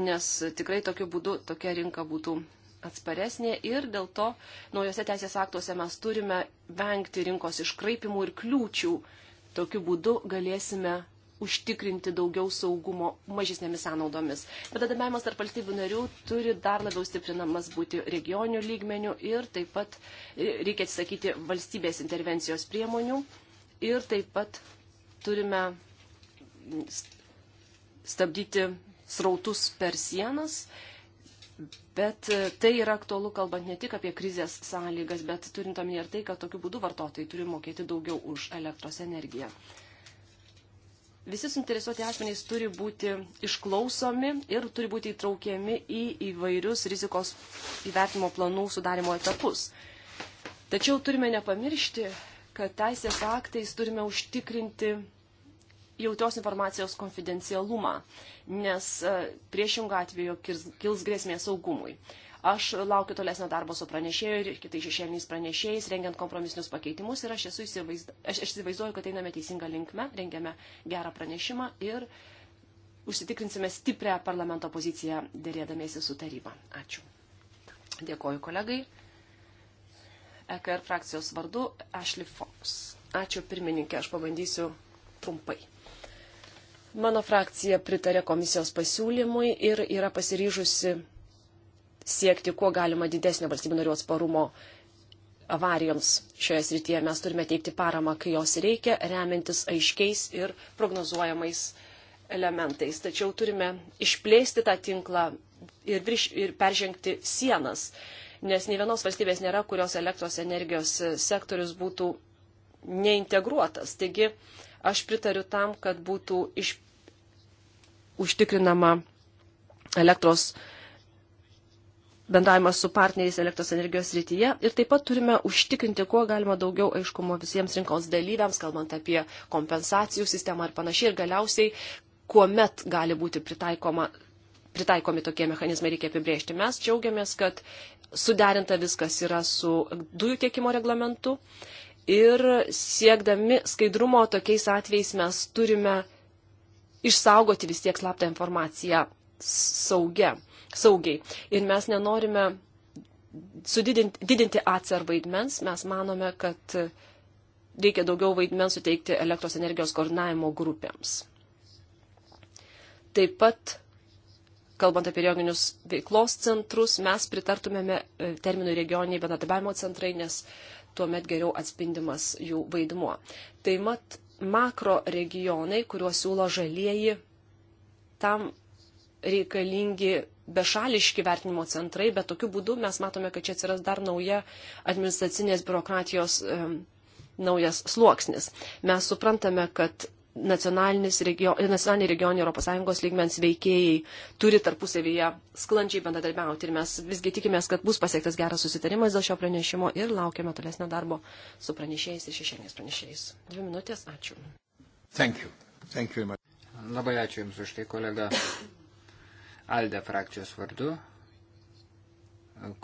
nes tikrai tokiu būdu tokia rinka būtų atsparesnė ir dėl to naujose teisės aktuose mes turime vengti rinkos iškraipimų ir kliūčių. Tokiu būdu galėsime užtikrinti daugiau saugumo mažesnėmis sąnaudomis. Bendradarbiavimas tarp valstybių narių turi dar labiau stiprinamas būti regioninių lygmenių ir taip pat reikia atsisakyti valstybės intervencijos priemonių ir taip pat turime stabdyti srautus per sienas Bet e, tai yra aktualu kalbant ne tik apie krizės sąlygas, bet turint omenyje ir tai, kad tokiu būdu vartotojai turi mokėti daugiau už elektros energiją. Visi suinteresuoti asmenys turi būti išklausomi ir turi būti įtraukiami į įvairius rizikos įvertimo planų sudarimo etapus. Tačiau turime nepamiršti, kad teisės aktais turime užtikrinti jautrios informacijos konfidencialumą, nes e, priešingų atveju kils grėsmė saugumui. Aš laukiu tolesnio darbo su pranešėju ir kitais šešėliniais pranešėjais, rengiant kompromisinius pakeitimus ir aš, įsivaizdu, aš įsivaizduoju, kad einame teisinga linkme, rengiame gerą pranešimą ir užsitikrinsime stiprią parlamento poziciją dėrėdamėsi su taryba. Ačiū. Dėkoju kolegai. EKR frakcijos vardu Ashley Fox. Ačiū pirmininkė, aš pabandysiu trumpai. Mano frakcija pritarė komisijos pasiūlymui ir yra pasiryžusi siekti kuo galima didesnio valstybių narių atsparumo avarijoms. Šioje srityje mes turime teikti paramą, kai jos reikia, remiantis aiškiais ir prognozuojamais elementais. Tačiau turime išplėsti tą tinklą ir, virš, ir peržengti sienas, nes nei vienos valstybės nėra, kurios elektros energijos sektorius būtų neintegruotas. Taigi, Aš pritariu tam, kad būtų iš, užtikrinama elektros bendravimas su partneriais elektros energijos rytyje ir taip pat turime užtikrinti kuo galima daugiau aiškumo visiems rinkos dalyviams, kalbant apie kompensacijų sistemą ir panašiai. Ir galiausiai, kuomet gali būti pritaikoma, pritaikomi tokie mechanizmai, reikia apibrėžti. Mes džiaugiamės, kad suderinta viskas yra su dujų tiekimo reglamentu. Uh, ir siekdami skaidrumo tokiais atvejais mes turime išsaugoti vis tiek slaptą informaciją saugia, saugiai. Ir mes nenorime sudidinti atsar vaidmens, mes manome, kad reikia daugiau vaidmens suteikti elektros energijos koordinavimo grupėms. Taip pat, kalbant apie regioninius veiklos centrus, mes pritartumėme e, terminui regioniniai bendradarbiavimo centrai, nes uh, tuomet geriau atspindimas jų vaidmuo. Tai mat, makro regionai, kuriuos siūlo žalieji, tam reikalingi bešališki vertinimo centrai, bet tokiu būdu mes matome, kad čia atsiras dar nauja administracinės biurokratijos e, naujas sluoksnis. Mes suprantame, kad regio, nacionaliniai regioniai ES lygmens veikėjai turi tarpusavyje sklandžiai bendradarbiauti. Ir mes visgi tikimės, kad bus pasiektas geras susitarimas dėl šio pranešimo ir laukiame tolesnio darbo su pranešėjais ir šešėliniais pranešėjais. Dvi minutės, ačiū. Thank you. Thank you Labai ačiū Jums už tai, kolega Alde frakcijos vardu.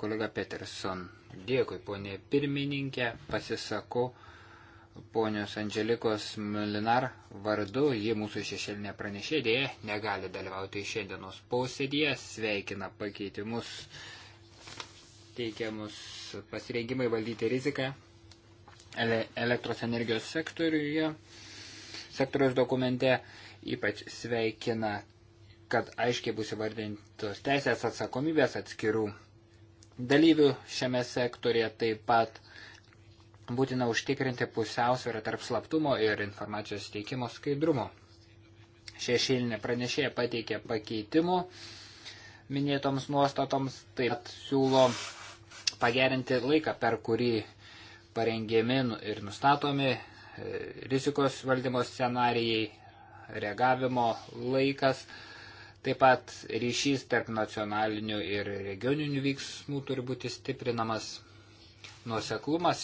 Kolega Peterson. Dėkui, ponė pirmininkė, pasisakau ponios Andželikos Mlinar vardu, ji mūsų šešėlinė pranešė, dėja negali dalyvauti šiandienos posėdėje, sveikina pakeitimus teikiamus pasirengimai valdyti riziką ele elektros energijos sektoriuje, sektoriaus dokumente ypač sveikina, kad aiškiai bus įvardintos teisės atsakomybės atskirų dalyvių šiame sektorėje taip pat būtina užtikrinti pusiausvyrą tarp slaptumo ir informacijos teikimo skaidrumo. Šešėlinė pranešėja pateikė pakeitimų minėtoms nuostatoms, taip pat siūlo pagerinti laiką, per kurį parengiami nu ir nustatomi e, rizikos valdymo scenarijai, reagavimo laikas, taip pat ryšys tarp nacionalinių ir regioninių veiksmų turi būti stiprinamas Nuoseklumas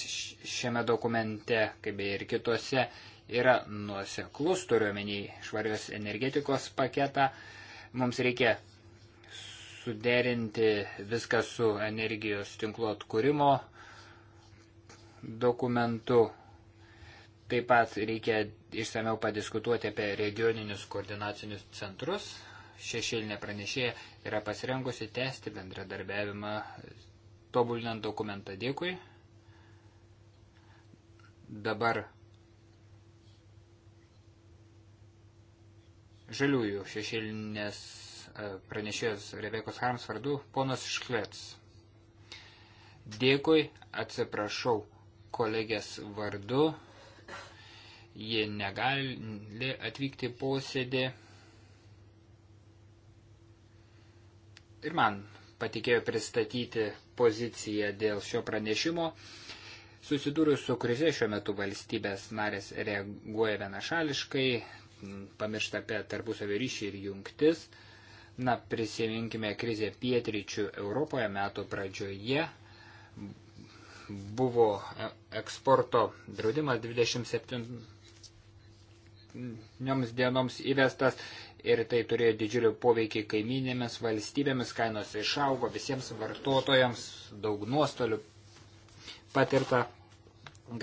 šiame dokumente, kaip beje ir kitose, yra nuoseklus, turiuomenį švarios energetikos paketą. Mums reikia suderinti viską su energijos tinklo atkūrimo dokumentu. Taip pat reikia išsameu padiskutuoti apie regioninius koordinacinius centrus. Šešėlinė pranešėja yra pasirengusi tęsti bendradarbiavimą tobulinant dokumentą. Dėkui. Dabar žaliųjų šešėlinės e, pranešėjos Rebekos Harms vardu ponas Šklets. Dėkui, atsiprašau kolegės vardu. Ji negali atvykti posėdį. Ir man patikėjo pristatyti poziciją dėl šio pranešimo. Susidūrus su krize šiuo metu valstybės narės reaguoja vienašališkai, pamiršta apie tarpusavio ryšį ir jungtis. Na, prisiminkime krizę pietryčių Europoje metų pradžioje. Buvo e, eksporto draudimas 27 dienoms įvestas ir tai turėjo didžiulį poveikį kaiminėmis valstybėmis, kainos išaugo visiems vartotojams, daug nuostolių patirta,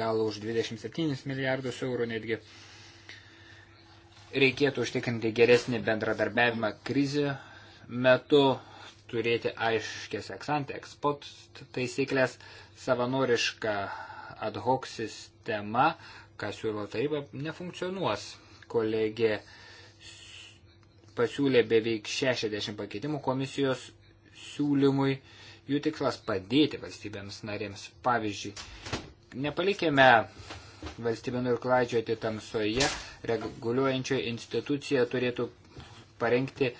gal už 27 milijardus eurų netgi. Reikėtų užtikrinti geresnį bendradarbiavimą krizė metu, turėti aiškės eksantę, ekspot taisyklės, savanorišką ad hoc sistema, ką siūlo taryba, nefunkcionuos. Kolegė pasiūlė beveik 60 pakeitimų komisijos siūlymui. Jų tikslas padėti valstybėms narėms. Pavyzdžiui, nepalikime valstybė nurklaidžioti tamsoje, reguliuojančioje institucija turėtų parengti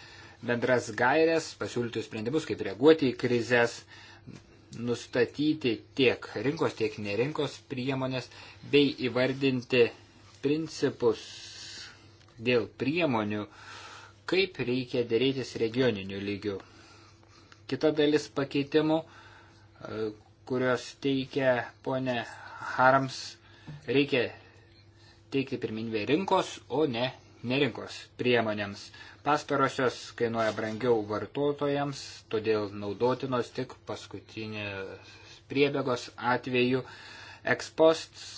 bendras gairias, pasiūlyti sprendimus, kaip reaguoti į krizės, nustatyti tiek rinkos, tiek nerinkos priemonės, bei įvardinti principus dėl priemonių, uh, kaip reikia dėrėtis regioniniu lygiu. Kita dalis pakeitimų, e, kurios teikia ponė Harams, reikia teikti pirminybę rinkos, o ne nerinkos priemonėms. Pastarosios kainuoja brangiau vartotojams, todėl naudotinos tik paskutinės priebėgos atveju. Eksposts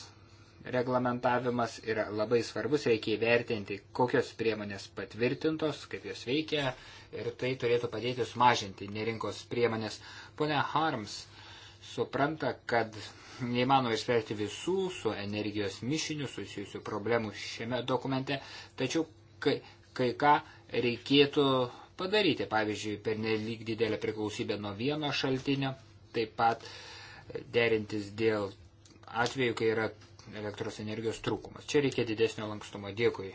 reglamentavimas yra labai svarbus, reikia įvertinti, kokios priemonės patvirtintos, kaip jos veikia ir tai turėtų padėti sumažinti nerinkos priemonės. Pone Harms supranta, kad neįmanoma išspręsti visų su energijos mišiniu susijusių problemų šiame dokumente, tačiau kai, kai ką reikėtų padaryti, pavyzdžiui, per nelik didelę priklausybę nuo vieno šaltinio, taip pat derintis dėl atveju, kai yra elektros energijos trūkumas. Čia reikia didesnio lankstumo. Dėkui.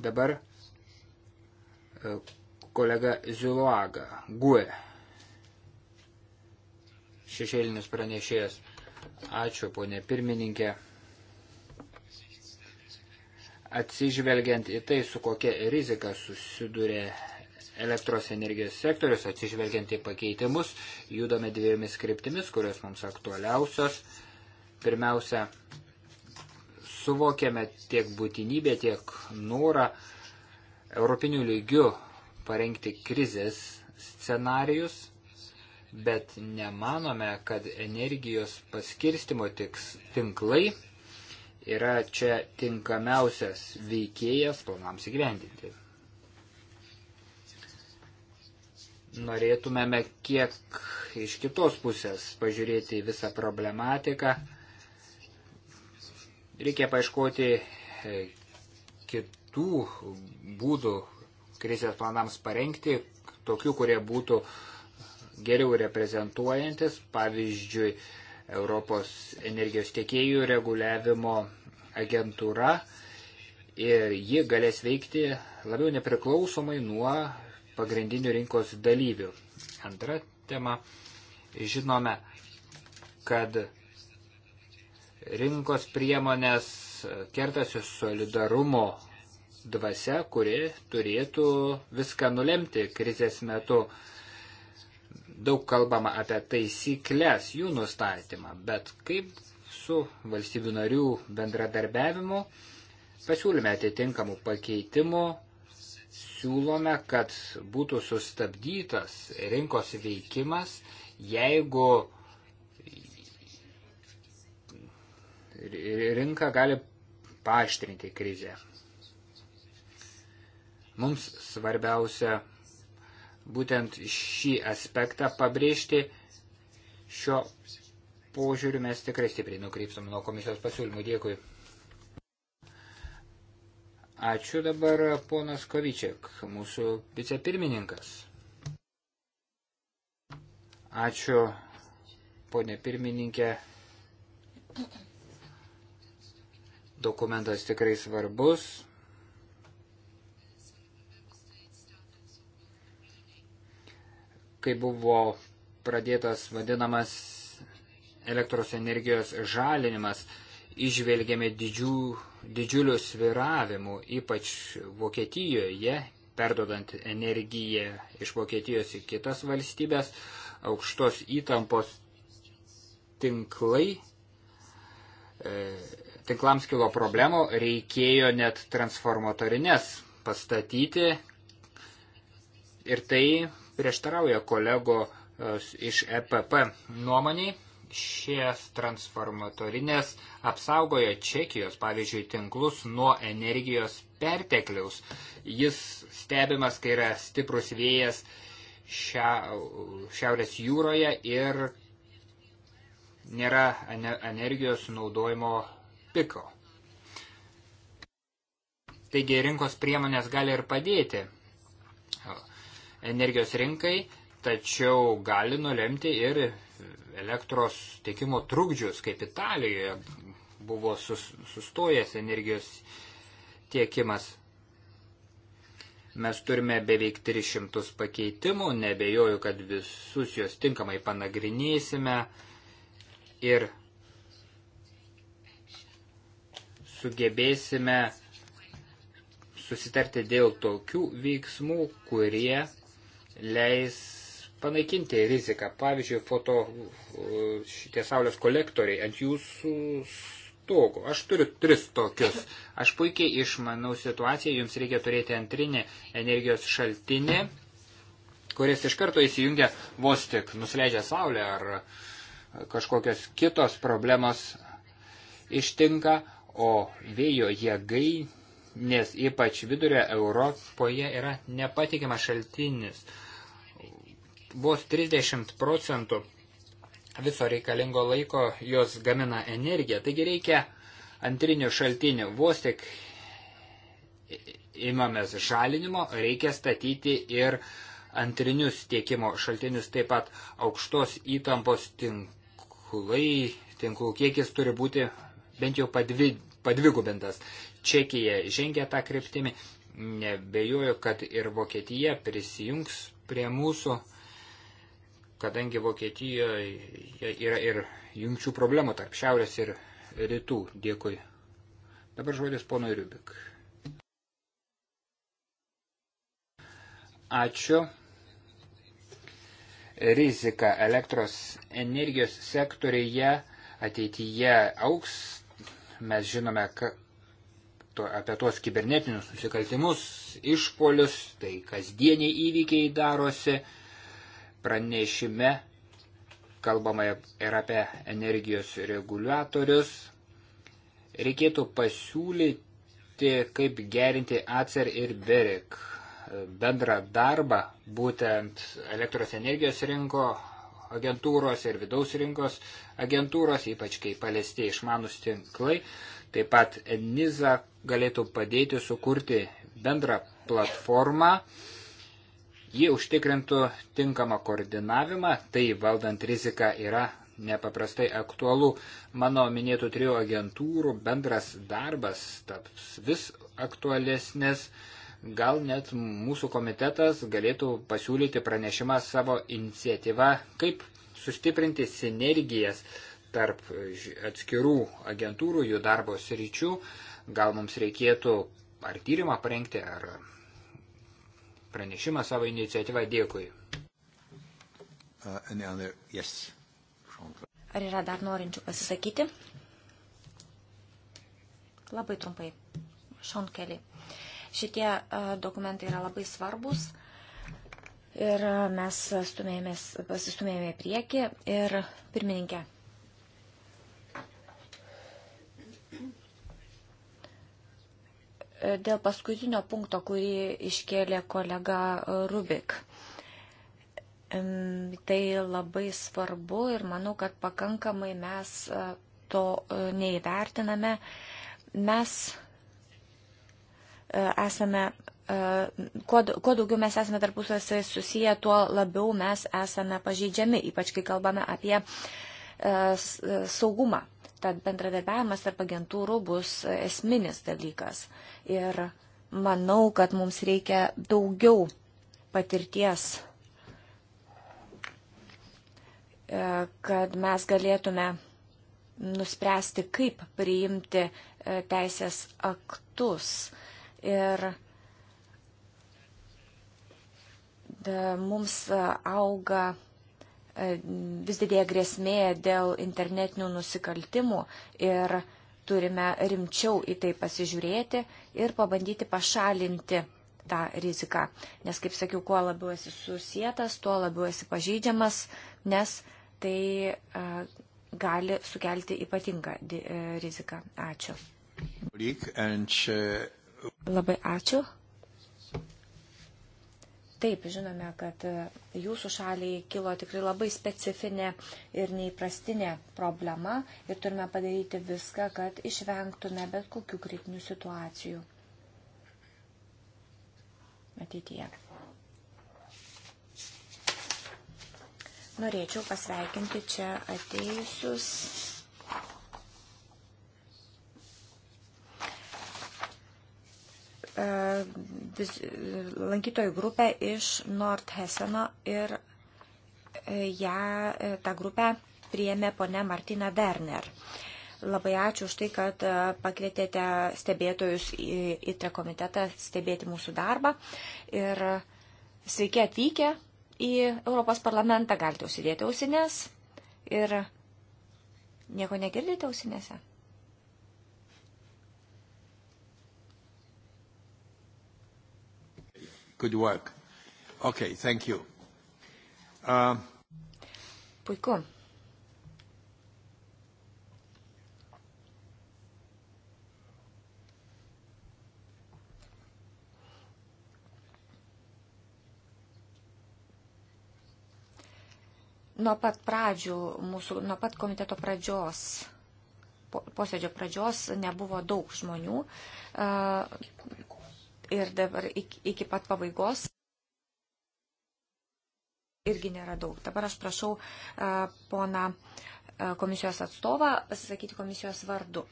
Dabar e, kolega Ziluaga, GUE, šešėlinis pranešėjas. Ačiū, ponė pirmininkė. Atsižvelgiant į tai, su kokia rizika susiduria elektros energijos sektorius, atsižvelgiant į pakeitimus, judame dviejomis kryptimis, kurios mums aktualiausios. Pirmiausia, suvokiame tiek būtinybę, tiek norą europinių lygių parengti krizės scenarius, bet nemanome, kad energijos paskirstimo tiks tinklai yra čia tinkamiausias veikėjas planams įgyvendinti. Norėtumėme kiek iš kitos pusės pažiūrėti visą problematiką Reikia paieškoti e, kitų būdų krizės planams parengti, tokių, kurie būtų geriau reprezentuojantis, pavyzdžiui, Europos energijos tiekėjų reguliavimo agentūra ir ji galės veikti labiau nepriklausomai nuo pagrindinių rinkos dalyvių. Antra tema. Žinome, kad rinkos priemonės kertasi solidarumo dvasia, kuri turėtų viską nulemti krizės metu. Daug kalbama apie taisyklės, jų nustatymą, bet kaip su valstybių narių bendradarbiavimu pasiūlyme atitinkamų pakeitimų, siūlome, kad būtų sustabdytas rinkos veikimas, jeigu rinka gali paaštrinti krizę. Mums svarbiausia būtent šį aspektą pabrėžti. Šio požiūriu mes tikrai stipriai nukreipsime nuo komisijos pasiūlymų. Dėkui. Ačiū dabar ponas Kovičiak, mūsų vicepirmininkas. Ačiū, ponė pirmininkė. Thank you. Dokumentas tikrai svarbus. Kai buvo pradėtas vadinamas elektros energijos žalinimas, išvelgėme didžių, didžiulių sviravimų, ypač Vokietijoje, perdodant energiją iš Vokietijos į kitas valstybės, aukštos įtampos tinklai e, tinklams kilo problemų, reikėjo net transformatorinės pastatyti ir tai prieštarauja kolego e, iš EPP nuomoniai. Šies transformatorinės apsaugojo Čekijos, pavyzdžiui, tinklus nuo energijos pertekliaus. Jis stebimas, kai yra stiprus vėjas šia, šiaurės jūroje ir nėra energijos naudojimo piko. Taigi rinkos priemonės gali ir padėti energijos rinkai, tačiau gali nulemti ir elektros tiekimo trukdžius, kaip Italijoje buvo sus, sustojęs energijos tiekimas. Mes turime beveik 300 pakeitimų, nebejoju, kad visus juos tinkamai panagrinėsime ir sugebėsime susitarti dėl tokių veiksmų, kurie leis panaikinti riziką. Pavyzdžiui, foto šitie saulės kolektoriai ant jūsų stogų. Aš turiu tris tokius. Aš puikiai išmanau situaciją, jums reikia turėti antrinį energijos šaltinį, kuris iš karto įsijungia vos tik nusleidžia saulę ar kažkokios kitos problemos ištinka, o vėjo jėgainės, ypač vidurio Europoje, yra nepatikimas šaltinis. Vos 30 procentų viso reikalingo laiko jos gamina energiją, taigi reikia antrinių šaltinių. Vos tik imamės žalinimo, reikia statyti ir antrinius tiekimo šaltinius, taip pat aukštos įtampos tinklai, tinklų kiekis turi būti bent jau padvi, padvigubintas. Čekija žengia tą kryptimį, nebejoju, kad ir Vokietija prisijungs prie mūsų, kadangi Vokietijoje yra ir jungčių problemų tarp šiaurės ir rytų. Dėkui. Dabar žodis ponui Riubik. Ačiū. Rizika elektros energijos sektorėje ateityje auks, mes žinome ka, to, apie tuos kibernetinius nusikaltimus, išpolius, tai kasdieniai įvykiai darosi. Pranešime kalbama ir apie energijos reguliatorius. Reikėtų pasiūlyti, kaip gerinti ACER ir BEREK bendrą darbą, būtent elektros energijos rinko agentūros ir vidaus rinkos agentūros, ypač kai paliesti išmanus tinklai. Taip pat NISA galėtų padėti sukurti bendrą platformą. Ji užtikrintų tinkamą koordinavimą, tai valdant riziką yra nepaprastai aktualu. Mano minėtų trijų agentūrų bendras darbas taps vis aktualesnis gal net mūsų komitetas galėtų pasiūlyti pranešimą savo iniciatyvą, kaip sustiprinti sinergijas tarp atskirų agentūrų, jų darbo sričių. Gal mums reikėtų ar tyrimą parengti, ar pranešimą savo iniciatyvą. Dėkui. Uh, ar yra dar norinčių pasisakyti? Labai trumpai. Sean Kelly. Šitie e, dokumentai yra labai svarbus ir e, mes pasistumėjome į priekį ir pirmininkė. E, dėl paskutinio punkto, kurį iškėlė kolega Rubik. Tai labai svarbu ir manau, kad pakankamai mes to neįvertiname. Mes E, esame, e, kuo, kuo daugiau mes esame tarpusavį susiję, tuo labiau mes esame pažeidžiami, ypač kai kalbame apie e, saugumą. Tad bendradarbiavimas tarp agentūrų bus esminis dalykas. Ir manau, kad mums reikia daugiau patirties, kad mes galėtume nuspręsti, kaip priimti teisės aktus ir e, mums e, auga e, vis didėja grėsmė dėl internetinių nusikaltimų ir turime rimčiau į tai pasižiūrėti ir pabandyti pašalinti tą riziką. Nes, kaip sakiau, kuo labiau esi susijęs, tuo labiau esi pažeidžiamas, nes tai a, gali sukelti ypatingą di, a, riziką. Ačiū. Labai ačiū. Taip, žinome, kad jūsų šaliai kilo tikrai labai specifinė ir neįprastinė problema ir turime padaryti viską, kad išvengtume bet kokių kritinių situacijų ateityje. Norėčiau pasveikinti čia ateisius E, lankytojų grupę iš Nordheseno ir e, ją, e, tą grupę priėmė pone Martina Werner. Labai ačiū už tai, kad pakvietėte stebėtojus į, į tą komitetą stebėti mūsų darbą. Ir sveiki atvykę į Europos parlamentą, galite užsidėti ausinės ir nieko negirdite ausinėse. Good work. Okay, thank you. Uh... Puiku. nuo pat pradžių, mūsų, nuo pat komiteto pradžios, posėdžio pradžios nebuvo daug žmonių. Uh, ir dabar iki, iki pat pabaigos irgi nėra daug. Dabar aš prašau uh, pona uh, komisijos atstovą pasisakyti komisijos vardu.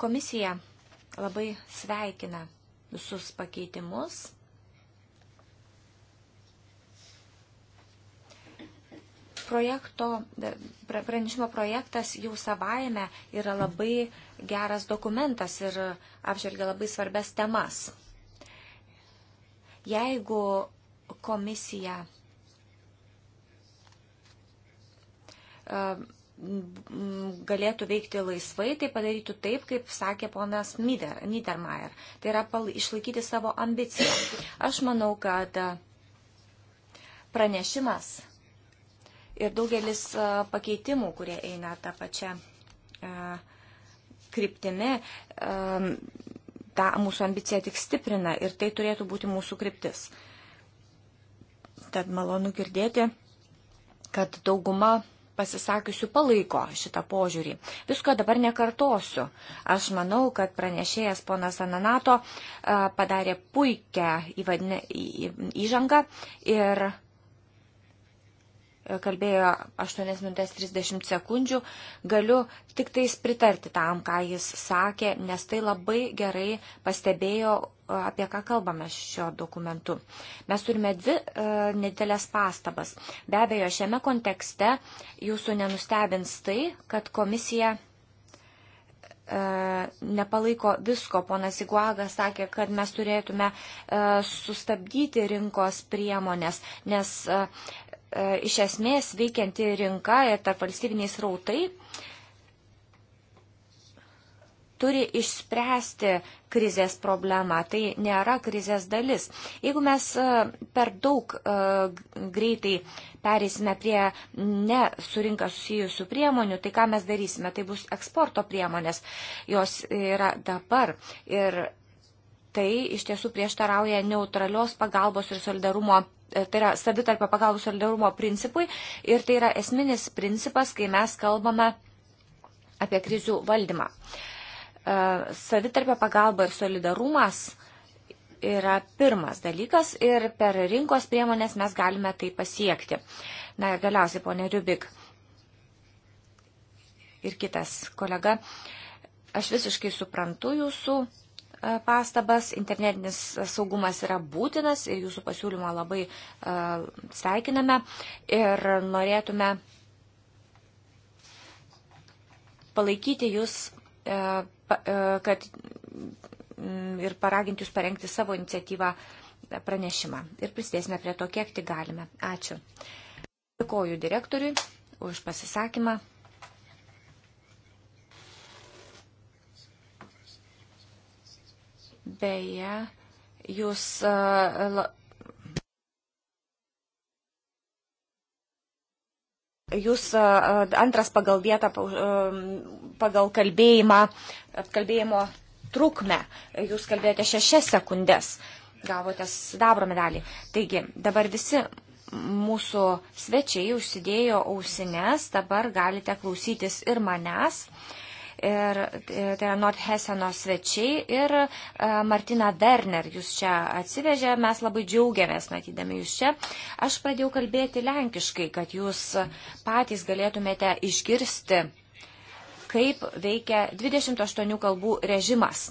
Komisija labai sveikina visus pakeitimus projekto, pranešimo projektas jau savaime yra labai geras dokumentas ir apžvelgia labai svarbias temas. Jeigu komisija galėtų veikti laisvai, tai padarytų taip, kaip sakė ponas Niedermayer. Tai yra išlaikyti savo ambiciją. Aš manau, kad pranešimas ir daugelis pakeitimų, kurie eina tą pačią kryptimi, tą mūsų ambiciją tik stiprina ir tai turėtų būti mūsų kryptis. Tad malonu girdėti, kad dauguma pasisakiusių palaiko šitą požiūrį. Visko dabar nekartosiu. Aš manau, kad pranešėjas ponas Ananato padarė puikią įžangą ir kalbėjo 8 minutės 30 sekundžių, galiu tik tais pritarti tam, ką jis sakė, nes tai labai gerai pastebėjo, e, apie ką kalbame šio dokumentu. Mes turime dvi e, nedidelės pastabas. Be abejo, šiame kontekste jūsų nenustebins tai, kad komisija E, nepalaiko visko. Ponas Iguagas sakė, kad mes turėtume e, sustabdyti rinkos priemonės, nes e, iš esmės veikianti rinka ir tarp valstybiniai srautai turi išspręsti krizės problemą, tai nėra krizės dalis. Jeigu mes e, per daug e, greitai perėsime prie nesurinka susijusių priemonių, tai ką mes darysime? Tai bus eksporto priemonės, jos yra dabar. Ir tai iš tiesų prieštarauja neutralios pagalbos ir solidarumo. E, tai yra savitarpio pagalbos solidarumo principui ir tai yra esminis principas, kai mes kalbame apie krizių valdymą. Uh, E, savitarpio pagalba ir solidarumas yra pirmas dalykas ir per rinkos priemonės mes galime tai pasiekti. Na ir galiausiai, ponė Riubik ir kitas kolega, aš visiškai suprantu jūsų e, pastabas, internetinis saugumas yra būtinas ir jūsų pasiūlymą labai uh, sveikiname ir norėtume palaikyti jūs uh, E, kad ir paraginti jūs parengti savo iniciatyvą e, pranešimą. Ir prisidėsime prie to, kiek tik galime. Ačiū. Dėkoju direktoriui už pasisakymą. Beje, jūs e, Jūs antras pagal vietą, pagal kalbėjimą, kalbėjimo trukmę, jūs kalbėjote šešias sekundės, gavote sidabro medalį. Taigi, dabar visi mūsų svečiai užsidėjo ausines, dabar galite klausytis ir manęs. Uh, ir e, tai yra Nordheseno svečiai ir e, Martina Werner jūs čia atsivežė, mes labai džiaugiamės matydami jūs čia. Aš pradėjau kalbėti lenkiškai, kad jūs patys galėtumėte išgirsti, kaip veikia 28 kalbų režimas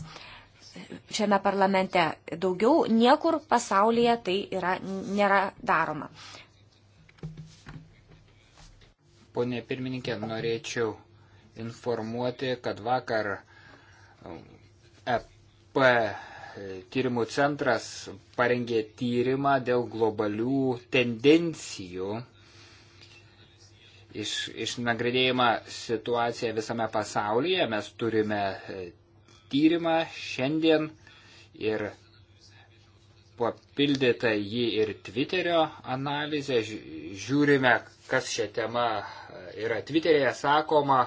šiame parlamente. Daugiau niekur pasaulyje tai yra, nėra daroma. Pone pirmininkė, norėčiau informuoti, kad vakar um, EP tyrimų centras parengė tyrimą dėl globalių tendencijų iš, išnagrinėjimą situaciją visame pasaulyje. Mes turime e, tyrimą šiandien ir papildyta jį ir Twitterio analizė. Žiūrime, kas šią temą yra Twitter'e sakoma.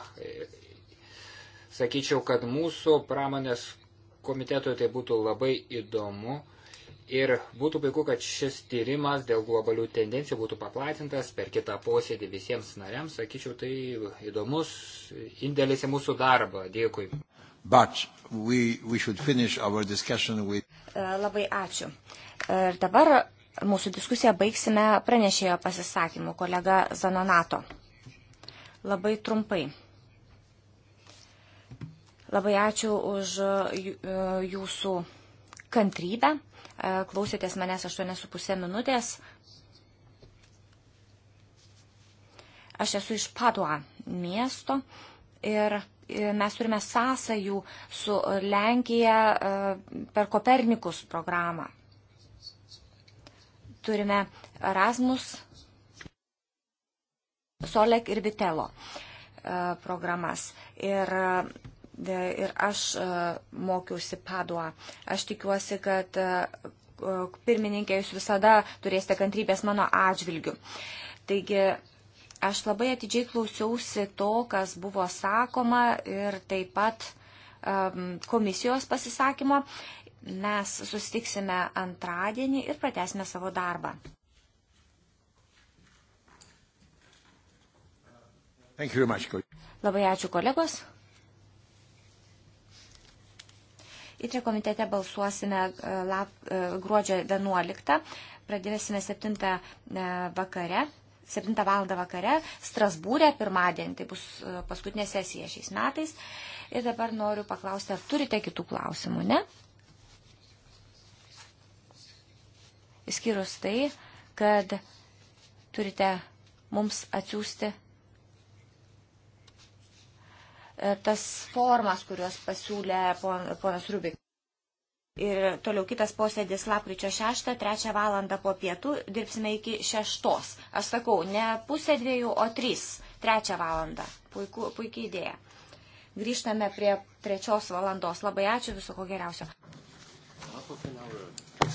Sakyčiau, kad mūsų pramonės komitetui tai būtų labai įdomu ir būtų puiku, kad šis tyrimas dėl globalių tendencijų būtų paplatintas per kitą posėdį visiems nariams. Sakyčiau, tai įdomus indėlis į mūsų darbą. Dėkui. But we, we with... Labai ačiū. Ir dabar mūsų diskusiją baigsime pranešėjo pasisakymu kolega Zanonato. Labai trumpai. Labai ačiū už e, jūsų kantrybę. E, klausėtės manęs 8,5 minutės. Aš esu iš Padua miesto ir e, mes turime sąsajų su Lenkija per Kopernikus programą turime Erasmus, Solek ir Vitelo e, programas. Ir, e, ir aš e, mokiausi Paduą. Aš tikiuosi, kad pirmininkė jūs visada turėsite kantrybės mano atžvilgių. Taigi, aš labai atidžiai klausiausi to, kas buvo sakoma ir taip pat komisijos pasisakymo Mes susitiksime antradienį ir pratesime savo darbą. Labai ačiū kolegos. Įtrio komitete balsuosime e, lab, e, gruodžio 11. Pradėsime 7 e, vakare. 7 val. vakare Strasbūrė pirmadienį, tai bus paskutinė sesija šiais metais. Ir dabar noriu paklausti, ar turite kitų klausimų, ne? išskyrus tai, kad turite mums atsiųsti e, tas formas, kuriuos pasiūlė ponas Rubik. Ir toliau kitas posėdis lapkričio 6, 3 valandą po pietų, dirbsime iki 6. Aš sakau, ne pusė dviejų, o 3, 3 valandą. Puiku, puikiai idėja. Grįžtame prie trečios valandos. Labai ačiū, viso ko geriausio. Half of an hour.